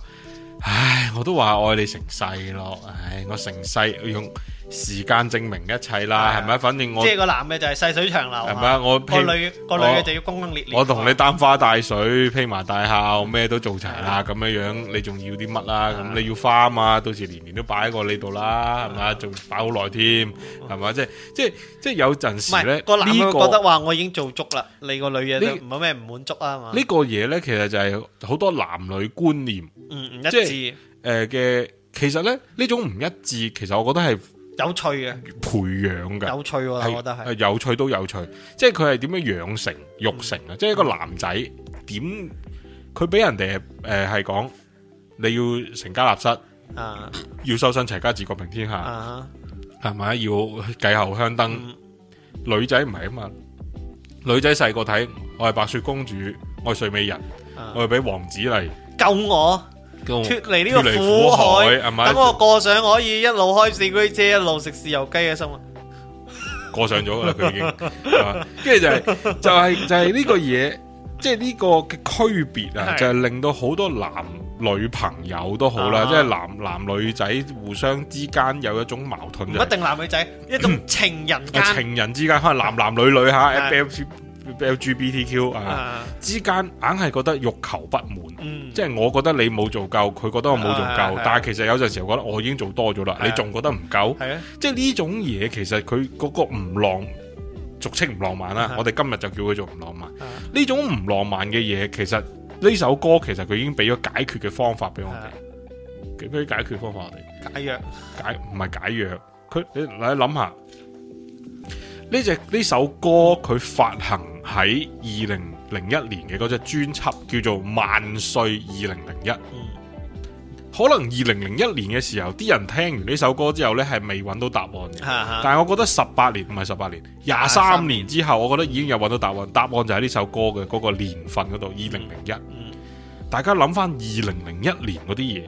唉，我都話愛你成世咯，唉，我成世用。時間證明一切啦，係咪？反正我即係個男嘅就係細水長流，係咪啊？我個女個女嘅就要轟轟烈烈。我同你擔花帶水，披麻戴孝，咩都做齊啦，咁樣樣你仲要啲乜啦？咁你要花啊嘛，到時年年都擺喺個你度啦，係咪啊？仲擺好耐添，係咪啊？即係即係即係有陣時呢，個男嘅覺得話我已經做足啦，你個女嘅都唔係咩唔滿足啊嘛？呢個嘢咧其實就係好多男女觀念，唔一致誒嘅。其實咧呢種唔一致，其實我覺得係。有趣嘅培養嘅有趣的，係我覺得係有趣都有趣，即係佢係點樣養成育成啊！嗯、即係一個男仔點佢俾人哋誒係講你要成家立室啊，要修身齊家治國平天下，係咪、啊？要繼後香燈、嗯。女仔唔係啊嘛，女仔細個睇我係白雪公主，我係睡美人，啊、我係俾王子嚟救我。脫離呢個苦海，等我過上可以一路開四驅車，一路食豉油雞嘅生活。過上咗啦，佢已經，跟住就係就係就係呢個嘢，即係呢個嘅區別啊，就係令到好多男女朋友都好啦，即係、啊、男男女仔互相之間有一種矛盾，就是。唔一定男女仔， [COUGHS] 一種情人。情人之間可能男男女女吓。是啊 LGBTQ 啊，之間硬係覺得欲求不滿，即係我覺得你冇做夠，佢覺得我冇做夠，但係其實有陣時候覺得我已經做多咗啦，你仲覺得唔夠，即係呢種嘢其實佢嗰個唔浪俗稱唔浪漫啦，我哋今日就叫佢做唔浪漫，呢種唔浪漫嘅嘢其實呢首歌其實佢已經俾咗解決嘅方法俾我哋，幾解決方法我哋解約解唔係解約，佢你嚟諗下。呢隻呢首歌佢發行喺二零零一年嘅嗰隻專輯叫做《萬歲二零零一》嗯，可能二零零一年嘅時候，啲人聽完呢首歌之後呢係未揾到答案。嘅、嗯。但係我覺得十八年唔係十八年，廿三年，年之後，我覺得已經有揾到答案。答案就喺呢首歌嘅嗰個年份嗰度，二零零一。嗯、大家諗翻二零零一年嗰啲嘢，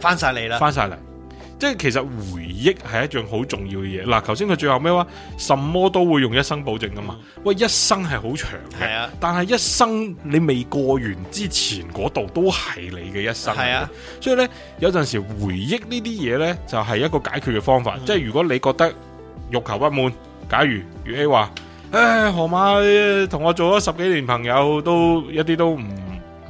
翻晒嚟啦，翻晒嚟。即係其實回憶係一樣好重要嘅嘢，嗱，頭先佢最後咩話，什麼都會用一生保證噶嘛，喂，一生係好長嘅，是啊、但係一生你未過完之前嗰度都係你嘅一生的，是啊、所以咧有陣時回憶呢啲嘢呢，就係、是、一個解決嘅方法，是啊、即係如果你覺得欲求不滿，假如如起話，唉，何馬同我做咗十幾年朋友，都一啲都唔。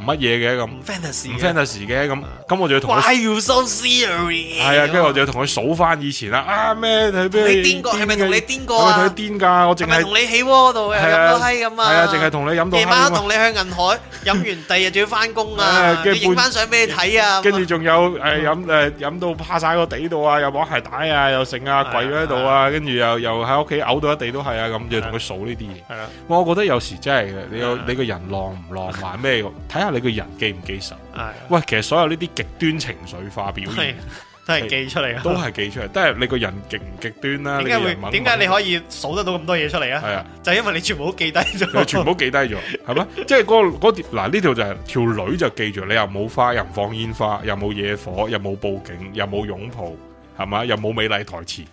乜嘢嘅咁 fantasy，fantasy 嘅咁，咁我就要同佢。Why you so serious？係啊，跟住我就要同佢數翻以前啦。啊咩？你顛過係咪同你顛過？佢顛㗎，我淨係同你起鍋嗰度飲咗嘿咁啊！係啊，淨係同你飲到夜晚，同你去銀海飲完，第二日仲要翻工啊！跟住影翻相俾你睇啊！跟住仲有誒飲誒飲到趴晒個地度啊！又冇鞋帶啊，又剩啊，跪咗喺度啊！跟住又又喺屋企嘔到一地都係啊！咁就同佢數呢啲嘢。係啊，我覺得有時真係你你個人浪唔浪漫咩？睇下。你個人記唔記仇，係、啊、喂，其實所有呢啲極端情緒化表現是、啊，都係記出嚟，都係記出嚟，都係、啊、你個人極唔極端啦、啊。點解會？點解你，你可以數得到咁多嘢出嚟啊？係啊，就係因為你全部都記低咗，全部都記低咗，係咪？ [LAUGHS] 即係嗰嗰嗱呢條就係、是、條、那個那個就是、女就記住你又冇花，又唔放煙花，又冇野火，又冇報警，又冇擁抱，係嘛，又冇美麗台詞。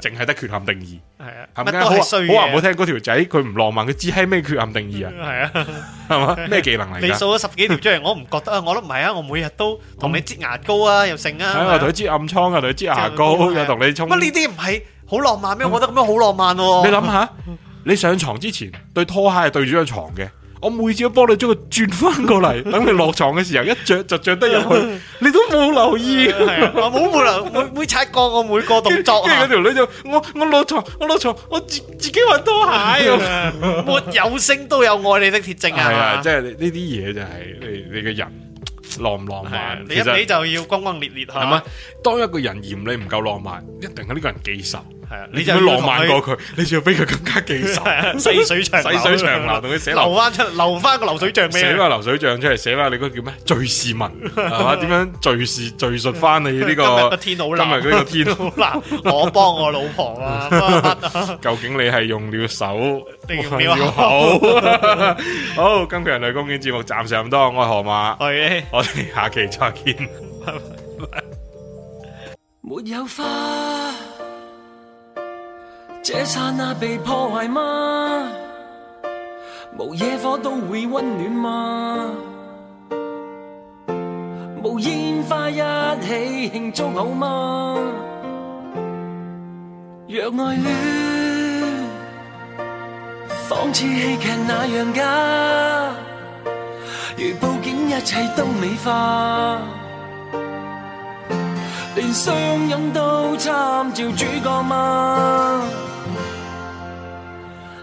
淨係得缺陷定義，係啊，乜都係衰嘅。好話唔好聽，那條仔，嗰條仔佢唔浪漫，佢知係咩缺陷定義啊？係啊，係嘛？咩技能嚟？ [LAUGHS] 你數咗十幾條出嚟？我唔覺得啊，我都唔係啊，我每日都同你擠牙膏啊，不又剩啊，同佢擠暗瘡啊，同佢擠牙膏，又同你沖。乜呢啲唔係好浪漫咩？啊、我覺得咁樣好浪漫、啊。你諗下， [LAUGHS] 你上床之前對拖鞋係對住張床嘅。我每次都幫你將佢轉翻過嚟，等你落床嘅時候一着就着得入去，你都冇留意，冇冇留，冇每踩過我每個動作。跟住嗰條女就，我我落床，我落床，我自己自己搵拖鞋，哎、沒有聲都有愛你的鐵證啊！係啊，即係呢啲嘢就係、是、你你嘅人浪唔浪漫，你一你就要轟轟烈烈。係咪？當一個人嫌你唔夠浪漫，一定係呢個人技術。你就要浪漫過佢，你就要俾佢更加技術。細水長，細水長流啦，同佢寫流翻出，流翻個流水賬咩？寫翻流水賬出嚟，寫翻你嗰個叫咩？敘事文，係嘛？點樣敘事敘述翻你呢個？今日個天好今日呢個天好難，我幫我老婆啦。究竟你係用了手定係用口？好，今日人類公園節目暫時咁多，我係河馬，我哋下期再見，拜拜沒有花。這剎那被破壞嗎？無野火都會温暖嗎？無煙花一起慶祝好嗎？若愛戀仿似戲劇,劇那樣假，如布景一切都美化，連雙人舞都參照主角嗎？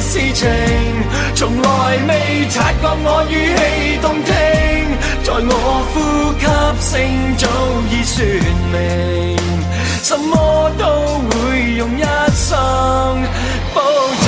事情從來未察覺，我語氣動聽，在我呼吸聲早已說明，什麼都會用一生報答。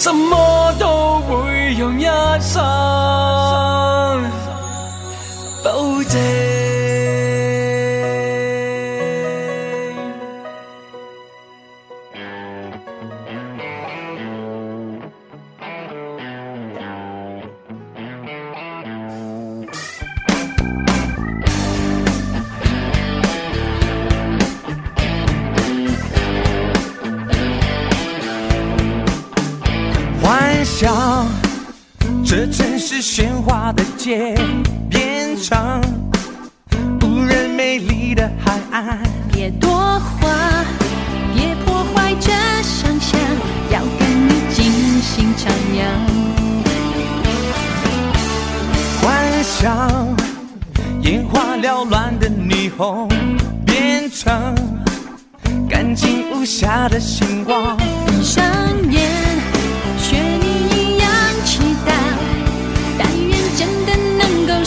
什麼都會用一生保證。花的街變成無人美麗的海岸。別多話，別破壞這想象，要跟你盡情徜徉。幻想，眼花繚亂的霓虹變成乾淨無瑕的星光，閉上眼。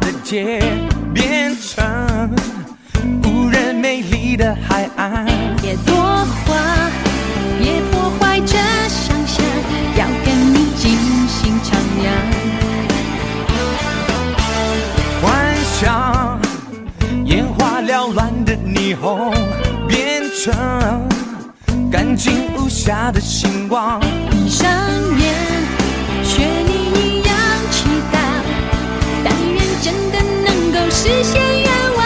的街變成無人美麗的海岸，別作畫，別破壞這想象，要跟你盡情徜徉。幻想眼花繚亂的霓虹變成乾淨無瑕的星光，閉上眼。實現願望，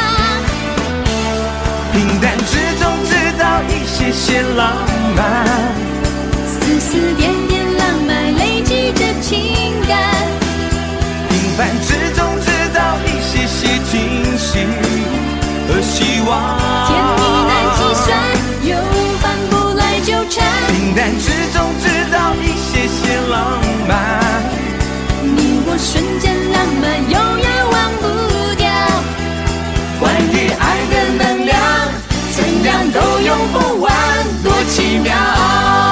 平淡之中製造一些些浪漫，絲絲點點浪漫累積着情感，平凡之中製造一些些驚喜和希望。甜蜜難計算又翻過來糾纏，平淡之中製造一些些浪漫，你我瞬間浪漫。都用不完，多奇妙！